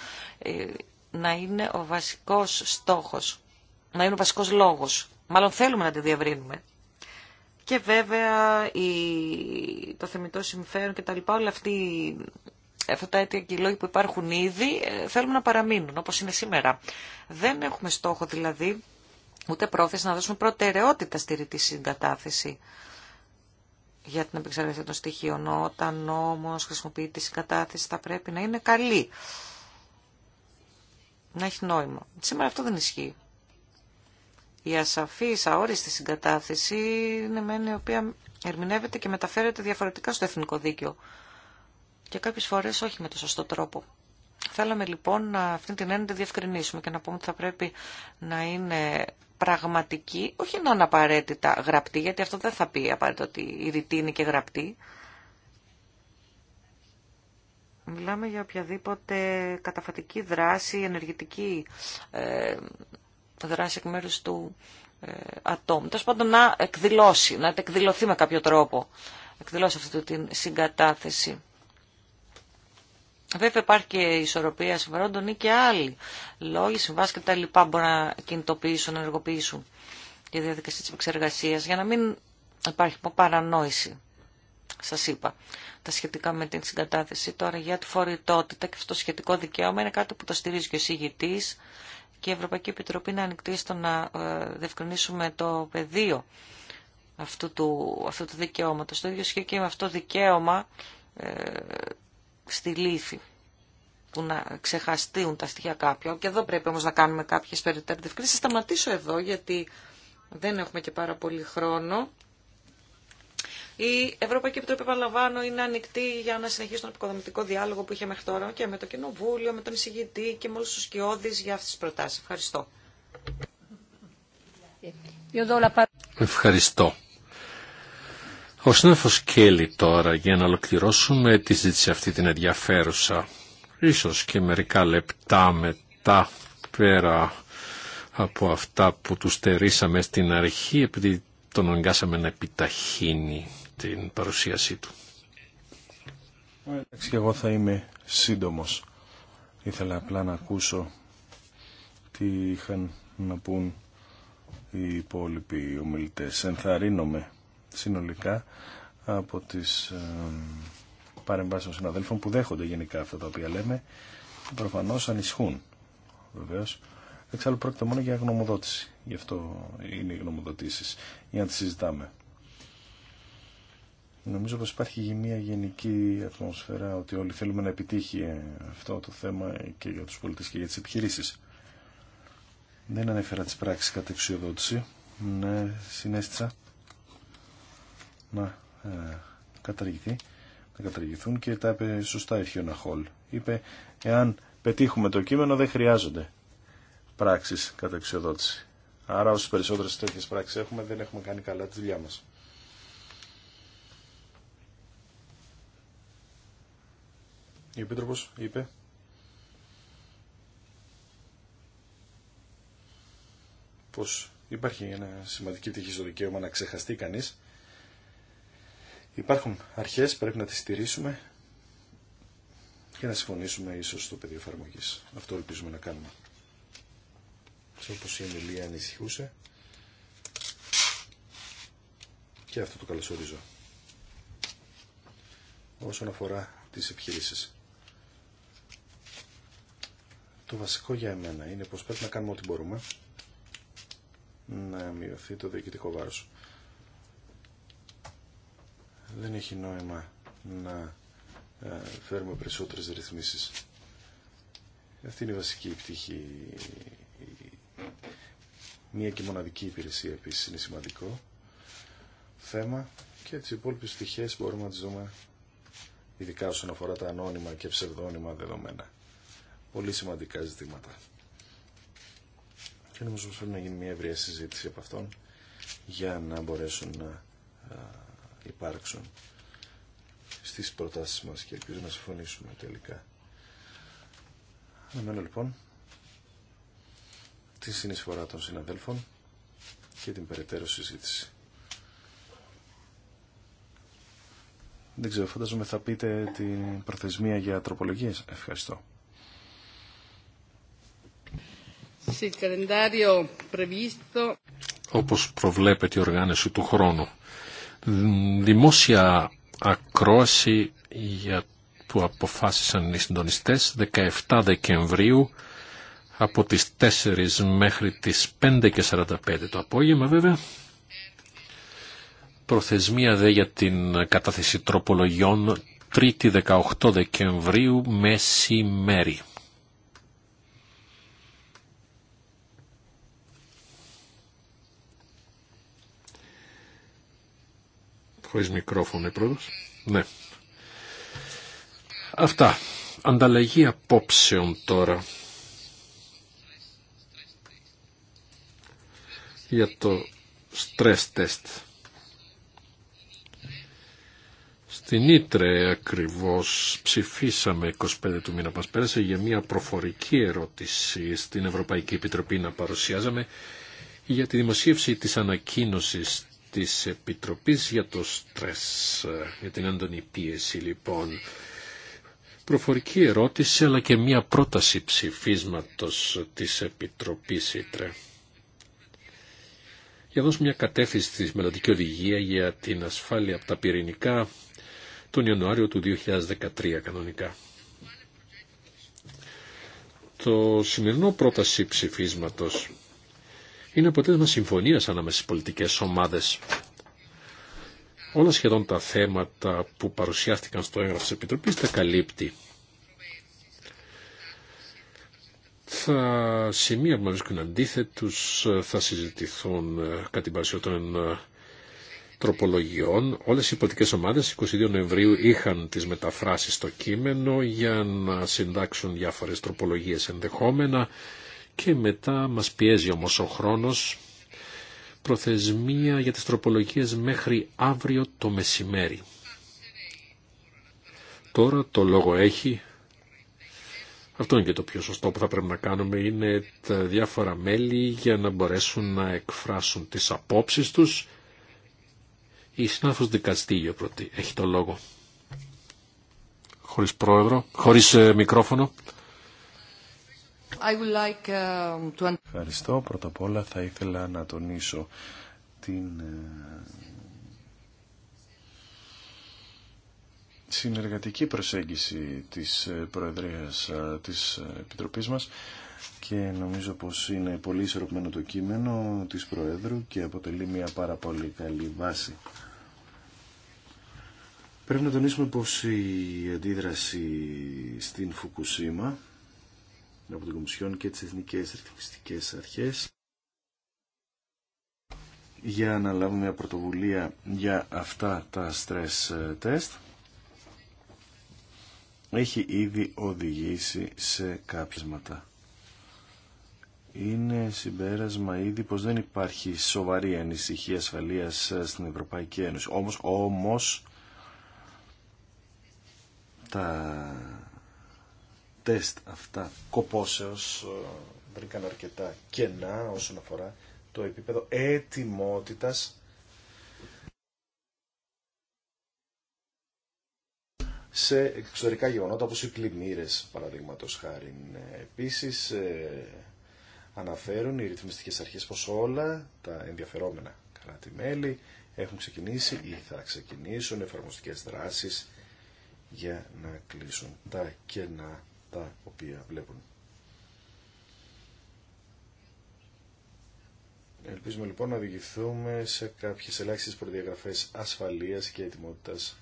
να είναι ο βασικός στόχος, να είναι ο βασικός λόγος. Μάλλον θέλουμε να τη διευρύνουμε. Και βέβαια το θεμητό συμφέρον και τα λοιπά, όλα αυτά τα αίτια και οι λόγοι που υπάρχουν ήδη ε, θέλουμε να παραμείνουν όπως είναι σήμερα. Δεν έχουμε στόχο δηλαδή ούτε πρόθεση να δώσουμε προτεραιότητα στη ρητή συγκατάθεση για την επεξεργασία των στοιχείων. Όταν όμως χρησιμοποιείται η συγκατάθεση θα πρέπει να είναι καλή να έχει νόημα. Σήμερα αυτό δεν ισχύει. Η η αόριστη συγκατάθεση είναι μένει η οποία ερμηνεύεται και μεταφέρεται διαφορετικά στο εθνικό δίκαιο. Και κάποιες φορές όχι με το σωστό τρόπο. Θέλαμε λοιπόν να αυτή την έννοια διευκρινίσουμε και να πούμε ότι θα πρέπει να είναι πραγματική, όχι να είναι απαραίτητα γραπτή, γιατί αυτό δεν θα πει απαραίτητα ότι η ρητή είναι και γραπτή, Μιλάμε για οποιαδήποτε καταφατική δράση, ενεργητική ε, δράση εκ μέρους του ε, ατόμου. Τέλο πάντων να εκδηλώσει, να εκδηλωθεί με κάποιο τρόπο, εκδηλώσει αυτή την συγκατάθεση. Βέβαια υπάρχει και ισορροπία συμφερόντων ή και άλλοι λόγοι, συμβάσεις και τα λοιπά μπορούν να κινητοποιήσουν, να ενεργοποιήσουν τη διαδικασία της επεξεργασίας για να μην υπάρχει παρανόηση. Σας είπα τα σχετικά με την συγκατάθεση. Τώρα για τη φορητότητα και αυτό το σχετικό δικαίωμα είναι κάτι που το στηρίζει και ο συγητής και η Ευρωπαϊκή Επιτροπή είναι ανοιχτή στο να ε, διευκρινίσουμε το πεδίο αυτού του, αυτού του δικαιώματος. Το ίδιο και με αυτό δικαίωμα ε, στη λύθη που να ξεχαστείουν τα στοιχεία κάποια. Και εδώ πρέπει όμως να κάνουμε κάποιες περιττέρες διευκρινήσεις. Σταματήσω εδώ γιατί δεν έχουμε και πάρα πολύ χρόνο. Η Ευρωπαϊκή Επιτροπή, επαναλαμβάνω, είναι ανοιχτή για να συνεχίσει τον επικοδομητικό διάλογο που είχε μέχρι τώρα και με το Κοινοβούλιο, με τον εισηγητή και με όλου του σκιώδει για αυτέ τι προτάσει. Ευχαριστώ. Ευχαριστώ. Ο συνάδελφος Κέλλη τώρα για να ολοκληρώσουμε τη συζήτηση αυτή την ενδιαφέρουσα. Ίσως και μερικά λεπτά μετά πέρα από αυτά που του στερήσαμε στην αρχή επειδή τον αγκάσαμε να επιταχύνει την παρουσίασή του. Εντάξει, εγώ θα είμαι σύντομος. Ήθελα απλά να ακούσω τι είχαν να πούν οι υπόλοιποι ομιλητές. Ενθαρρύνομαι συνολικά από τις παρεμβάσεις των συναδέλφων που δέχονται γενικά αυτά τα οποία λέμε και προφανώς ανισχούν βεβαίως. Εξάλλου πρόκειται μόνο για γνωμοδότηση. Γι' αυτό είναι οι γνωμοδοτήσεις για να τις συζητάμε. Νομίζω πως υπάρχει μια γενική ατμόσφαιρα ότι όλοι θέλουμε να επιτύχει αυτό το θέμα και για τους πολίτες και για τις επιχειρήσεις. Δεν ανέφερα τις πράξεις κατά εξουσιοδότηση Ναι, συνέστησα να ε, καταργηθεί, να καταργηθούν και τα είπε σωστά η Φιώνα Χολ. Είπε, εάν πετύχουμε το κείμενο δεν χρειάζονται πράξεις κατά εξουσιοδότηση. Άρα όσες περισσότερες τέτοιες πράξεις έχουμε δεν έχουμε κάνει καλά τη δουλειά μας. η Επίτροπος είπε πως υπάρχει ένα σημαντική πτυχή στο δικαίωμα να ξεχαστεί κανείς. Υπάρχουν αρχές, πρέπει να τις στηρίσουμε και να συμφωνήσουμε ίσως στο πεδίο εφαρμογή. Αυτό ελπίζουμε να κάνουμε. Ξέρω η Εμιλία ανησυχούσε και αυτό το καλωσορίζω. Όσον αφορά τις επιχειρήσεις. Το βασικό για εμένα είναι πως πρέπει να κάνουμε ό,τι μπορούμε να μειωθεί το διοικητικό βάρος. Δεν έχει νόημα να ε, φέρουμε περισσότερες ρυθμίσεις. Αυτή είναι η βασική πτυχή. Μία και μοναδική υπηρεσία επίσης είναι σημαντικό θέμα και τις υπόλοιπε πτυχές μπορούμε να τις δούμε ειδικά όσον αφορά τα ανώνυμα και ψευδόνυμα δεδομένα πολύ σημαντικά ζητήματα. Και νομίζω πρέπει να γίνει μια ευρεία συζήτηση από αυτόν για να μπορέσουν να υπάρξουν στις προτάσεις μας και ελπίζω να συμφωνήσουμε τελικά. Αναμένω λοιπόν τη συνεισφορά των συναδέλφων και την περαιτέρω συζήτηση. Δεν ξέρω, φαντάζομαι θα πείτε την προθεσμία για τροπολογίες. Ευχαριστώ. όπως προβλέπεται η οργάνωση του χρόνου. Δημόσια ακρόαση για που αποφάσισαν οι συντονιστές 17 Δεκεμβρίου από τις 4 μέχρι τις και 45 το απόγευμα βέβαια. Προθεσμία δε για την κατάθεση τροπολογιών 3η 18 Δεκεμβρίου μεσημέρι. Χωρίς μικρόφωνο η Ναι. Αυτά. Ανταλλαγή απόψεων τώρα. Για το stress test. Στην Ήτρε ακριβώς ψηφίσαμε 25 του μήνα μας πέρασε για μια προφορική ερώτηση στην Ευρωπαϊκή Επιτροπή να παρουσιάζαμε για τη δημοσίευση της ανακοίνωσης της Επιτροπής για το στρες, ε, για την έντονη πίεση λοιπόν. Προφορική ερώτηση αλλά και μία πρόταση ψηφίσματος της Επιτροπής Ήτρε. Για δώσουμε μια κατεύθυνση στη μελλοντική οδηγία για την ασφάλεια από τα πυρηνικά τον Ιανουάριο του 2013 κανονικά. Το σημερινό πρόταση ψηφίσματος είναι αποτέλεσμα συμφωνία ανάμεσα στι πολιτικές ομάδες. Όλα σχεδόν τα θέματα που παρουσιάστηκαν στο έγγραφο τη Επιτροπή τα καλύπτει. Θα σημεία που βρίσκουν αντίθετους θα συζητηθούν ε, κατά την παρουσία των ε, τροπολογιών. Όλες οι πολιτικές ομάδες 22 Νοεμβρίου είχαν τις μεταφράσεις στο κείμενο για να συντάξουν διάφορες τροπολογίες ενδεχόμενα και μετά μας πιέζει όμως ο χρόνος προθεσμία για τις τροπολογίες μέχρι αύριο το μεσημέρι. Τώρα το λόγο έχει, αυτό είναι και το πιο σωστό που θα πρέπει να κάνουμε, είναι τα διάφορα μέλη για να μπορέσουν να εκφράσουν τις απόψεις τους. Η συνάδελφος δικαστήριο πρώτη έχει το λόγο. Χωρίς πρόεδρο, χωρίς ε, μικρόφωνο. Uh, Ευχαριστώ. Πρώτα απ' όλα θα ήθελα να τονίσω την ε, συνεργατική προσέγγιση της ε, Προεδρίας ε, της Επιτροπής μας και νομίζω πως είναι πολύ ισορροπημένο το κείμενο της Προέδρου και αποτελεί μια πάρα πολύ καλή βάση. Πρέπει να τονίσουμε πως η αντίδραση στην Φουκουσίμα από την Κομισιόν και τις Εθνικές Ρυθμιστικές Αρχές για να λάβουμε μια πρωτοβουλία για αυτά τα stress ε, test έχει ήδη οδηγήσει σε κάποια ματά. Είναι συμπέρασμα ήδη πως δεν υπάρχει σοβαρή ανησυχία ασφαλείας ε, στην Ευρωπαϊκή Ένωση. Όμως, όμως τα τεστ αυτά κοπόσεως βρήκαν ε, αρκετά κενά όσον αφορά το επίπεδο ετοιμότητας σε εξωτερικά γεγονότα όπως οι πλημμύρες παραδείγματος χάρη. Ναι. Επίσης ε, αναφέρουν οι ρυθμιστικές αρχές πως όλα τα ενδιαφερόμενα κράτη-μέλη έχουν ξεκινήσει ή θα ξεκινήσουν εφαρμοστικές δράσεις για να κλείσουν τα κενά τα οποία βλέπουν. Ελπίζουμε λοιπόν να οδηγηθούμε σε κάποιες ελάχιστες προδιαγραφές ασφαλείας και ετοιμότητας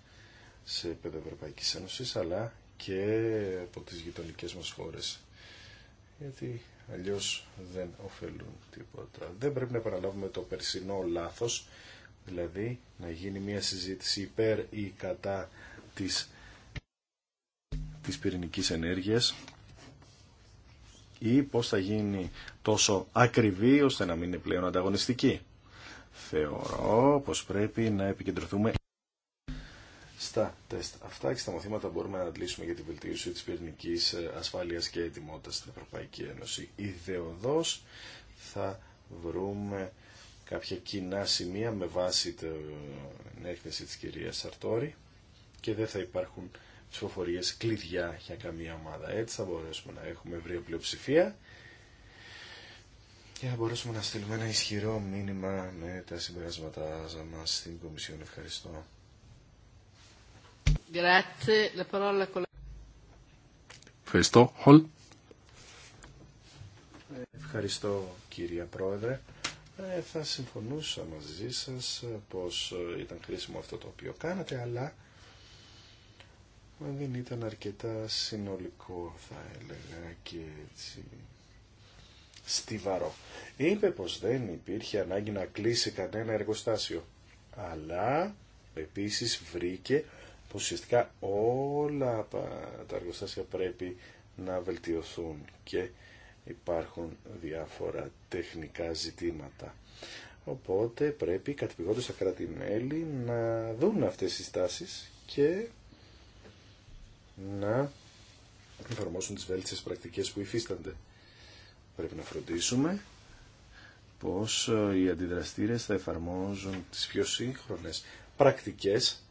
σε επίπεδο Ευρωπαϊκή αλλά και από τις γειτονικές μας χώρες. Γιατί αλλιώς δεν ωφελούν τίποτα. Δεν πρέπει να επαναλάβουμε το περσινό λάθος, δηλαδή να γίνει μια συζήτηση υπέρ ή κατά της της πυρηνικής ενέργειας ή πώς θα γίνει τόσο ακριβή ώστε να μην είναι πλέον ανταγωνιστική. Θεωρώ πως πρέπει να επικεντρωθούμε στα τεστ αυτά και στα μαθήματα μπορούμε να αντλήσουμε για τη βελτίωση της πυρηνικής ε, ασφάλειας και ετοιμότητας στην Ευρωπαϊκή Ένωση. Ιδεοδός θα βρούμε κάποια κοινά σημεία με βάση την έκθεση της κυρίας Σαρτόρη και δεν θα υπάρχουν ψηφοφορίε κλειδιά για καμία ομάδα. Έτσι θα μπορέσουμε να έχουμε ευρία πλειοψηφία και θα μπορέσουμε να στείλουμε ένα ισχυρό μήνυμα με τα συμπεράσματα μας στην Κομισιόν. Ευχαριστώ. Ευχαριστώ. Χολ. Ευχαριστώ κύριε Πρόεδρε. Ε, θα συμφωνούσα μαζί σας πως ήταν χρήσιμο αυτό το οποίο κάνατε, αλλά δεν ήταν αρκετά συνολικό θα έλεγα και έτσι στιβαρό. Είπε πως δεν υπήρχε ανάγκη να κλείσει κανένα εργοστάσιο, αλλά επίσης βρήκε πως ουσιαστικά όλα τα εργοστάσια πρέπει να βελτιωθούν και υπάρχουν διάφορα τεχνικά ζητήματα. Οπότε πρέπει κατηπηγόντες τα κρατη να δουν αυτές τις τάσεις και να εφαρμόσουν τις βέλτιστες πρακτικές που υφίστανται. Πρέπει να φροντίσουμε πως ε, οι αντιδραστήρες θα εφαρμόζουν τις πιο σύγχρονες πρακτικές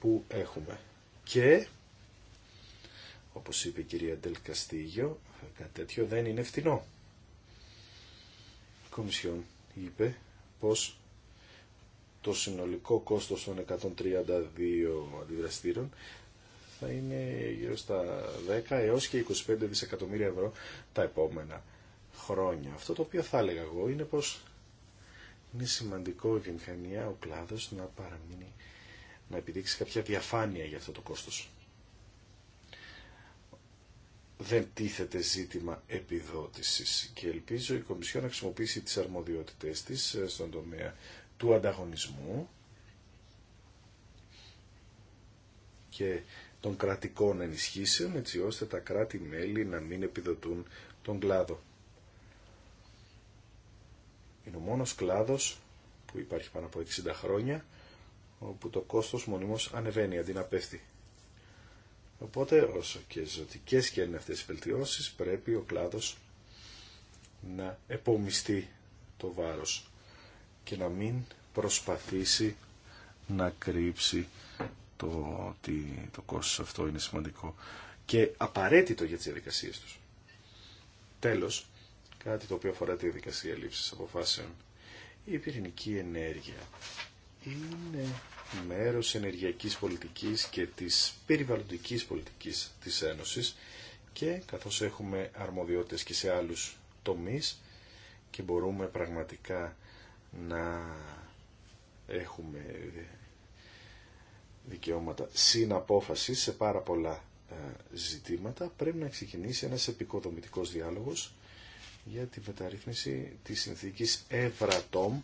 που έχουμε. Και, όπως είπε η κυρία Ντελ Καστίγιο, κάτι τέτοιο δεν είναι φτηνό. Η Κομισιόν είπε πως το συνολικό κόστος των 132 αντιδραστήρων θα είναι γύρω στα 10 έως και 25 δισεκατομμύρια ευρώ τα επόμενα χρόνια. Αυτό το οποίο θα έλεγα εγώ είναι πως είναι σημαντικό η βιομηχανία, ο κλάδος να παραμείνει, να επιδείξει κάποια διαφάνεια για αυτό το κόστος. Δεν τίθεται ζήτημα επιδότησης και ελπίζω η Κομισιόν να χρησιμοποιήσει τις αρμοδιότητες της ε, στον τομέα του ανταγωνισμού και των κρατικών ενισχύσεων έτσι ώστε τα κράτη-μέλη να μην επιδοτούν τον κλάδο. Είναι ο μόνος κλάδος που υπάρχει πάνω από 60 χρόνια όπου το κόστος μονίμως ανεβαίνει αντί να πέφτει. Οπότε όσο και ζωτικές και είναι αυτές οι βελτιώσεις πρέπει ο κλάδος να επομιστεί το βάρος και να μην προσπαθήσει να κρύψει το ότι το κόστος αυτό είναι σημαντικό και απαραίτητο για τις διαδικασίες τους. Τέλος, κάτι το οποίο αφορά τη διαδικασία λήψης αποφάσεων. Η πυρηνική ενέργεια είναι μέρος ενεργειακής πολιτικής και της περιβαλλοντικής πολιτικής της Ένωσης και καθώς έχουμε αρμοδιότητες και σε άλλους τομείς και μπορούμε πραγματικά να έχουμε δικαιώματα συναπόφασης σε πάρα πολλά ε, ζητήματα, πρέπει να ξεκινήσει ένας επικοδομητικός διάλογος για τη μεταρρύθμιση της συνθήκης ΕΒΡΑΤΟΜ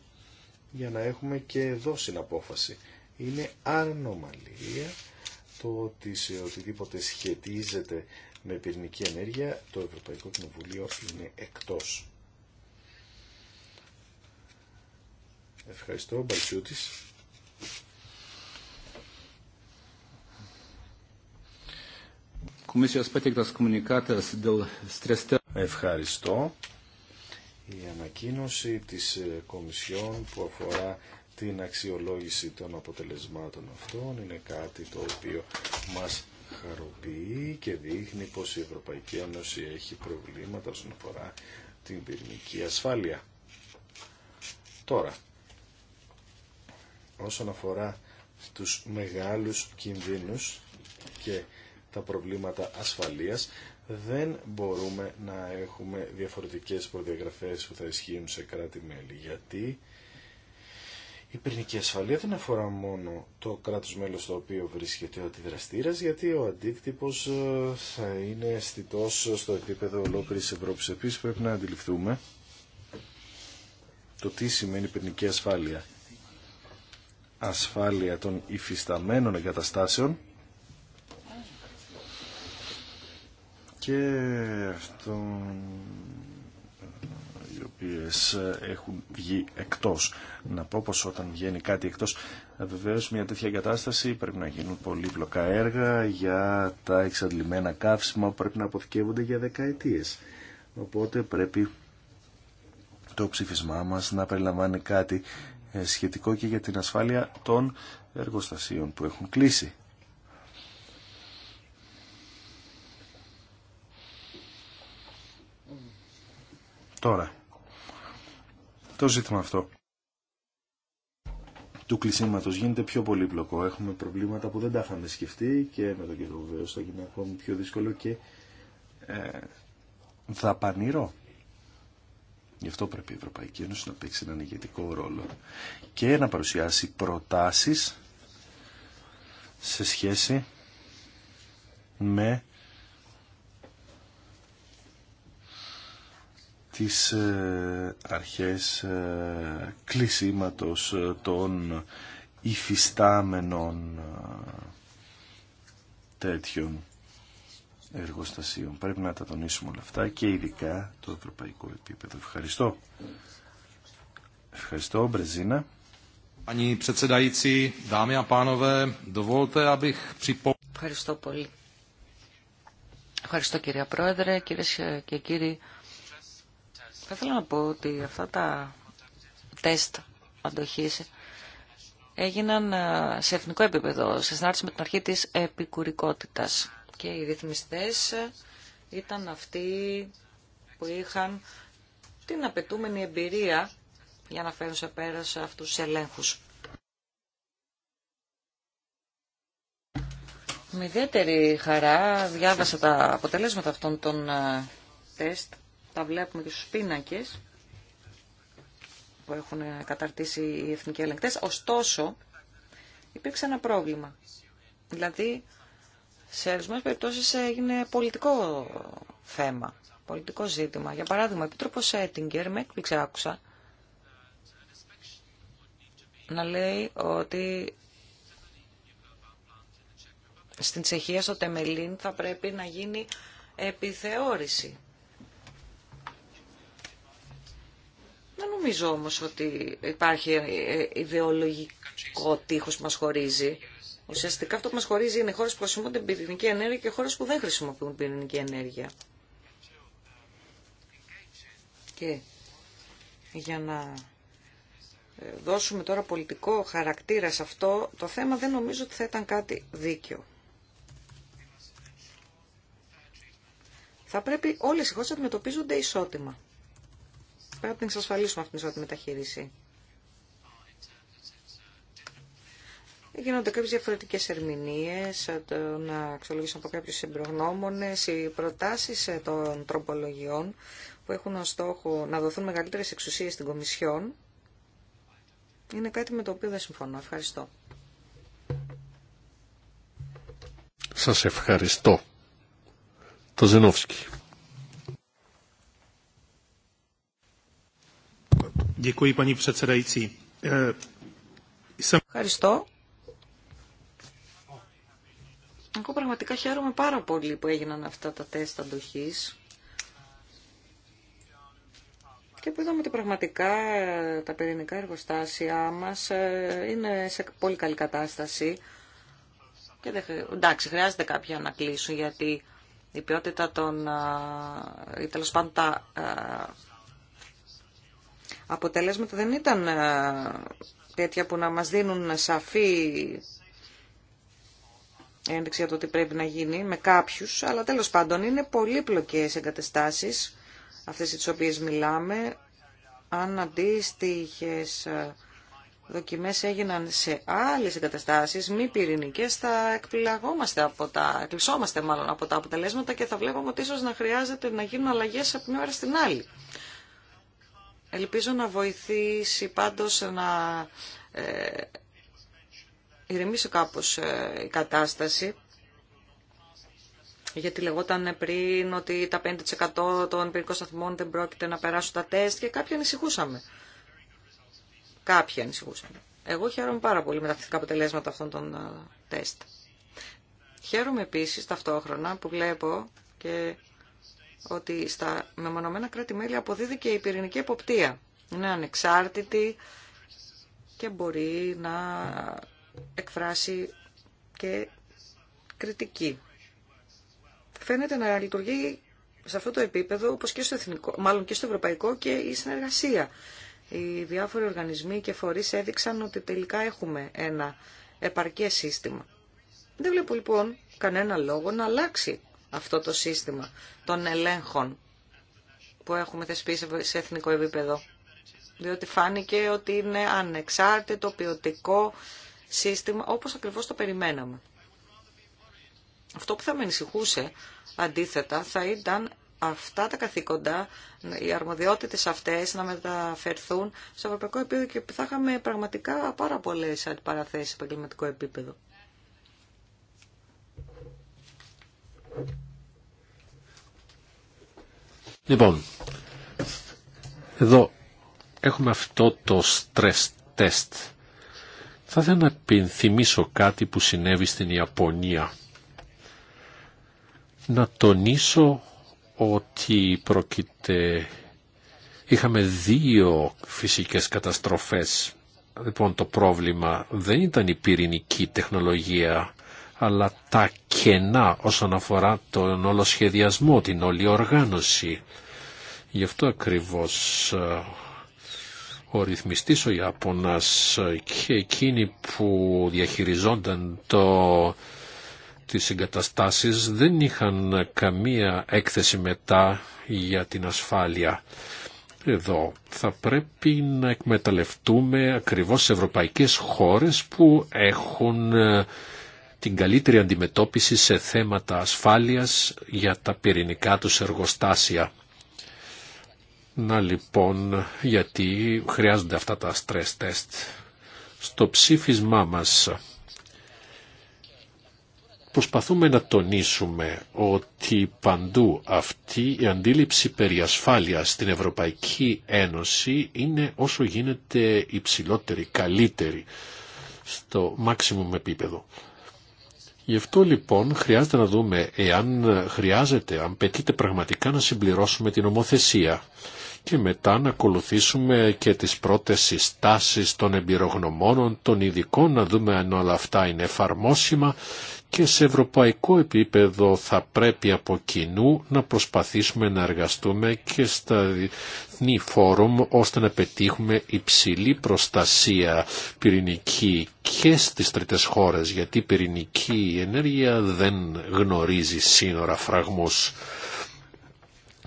για να έχουμε και εδώ συναπόφαση. Είναι ανομαλία το ότι σε οτιδήποτε σχετίζεται με πυρηνική ενέργεια το Ευρωπαϊκό Κοινοβουλίο είναι εκτός. Ευχαριστώ, Μπαλτσιούτης. dėl Ευχαριστώ. Η ανακοίνωση της ε, Κομισιόν που αφορά την αξιολόγηση των αποτελεσμάτων αυτών είναι κάτι το οποίο μας χαροποιεί και δείχνει πως η Ευρωπαϊκή Ένωση έχει προβλήματα όσον αφορά την πυρηνική ασφάλεια. Τώρα, όσον αφορά τους μεγάλους κινδύνους και τα προβλήματα ασφαλείας, δεν μπορούμε να έχουμε διαφορετικές προδιαγραφές που θα ισχύουν σε κράτη-μέλη. Γιατί η πυρηνική ασφαλεία δεν αφορά μόνο το κράτος μέλος στο οποίο βρίσκεται ο αντιδραστήρας, γιατί ο αντίκτυπος ε, θα είναι αισθητό στο επίπεδο ολόκληρη Ευρώπης. Επίσης πρέπει να αντιληφθούμε το τι σημαίνει πυρηνική ασφάλεια. Ασφάλεια των υφισταμένων εγκαταστάσεων και αυτών οι οποίες ε, έχουν βγει εκτός. Να πω πως όταν βγαίνει κάτι εκτός, ε, βεβαίως μια τέτοια κατάσταση πρέπει να γίνουν πολύπλοκα έργα για τα εξαντλημένα καύσιμα που πρέπει να αποθηκεύονται για δεκαετίες. Οπότε πρέπει το ψηφισμά μας να περιλαμβάνει κάτι ε, σχετικό και για την ασφάλεια των εργοστασίων που έχουν κλείσει. Τώρα, το ζήτημα αυτό του κλεισίματος γίνεται πιο πολύπλοκο. Έχουμε προβλήματα που δεν τα είχαμε σκεφτεί και με τον κύριο βεβαίω θα γίνει ακόμη πιο δύσκολο και ε, πανηρώ. Γι' αυτό πρέπει η Ευρωπαϊκή Ένωση να παίξει έναν ηγετικό ρόλο και να παρουσιάσει προτάσεις σε σχέση με τις ε, αρχές ε, κλεισίματος ε, των υφιστάμενων τέτοιων εργοστασίων. Πρέπει να τα τονίσουμε όλα αυτά και ειδικά το ευρωπαϊκό επίπεδο. Ευχαριστώ. Ευχαριστώ, Μπρεζίνα. Ευχαριστώ πολύ. Ευχαριστώ κυρία Πρόεδρε, κυρίες και κύριοι θα ήθελα να πω ότι αυτά τα τεστ αντοχής έγιναν ε, σε εθνικό επίπεδο, σε συνάρτηση με την αρχή της επικουρικότητας. Και οι ρυθμιστές ε, ήταν αυτοί που είχαν την απαιτούμενη εμπειρία για να φέρουν σε πέρα αυτούς τους ελέγχους. Με ιδιαίτερη χαρά διάβασα τα αποτελέσματα αυτών των ε, τεστ τα βλέπουμε και στους πίνακες που έχουν καταρτήσει οι εθνικοί ελεγκτές. Ωστόσο, υπήρξε ένα πρόβλημα. Δηλαδή, σε ορισμένε περιπτώσεις έγινε πολιτικό θέμα, πολιτικό ζήτημα. Για παράδειγμα, ο Επίτροπος Έτιγκερ, με έκπληξε άκουσα, να λέει ότι στην Τσεχία, στο Τεμελίν, θα πρέπει να γίνει επιθεώρηση Δεν νομίζω όμως ότι υπάρχει ε, ιδεολογικό τείχος που μας χωρίζει. Ουσιαστικά αυτό που μας χωρίζει είναι χώρες που χρησιμοποιούν την πυρηνική ενέργεια και χώρες που δεν χρησιμοποιούν πυρηνική ενέργεια. Και για να ε, δώσουμε τώρα πολιτικό χαρακτήρα σε αυτό, το θέμα δεν νομίζω ότι θα ήταν κάτι δίκαιο. Θα πρέπει όλες οι χώρες να αντιμετωπίζονται ισότιμα. Πρέπει να την εξασφαλίσουμε αυτήν την ισότιμη μεταχείριση. Γίνονται κάποιε διαφορετικέ ερμηνείε, ε, να αξιολογήσουν από κάποιου συμπρογνώμονε, οι προτάσει ε, των τροπολογιών που έχουν ως στόχο να δοθούν μεγαλύτερε εξουσίε στην Κομισιόν. Είναι κάτι με το οποίο δεν συμφωνώ. Ευχαριστώ. Σας ευχαριστώ. Το Ζενόφσκι. Eh, Ευχαριστώ. Εγώ πραγματικά χαίρομαι πάρα πολύ που έγιναν αυτά τα τεστ αντοχής και που είδαμε ότι πραγματικά ε, τα πυρηνικά εργοστάσια μας ε, είναι σε πολύ καλή κατάσταση και δεν, εντάξει χρειάζεται κάποια να κλείσουν γιατί η ποιότητα των ε, ή πάντων αποτελέσματα δεν ήταν ε, τέτοια που να μας δίνουν σαφή ένδειξη για το τι πρέπει να γίνει με κάποιους, αλλά τέλος πάντων είναι πολύπλοκες εγκατεστάσεις, αυτές τις οποίες μιλάμε, αν αντίστοιχε ε, δοκιμές έγιναν σε άλλες εγκαταστάσεις, μη πυρηνικές, θα εκπληγόμαστε από τα, εκπλησόμαστε μάλλον από τα αποτελέσματα και θα βλέπουμε ότι ίσως να χρειάζεται να γίνουν αλλαγές από μια ώρα στην άλλη. Ελπίζω να βοηθήσει πάντως να ε, ηρεμήσει κάπως ε, η κατάσταση γιατί λεγόταν πριν ότι τα 5% των πυρικών σταθμών δεν πρόκειται να περάσουν τα τεστ και κάποιοι ανησυχούσαμε. Κάποιοι ανησυχούσαμε. Εγώ χαίρομαι πάρα πολύ με τα θετικά αποτελέσματα αυτών των ε, τεστ. Χαίρομαι επίσης ταυτόχρονα που βλέπω και ότι στα μεμονωμένα κράτη-μέλη αποδίδει και η πυρηνική εποπτεία. Είναι ανεξάρτητη και μπορεί να εκφράσει και κριτική. Φαίνεται να λειτουργεί σε αυτό το επίπεδο, όπως και στο εθνικό, μάλλον και στο ευρωπαϊκό και η συνεργασία. Οι διάφοροι οργανισμοί και φορείς έδειξαν ότι τελικά έχουμε ένα επαρκές σύστημα. Δεν βλέπω λοιπόν κανένα λόγο να αλλάξει αυτό το σύστημα των ελέγχων που έχουμε θεσπίσει σε εθνικό επίπεδο. Διότι φάνηκε ότι είναι ανεξάρτητο, ποιοτικό σύστημα, όπως ακριβώς το περιμέναμε. Αυτό που θα με ενσυχούσε, αντίθετα, θα ήταν αυτά τα καθήκοντα, οι αρμοδιότητες αυτές να μεταφερθούν σε ευρωπαϊκό επίπεδο και θα είχαμε πραγματικά πάρα πολλές αντιπαραθέσεις σε επαγγελματικό επίπεδο. Λοιπόν, εδώ έχουμε αυτό το stress test. Θα ήθελα να επιθυμίσω κάτι που συνέβη στην Ιαπωνία. Να τονίσω ότι πρόκειται... Είχαμε δύο φυσικές καταστροφές. Λοιπόν, το πρόβλημα δεν ήταν η πυρηνική τεχνολογία αλλά τα κενά όσον αφορά τον όλο σχεδιασμό, την όλη οργάνωση. Γι' αυτό ακριβώς ε, ο ρυθμιστής ο Ιάπωνας ε, και εκείνοι που διαχειριζόνταν το, τις εγκαταστάσεις δεν είχαν καμία έκθεση μετά για την ασφάλεια. Εδώ θα πρέπει να εκμεταλλευτούμε ακριβώς ευρωπαϊκές χώρες που έχουν ε, την καλύτερη αντιμετώπιση σε θέματα ασφάλειας για τα πυρηνικά τους εργοστάσια. Να λοιπόν, γιατί χρειάζονται αυτά τα stress test. Στο ψήφισμά μας προσπαθούμε να τονίσουμε ότι παντού αυτή η αντίληψη περί ασφάλειας στην Ευρωπαϊκή Ένωση είναι όσο γίνεται υψηλότερη, καλύτερη στο μάξιμουμ επίπεδο. Γι' αυτό λοιπόν χρειάζεται να δούμε εάν χρειάζεται, αν πετείται πραγματικά να συμπληρώσουμε την ομοθεσία και μετά να ακολουθήσουμε και τις πρώτες συστάσεις των εμπειρογνωμόνων, των ειδικών, να δούμε αν όλα αυτά είναι εφαρμόσιμα και σε ευρωπαϊκό επίπεδο θα πρέπει από κοινού να προσπαθήσουμε να εργαστούμε και στα διεθνή φόρουμ ώστε να πετύχουμε υψηλή προστασία πυρηνική και στις τρίτες χώρες γιατί η πυρηνική ενέργεια δεν γνωρίζει σύνορα φραγμούς.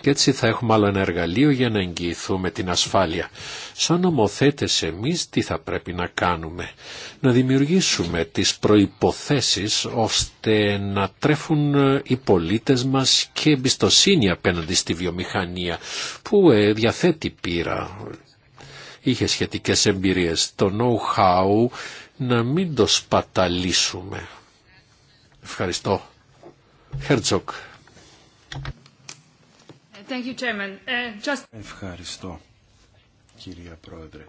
Και έτσι θα έχουμε άλλο ένα εργαλείο για να εγγυηθούμε την ασφάλεια. Σαν νομοθέτες εμείς τι θα πρέπει να κάνουμε. Να δημιουργήσουμε τις προϋποθέσεις ώστε να τρέφουν ε, οι πολίτες μας και εμπιστοσύνη απέναντι στη βιομηχανία που ε, διαθέτει πείρα. Είχε σχετικές εμπειρίες. Το know-how να μην το σπαταλήσουμε. Ευχαριστώ. Herzog. Uh, Ευχαριστώ, κυρία Πρόεδρε.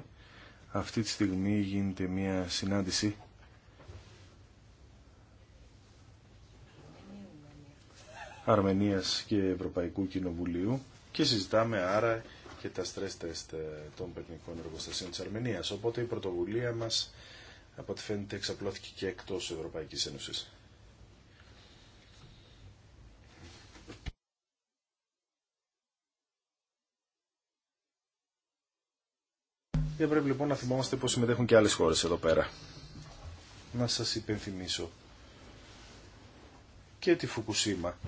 Αυτή τη στιγμή γίνεται μια συνάντηση Αρμενίας και Ευρωπαϊκού Κοινοβουλίου και συζητάμε άρα και τα stress test ε, των παιχνικών εργοστασίων της Αρμενίας. Οπότε η πρωτοβουλία μας από ό,τι φαίνεται εξαπλώθηκε και εκτός Ευρωπαϊκής Ένωσης. Δεν πρέπει λοιπόν να θυμόμαστε πως συμμετέχουν και άλλες χώρες εδώ πέρα. Να σας υπενθυμίσω και τη Φουκουσίμα.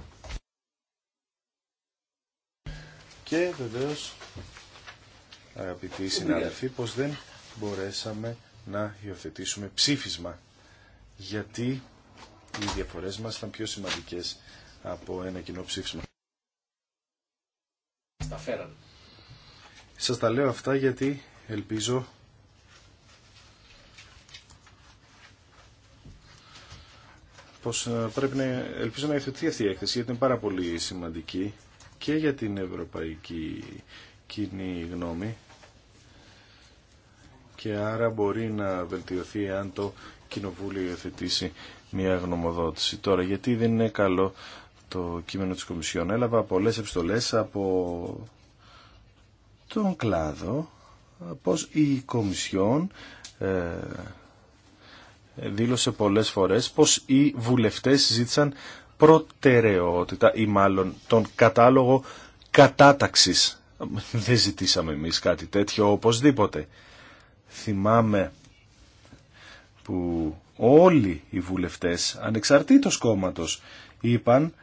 Και βεβαίως αγαπητοί συνάδελφοι πως δεν μπορέσαμε να υιοθετήσουμε ψήφισμα γιατί οι διαφορές μας ήταν πιο σημαντικές από ένα κοινό ψήφισμα. Τα Σας τα λέω αυτά γιατί ελπίζω πως ε, πρέπει να ελπίζω να υιοθετηθεί αυτή η έκθεση γιατί είναι πάρα πολύ σημαντική και για την ευρωπαϊκή κοινή γνώμη και άρα μπορεί να βελτιωθεί αν το Κοινοβούλιο υιοθετήσει μια γνωμοδότηση. Τώρα, γιατί δεν είναι καλό το κείμενο της Κομισιόν. Έλαβα πολλές επιστολές από τον κλάδο πως η Κομισιόν ε, δήλωσε πολλές φορές πως οι βουλευτές ζήτησαν προτεραιότητα ή μάλλον τον κατάλογο κατάταξης. Δεν ζητήσαμε εμείς κάτι τέτοιο οπωσδήποτε. Θυμάμαι που όλοι οι βουλευτές ανεξαρτήτως κόμματος είπαν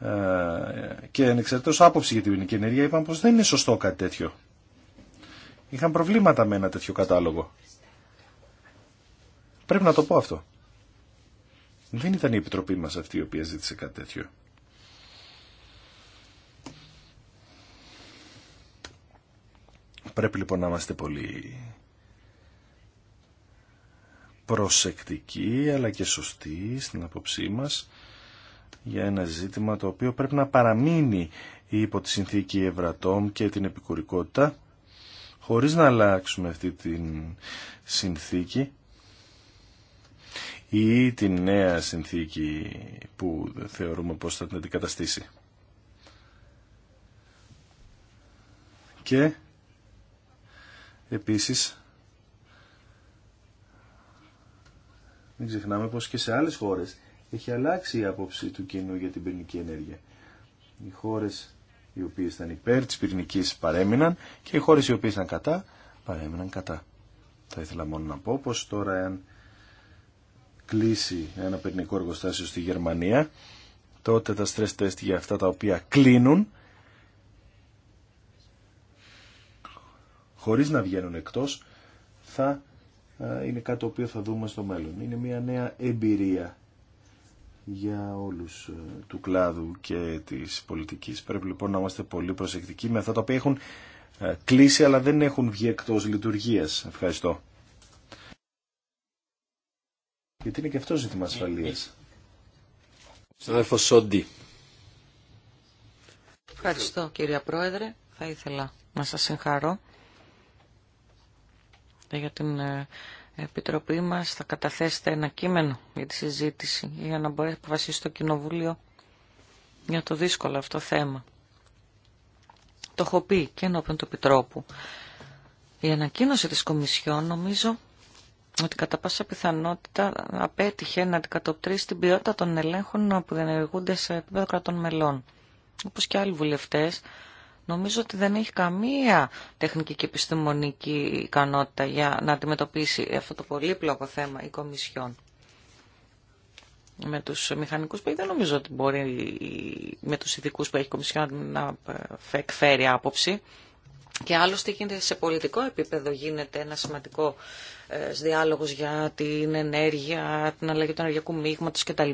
ε, και ανεξαρτήτως άποψη για την ποινική ενέργεια είπαν πως δεν είναι σωστό κάτι τέτοιο είχαν προβλήματα με ένα τέτοιο κατάλογο. Πρέπει να το πω αυτό. Δεν ήταν η Επιτροπή μας αυτή η οποία ζήτησε κάτι τέτοιο. Πρέπει λοιπόν να είμαστε πολύ προσεκτικοί αλλά και σωστοί στην απόψή μας για ένα ζήτημα το οποίο πρέπει να παραμείνει υπό τη συνθήκη Ευρατόμ και την επικουρικότητα χωρίς να αλλάξουμε αυτή την συνθήκη ή τη νέα συνθήκη που θεωρούμε πως θα την αντικαταστήσει. Και επίσης μην ξεχνάμε πως και σε άλλες χώρες έχει αλλάξει η άποψη του κοινού για την πυρηνική ενέργεια. Οι χώρες οι οποίες ήταν υπέρ της πυρηνικής παρέμειναν και οι χώρες οι οποίες ήταν κατά παρέμειναν κατά. Θα ήθελα μόνο να πω πως τώρα εάν κλείσει ένα πυρηνικό εργοστάσιο στη Γερμανία τότε τα stress test για αυτά τα οποία κλείνουν χωρίς να βγαίνουν εκτός θα ε, είναι κάτι το οποίο θα δούμε στο μέλλον. Είναι μια νέα εμπειρία για όλους ε, του κλάδου και της πολιτικής. Πρέπει λοιπόν να είμαστε πολύ προσεκτικοί με αυτά τα οποία έχουν ε, κλείσει αλλά δεν έχουν βγει εκτός λειτουργίας. Ευχαριστώ. Γιατί είναι και αυτό ζήτημα ασφαλείας. Συνάδελφο Σόντι. Ευχαριστώ κύριε Πρόεδρε. Θα ήθελα να σας συγχαρώ για την ε, Επιτροπή μας θα καταθέσετε ένα κείμενο για τη συζήτηση για να μπορέσει να αποφασίσει το Κοινοβούλιο για το δύσκολο αυτό θέμα. Το έχω πει και ενώπιον του Επιτρόπου. Η ανακοίνωση της Κομισιόν νομίζω ότι κατά πάσα πιθανότητα απέτυχε να αντικατοπτρίσει την ποιότητα των ελέγχων που διενεργούνται σε επίπεδο κρατών μελών. Όπως και άλλοι βουλευτές, νομίζω ότι δεν έχει καμία τεχνική και επιστημονική ικανότητα για να αντιμετωπίσει αυτό το πολύπλοκο θέμα η Κομισιόν. Με τους μηχανικούς που δεν νομίζω ότι μπορεί με τους ειδικού που έχει η Κομισιόν να ε, εκφέρει άποψη. Και άλλωστε γίνεται σε πολιτικό επίπεδο γίνεται ένα σημαντικό ε, διάλογος για την ενέργεια, την αλλαγή του ενεργειακού μείγματος κτλ.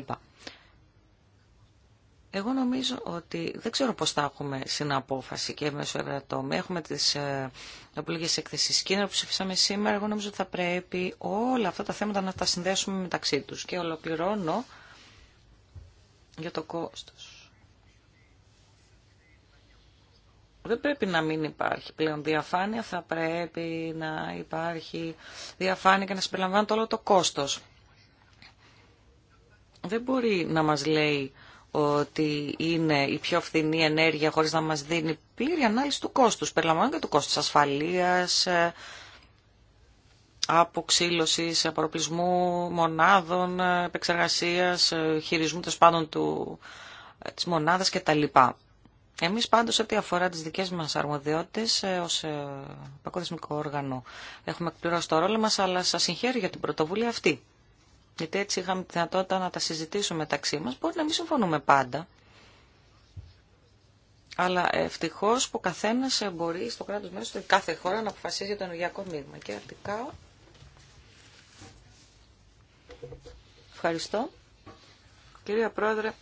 Εγώ νομίζω ότι δεν ξέρω πώς θα έχουμε συναπόφαση και μέσω ευρατών. Έχουμε τις ε, επιλογέ εκθέσεις Κίνα που ψηφίσαμε σήμερα. Εγώ νομίζω ότι θα πρέπει όλα αυτά τα θέματα να τα συνδέσουμε μεταξύ τους. Και ολοκληρώνω για το κόστος. Δεν πρέπει να μην υπάρχει πλέον διαφάνεια, θα πρέπει να υπάρχει διαφάνεια και να συμπεριλαμβάνεται όλο το κόστος. Δεν μπορεί να μας λέει ότι είναι η πιο φθηνή ενέργεια χωρίς να μας δίνει πλήρη ανάλυση του κόστους, περιλαμβάνει και του κόστους ασφαλείας, ε, αποξύλωσης, απορροπλισμού μονάδων, ε, επεξεργασίας, ε, χειρισμού των πάντων του, της μονάδας κτλ. Εμείς πάντως ό,τι αφορά τις δικές μας αρμοδιότητες ως παγκοδεσμικό όργανο έχουμε εκπληρώσει το ρόλο μας, αλλά σας συγχαίρω για την πρωτοβουλία αυτή γιατί έτσι είχαμε τη δυνατότητα να τα συζητήσουμε μεταξύ μας. Μπορεί να μην συμφωνούμε πάντα, αλλά ευτυχώ που καθένα μπορεί στο κράτο μέσα του κάθε χώρα να αποφασίζει για το ενεργειακό μείγμα. Και αρτικά. Ευχαριστώ. Κυρία Πρόεδρε,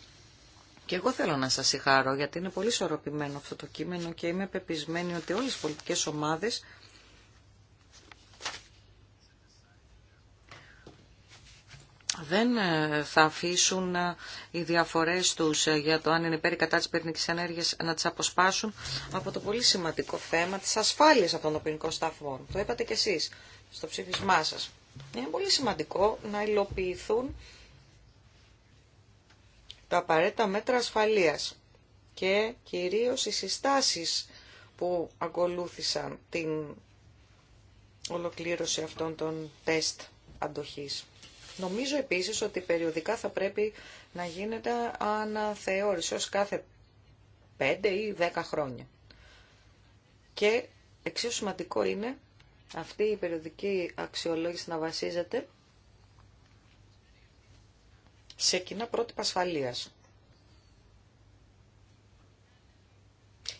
και εγώ θέλω να σας συγχάρω γιατί είναι πολύ σωροπημένο αυτό το κείμενο και είμαι πεπισμένη ότι όλες οι πολιτικές ομάδες δεν ε, θα αφήσουν ε, οι διαφορές τους ε, για το αν είναι υπέρ κατά της πυρηνικής ενέργειας να τις αποσπάσουν από το πολύ σημαντικό θέμα της ασφάλειας αυτών των πυρηνικό σταθμών. Το είπατε κι εσείς στο ψήφισμά σας. Είναι πολύ σημαντικό να υλοποιηθούν τα απαραίτητα μέτρα ασφαλείας και κυρίως οι συστάσεις που ακολούθησαν την ολοκλήρωση αυτών των τεστ αντοχής. Νομίζω επίσης ότι περιοδικά θα πρέπει να γίνεται αναθεώρηση ως κάθε 5 ή 10 χρόνια. Και εξίσου σημαντικό είναι αυτή η περιοδική αξιολόγηση να βασίζεται σε κοινά πρότυπα ασφαλείας.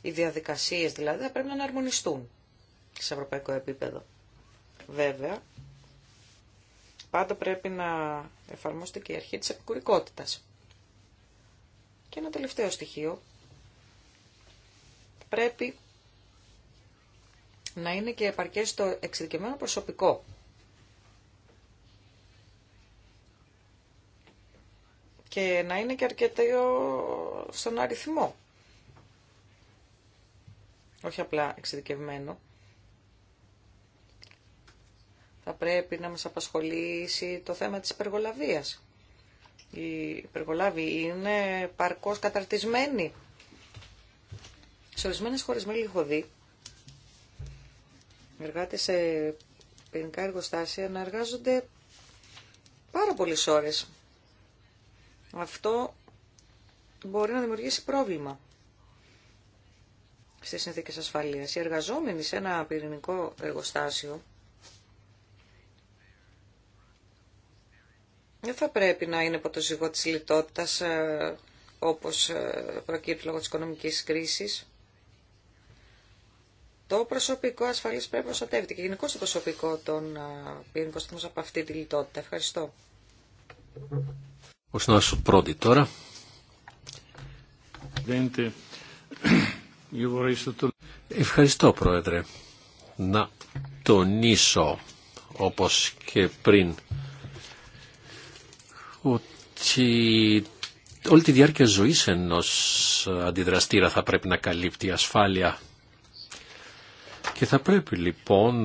Οι διαδικασίες δηλαδή θα πρέπει να αρμονιστούν σε ευρωπαϊκό επίπεδο. Βέβαια, πάντα πρέπει να εφαρμόσετε και η αρχή της επικουρικότητας. Και ένα τελευταίο στοιχείο. Πρέπει να είναι και επαρκές το εξειδικευμένο προσωπικό. Και να είναι και αρκετό στον αριθμό. Όχι απλά εξειδικευμένο θα πρέπει να μας απασχολήσει το θέμα της υπεργολαβίας. Η υπεργολαβία είναι παρκώς καταρτισμένη. Σε ορισμένε χώρε με έχω δει σε πυρηνικά εργοστάσια να εργάζονται πάρα πολλέ ώρε. Αυτό μπορεί να δημιουργήσει πρόβλημα στις συνθήκες ασφαλεία. Οι εργαζόμενοι σε ένα πυρηνικό εργοστάσιο δεν θα πρέπει να είναι από το ζυγό της λιτότητας ε, όπως ε, προκύπτει λόγω της οικονομικής κρίσης. Το προσωπικό ασφαλής πρέπει να προστατεύεται και γενικώ το προσωπικό των ε, πυρηνικών σταθμών από αυτή τη λιτότητα. Ευχαριστώ. Ο Σνάσου πρώτη τώρα. Ευχαριστώ Πρόεδρε. Να τονίσω όπως και πριν ότι όλη τη διάρκεια ζωής ενός αντιδραστήρα θα πρέπει να καλύπτει ασφάλεια. Και θα πρέπει λοιπόν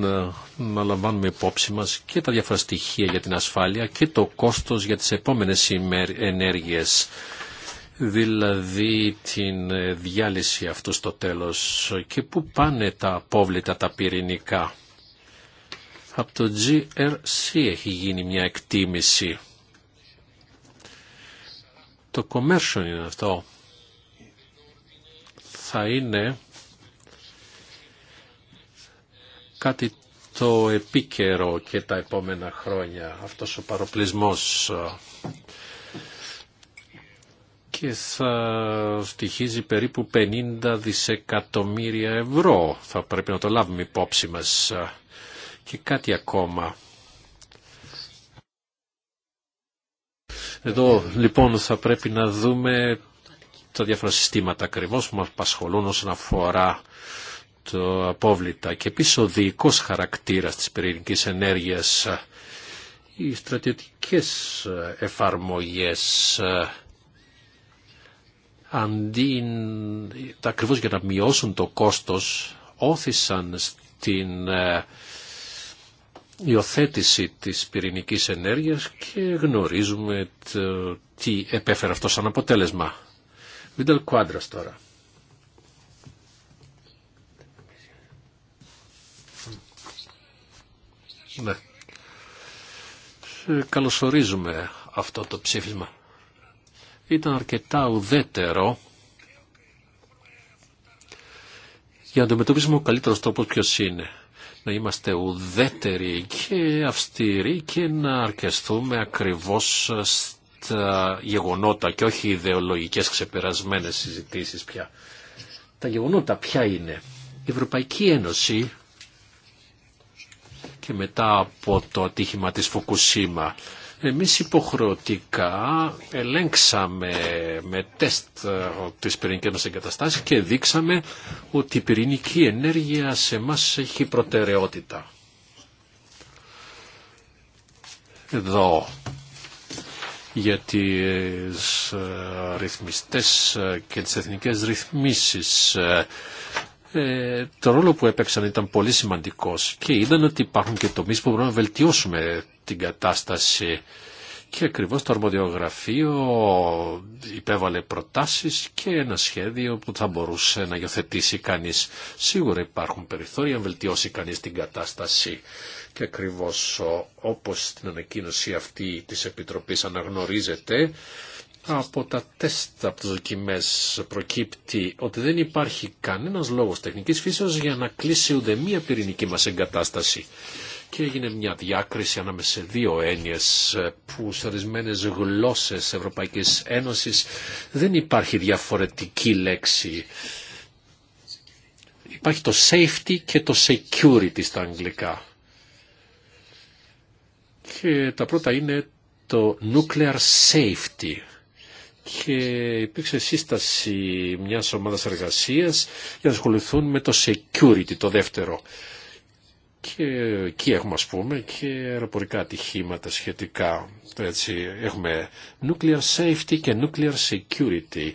να λαμβάνουμε υπόψη μας και τα διάφορα στοιχεία για την ασφάλεια και το κόστος για τις επόμενες ενέργειες. Δηλαδή την διάλυση αυτού στο τέλος και πού πάνε τα απόβλητα τα πυρηνικά. Από το GRC έχει γίνει μια εκτίμηση το commercial είναι αυτό. Θα είναι κάτι το επίκαιρο και τα επόμενα χρόνια αυτός ο παροπλισμός και θα στοιχίζει περίπου 50 δισεκατομμύρια ευρώ. Θα πρέπει να το λάβουμε υπόψη μας. Και κάτι ακόμα. Εδώ λοιπόν θα πρέπει να δούμε τα διάφορα συστήματα ακριβώ που μας απασχολούν όσον αφορά το απόβλητα και επίση ο διοικό χαρακτήρα της πυρηνική ενέργειας οι στρατιωτικέ εφαρμογές αντί ακριβώ για να μειώσουν το κόστος όθησαν στην ε, υιοθέτηση της πυρηνικής ενέργειας και γνωρίζουμε το, τι επέφερε αυτό σαν αποτέλεσμα. Βίντελ Κουάντρας τώρα. Ναι. Καλωσορίζουμε αυτό το ψήφισμα. Ήταν αρκετά ουδέτερο για να το ο καλύτερος τρόπος ποιος είναι να είμαστε ουδέτεροι και αυστηροί και να αρκεστούμε ακριβώς στα γεγονότα και όχι ιδεολογικές ξεπερασμένες συζητήσεις πια. Τα γεγονότα ποια είναι. Η Ευρωπαϊκή Ένωση και μετά από το ατύχημα της Φουκουσίμα εμείς υποχρεωτικά ελέγξαμε με τεστ ε, της πυρηνικές μας εγκαταστάσεις και δείξαμε ότι η πυρηνική ενέργεια σε μας έχει προτεραιότητα. Εδώ για τις ε, ρυθμιστές ε, και τις εθνικές ρυθμίσεις ε, το ρόλο που έπαιξαν ήταν πολύ σημαντικός και είδαν ότι υπάρχουν και τομείς που μπορούμε να βελτιώσουμε την κατάσταση και ακριβώς το αρμοδιογραφείο υπέβαλε προτάσεις και ένα σχέδιο που θα μπορούσε να υιοθετήσει κανείς. Σίγουρα υπάρχουν περιθώρια να βελτιώσει κανείς την κατάσταση και ακριβώς όπως την ανακοίνωση αυτή της Επιτροπής αναγνωρίζεται από τα τεστ, από τις δοκιμές προκύπτει ότι δεν υπάρχει κανένας λόγος τεχνικής φύσεως για να κλείσει ούτε μία πυρηνική μας εγκατάσταση. Και έγινε μια διάκριση ανάμεσα σε δύο έννοιες που σε ορισμένε γλώσσες Ευρωπαϊκής Ένωσης δεν υπάρχει διαφορετική λέξη. Υπάρχει το safety και το security στα αγγλικά. Και τα πρώτα είναι το nuclear safety και υπήρξε σύσταση μιας ομάδας εργασίας για να ασχοληθούν με το security, το δεύτερο. Και εκεί έχουμε ας πούμε και αεροπορικά ατυχήματα σχετικά. Έτσι, έχουμε nuclear safety και nuclear security.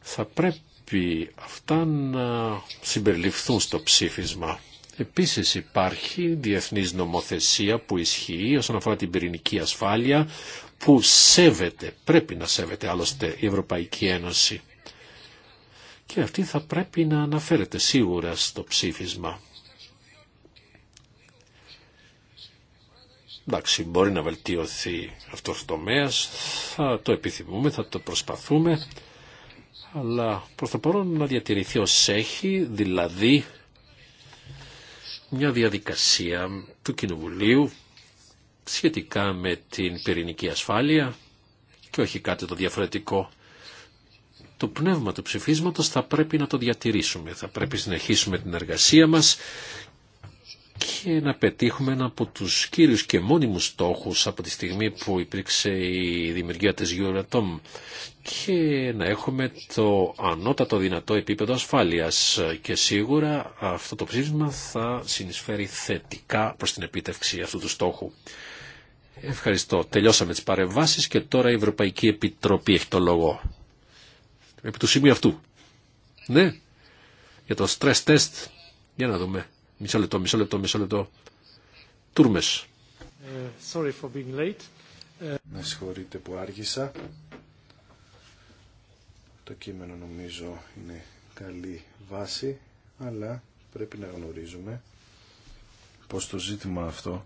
Θα πρέπει αυτά να συμπεριληφθούν στο ψήφισμα. Επίσης υπάρχει διεθνής νομοθεσία που ισχύει όσον αφορά την πυρηνική ασφάλεια, που σέβεται, πρέπει να σέβεται άλλωστε η Ευρωπαϊκή Ένωση. Και αυτή θα πρέπει να αναφέρεται σίγουρα στο ψήφισμα. Εντάξει, μπορεί να βελτιωθεί αυτό το τομέα, θα το επιθυμούμε, θα το προσπαθούμε, αλλά προ το παρόν να διατηρηθεί ω έχει, δηλαδή μια διαδικασία του Κοινοβουλίου σχετικά με την πυρηνική ασφάλεια και όχι κάτι το διαφορετικό. Το πνεύμα του ψηφίσματος θα πρέπει να το διατηρήσουμε, θα πρέπει να συνεχίσουμε την εργασία μας και να πετύχουμε ένα από τους κύριους και μόνιμους στόχους από τη στιγμή που υπήρξε η δημιουργία της Euratom και να έχουμε το ανώτατο δυνατό επίπεδο ασφάλειας και σίγουρα αυτό το ψήφισμα θα συνεισφέρει θετικά προς την επίτευξη αυτού του στόχου. Ευχαριστώ. Τελειώσαμε τις παρεμβάσεις και τώρα η Ευρωπαϊκή Επιτροπή έχει το λόγο. Επί του σημείου αυτού. Ναι. Για το stress test. Για να δούμε. Μισό λεπτό, μισό λεπτό, μισό λεπτό. Τούρμες. Ε, sorry ε, Με συγχωρείτε που άργησα. Το κείμενο νομίζω είναι καλή βάση, αλλά πρέπει να γνωρίζουμε πως το ζήτημα αυτό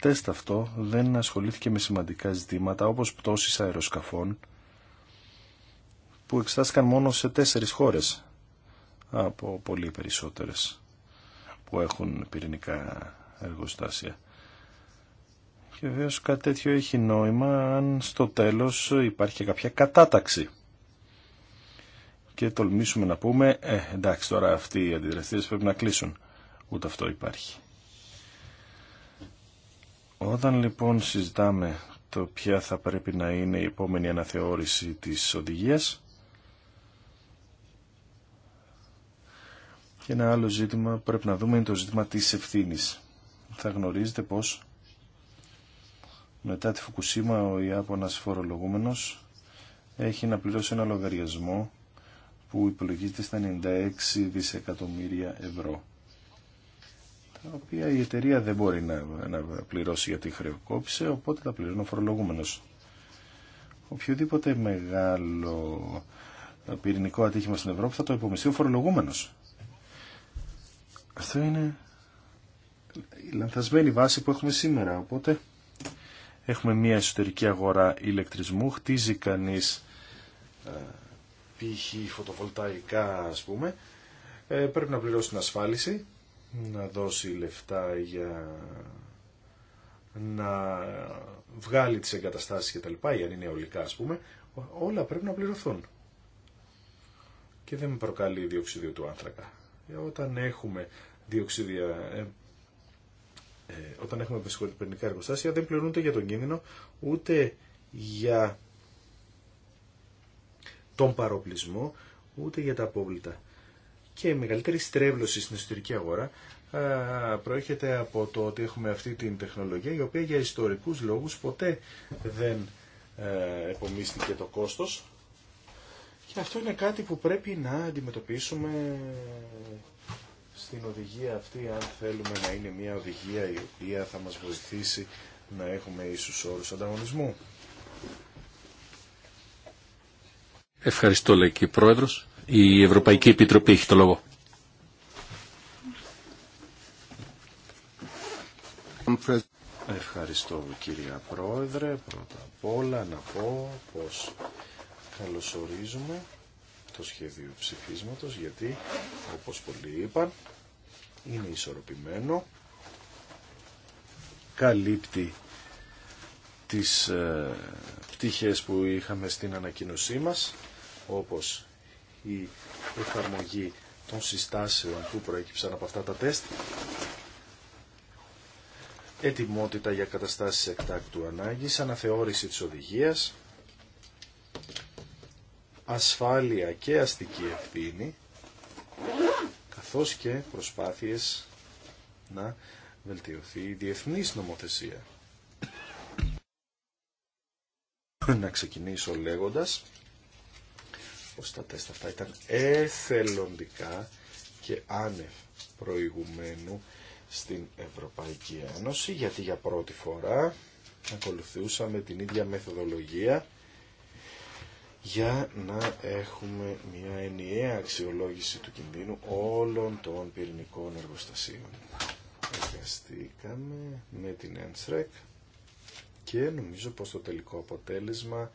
τεστ αυτό δεν ασχολήθηκε με σημαντικά ζητήματα όπως πτώσεις αεροσκαφών που εξετάστηκαν μόνο σε τέσσερις χώρες από πολύ περισσότερες που έχουν πυρηνικά εργοστάσια. Και βέβαια κάτι τέτοιο έχει νόημα αν στο τέλος υπάρχει κάποια κατάταξη. Και τολμήσουμε να πούμε, ε, εντάξει τώρα αυτοί οι αντιδραστήρες πρέπει να κλείσουν. Ούτε αυτό υπάρχει. Όταν λοιπόν συζητάμε το ποια θα πρέπει να είναι η επόμενη αναθεώρηση της οδηγίας και ένα άλλο ζήτημα πρέπει να δούμε είναι το ζήτημα της ευθύνης. Θα γνωρίζετε πως μετά τη Φουκουσίμα ο Ιάπωνας φορολογούμενος έχει να πληρώσει ένα λογαριασμό που υπολογίζεται στα 96 δισεκατομμύρια ευρώ τα οποία η εταιρεία δεν μπορεί να, να πληρώσει γιατί χρεοκόπησε, οπότε τα πληρώνει ο φορολογούμενος. Οποιοδήποτε μεγάλο πυρηνικό ατύχημα στην Ευρώπη θα το υπομειστεί ο φορολογούμενος. Αυτό είναι η λανθασμένη βάση που έχουμε σήμερα. Οπότε έχουμε μια εσωτερική αγορά ηλεκτρισμού, χτίζει κανείς π.χ. φωτοβολταϊκά ας πούμε, ε, πρέπει να πληρώσει την ασφάλιση να δώσει λεφτά για να βγάλει τις εγκαταστάσεις και τα λοιπά, ή αν είναι ολικά ας πούμε, όλα πρέπει να πληρωθούν. Και δεν με προκαλεί διοξίδιο του άνθρακα. Ε, όταν έχουμε διοξίδια, ε, ε όταν έχουμε πυρηνικά εργοστάσια δεν πληρούνται για τον κίνδυνο ούτε για τον παροπλισμό ούτε για τα απόβλητα και η μεγαλύτερη στρέβλωση στην εσωτερική αγορά προέρχεται από το ότι έχουμε αυτή την τεχνολογία η οποία για ιστορικούς λόγους ποτέ δεν ε, επομίστηκε το κόστος και αυτό είναι κάτι που πρέπει να αντιμετωπίσουμε στην οδηγία αυτή αν θέλουμε να είναι μια οδηγία η οποία θα μας βοηθήσει να έχουμε ίσους όρους ανταγωνισμού. Ευχαριστώ λέει και Πρόεδρος. Η Ευρωπαϊκή Επιτροπή έχει το λόγο. Ευχαριστώ κύριε Πρόεδρε. Πρώτα απ' όλα να πω πως καλωσορίζουμε το σχέδιο ψηφίσματος γιατί όπως πολλοί είπαν είναι ισορροπημένο καλύπτει τις ε, πτυχές που είχαμε στην ανακοίνωσή μας όπως η εφαρμογή των συστάσεων που προέκυψαν από αυτά τα τεστ, ετοιμότητα για καταστάσεις εκτάκτου ανάγκης, αναθεώρηση της οδηγίας, ασφάλεια και αστική ευθύνη, καθώς και προσπάθειες να βελτιωθεί η διεθνής νομοθεσία. Να ξεκινήσω λέγοντας πως τα τεστ αυτά ήταν εθελοντικά και άνευ προηγουμένου στην Ευρωπαϊκή Ένωση, γιατί για πρώτη φορά ακολουθούσαμε την ίδια μεθοδολογία για να έχουμε μια ενιαία αξιολόγηση του κινδύνου όλων των πυρηνικών εργοστασίων. Εργαστήκαμε με την ENSREC και νομίζω πως το τελικό αποτέλεσμα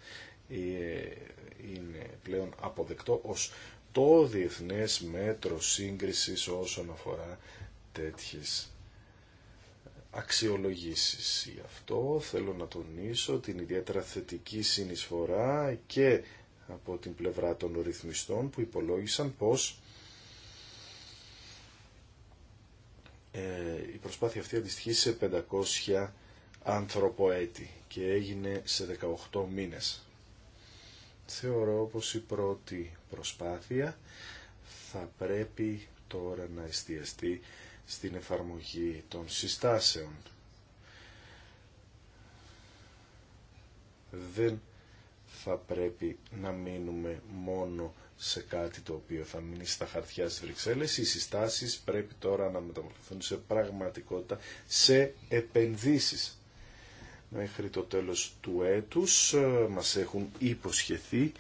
ε, είναι πλέον αποδεκτό ως το διεθνές μέτρο σύγκρισης όσον αφορά τέτοιες αξιολογήσεις. Γι' αυτό θέλω να τονίσω την ιδιαίτερα θετική συνεισφορά και από την πλευρά των ρυθμιστών που υπολόγισαν πως ε, η προσπάθεια αυτή αντιστοιχεί σε 500 ανθρωποέτη και έγινε σε 18 μήνες. Θεωρώ πως η πρώτη προσπάθεια θα πρέπει τώρα να εστιαστεί στην εφαρμογή των συστάσεων. Δεν θα πρέπει να μείνουμε μόνο σε κάτι το οποίο θα μείνει στα χαρτιά στις Βρυξέλλες. Οι συστάσεις πρέπει τώρα να μεταμορφωθούν σε πραγματικότητα, σε επενδύσεις μέχρι το τέλος του έτους. Ε, μας έχουν υποσχεθεί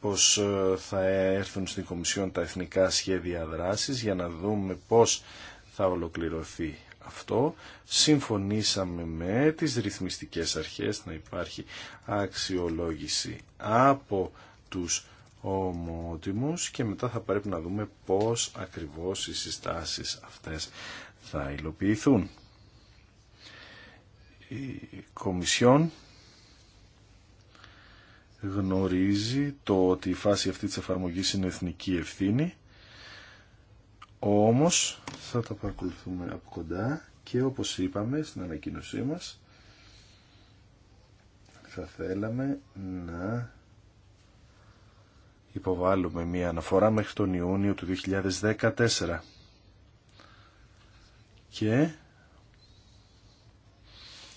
πως ε, θα έρθουν στην Κομισιόν τα εθνικά σχέδια δράσης για να δούμε πώς θα ολοκληρωθεί αυτό. Συμφωνήσαμε με τις ρυθμιστικές αρχές να υπάρχει αξιολόγηση από τους ομότιμους και μετά θα πρέπει να δούμε πώς ακριβώς οι συστάσεις αυτές θα υλοποιηθούν η Κομισιόν γνωρίζει το ότι η φάση αυτή της εφαρμογής είναι εθνική ευθύνη όμως θα τα παρακολουθούμε από κοντά και όπως είπαμε στην ανακοίνωσή μας θα θέλαμε να υποβάλουμε μία αναφορά μέχρι τον Ιούνιο του 2014 και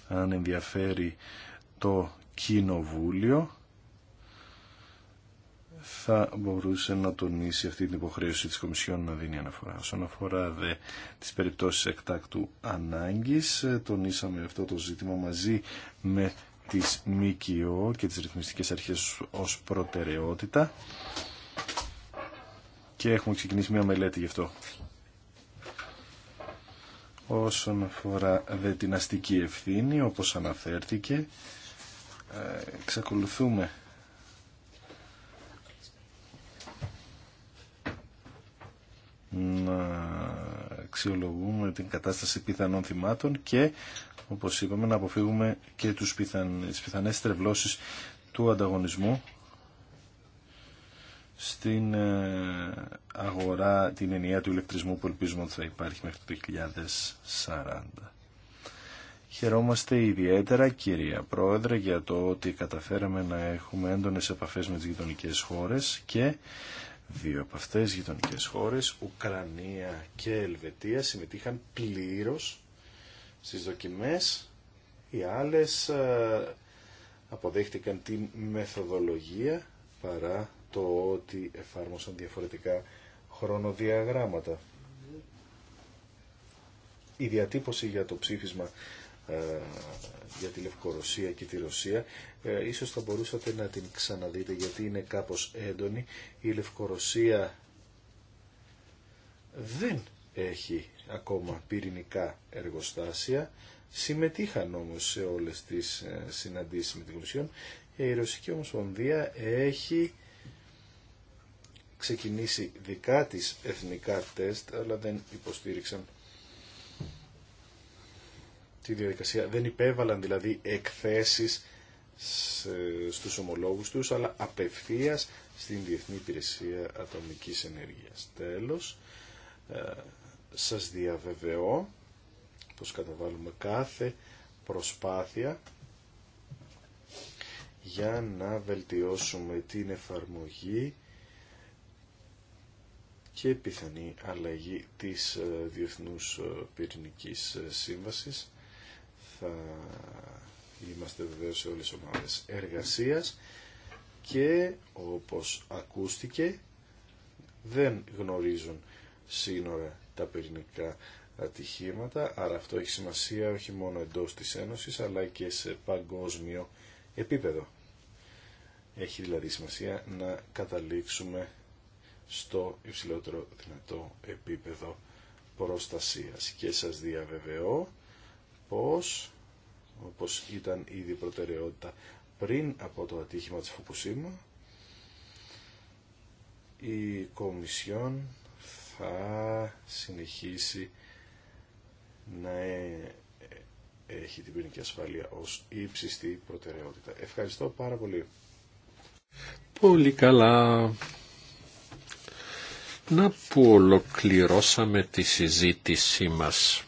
αν ενδιαφέρει το Κοινοβούλιο θα μπορούσε να τονίσει αυτή την υποχρέωση της Κομισιόν να δίνει αναφορά. Όσον αφορά δε τις περιπτώσεις εκτάκτου ανάγκης, ε, τονίσαμε αυτό το ζήτημα μαζί με τις ΜΚΟ και τις ρυθμιστικές αρχές ως προτεραιότητα και έχουμε ξεκινήσει μια μελέτη γι' αυτό. Όσον αφορά δε την αστική ευθύνη, όπως αναφέρθηκε, ε, εξακολουθούμε να αξιολογούμε την κατάσταση πιθανών θυμάτων και όπως είπαμε να αποφύγουμε και τους τις πιθανές τρευλώσεις του ανταγωνισμού στην ε, αγορά την ενιαία του ηλεκτρισμού που ελπίζουμε ότι θα υπάρχει μέχρι το 2040. Χαιρόμαστε ιδιαίτερα, κυρία Πρόεδρε, για το ότι καταφέραμε να έχουμε έντονες επαφές με τις γειτονικές χώρες και δύο από αυτές γειτονικές χώρες, Ουκρανία και Ελβετία, συμμετείχαν πλήρως στις δοκιμές. Οι άλλες ε, αποδέχτηκαν τη μεθοδολογία παρά ότι εφάρμοσαν διαφορετικά χρονοδιαγράμματα. Η διατύπωση για το ψήφισμα ε, για τη Λευκορωσία και τη Ρωσία ε, ίσως θα μπορούσατε να την ξαναδείτε γιατί είναι κάπως έντονη. Η Λευκορωσία δεν έχει ακόμα πυρηνικά εργοστάσια. Συμμετείχαν όμως σε όλες τις ε, συναντήσεις με την Ρωσία. Η Ρωσική Ομοσπονδία έχει ξεκινήσει δικά της εθνικά τεστ, αλλά δεν υποστήριξαν τη διαδικασία. Δεν υπέβαλαν δηλαδή εκθέσεις στους ομολόγους τους, αλλά απευθείας στην Διεθνή Υπηρεσία Ατομικής Ενέργειας. Τέλος, ε, σας διαβεβαιώ πως καταβάλουμε κάθε προσπάθεια για να βελτιώσουμε την εφαρμογή και πιθανή αλλαγή της ε, Διεθνούς ε, Πυρηνικής ε, Σύμβασης. Θα είμαστε βεβαίω σε όλες τις ομάδες εργασίας και όπως ακούστηκε δεν γνωρίζουν σύνορα τα πυρηνικά ατυχήματα, άρα αυτό έχει σημασία όχι μόνο εντός της Ένωσης αλλά και σε παγκόσμιο επίπεδο. Έχει δηλαδή σημασία να καταλήξουμε στο υψηλότερο δυνατό επίπεδο προστασίας. Και σας διαβεβαιώ πως, όπως ήταν ήδη προτεραιότητα πριν από το ατύχημα της Φουκουσίμα, η Κομισιόν θα συνεχίσει να ε, έχει την ποινική ασφάλεια ως ύψιστη προτεραιότητα. Ευχαριστώ πάρα πολύ. Πολύ καλά. Να που ολοκληρώσαμε τη συζήτησή μας.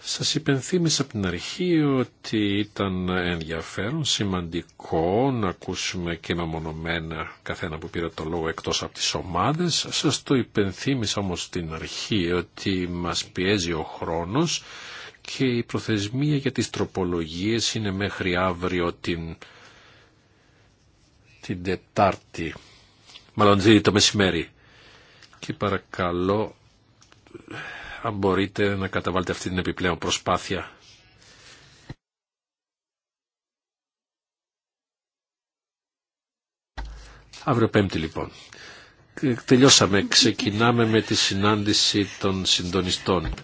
Σας υπενθύμισα από την αρχή ότι ήταν ενδιαφέρον, σημαντικό να ακούσουμε και μεμονωμένα καθένα που πήρε το λόγο εκτός από τις ομάδες. Σας το υπενθύμισα όμως στην αρχή ότι μας πιέζει ο χρόνος και η προθεσμία για τις τροπολογίες είναι μέχρι αύριο την, την Τετάρτη μάλλον το μεσημέρι. Και παρακαλώ, αν μπορείτε να καταβάλετε αυτή την επιπλέον προσπάθεια. Αύριο Πέμπτη λοιπόν. Τελειώσαμε. Ξεκινάμε με τη συνάντηση των συντονιστών.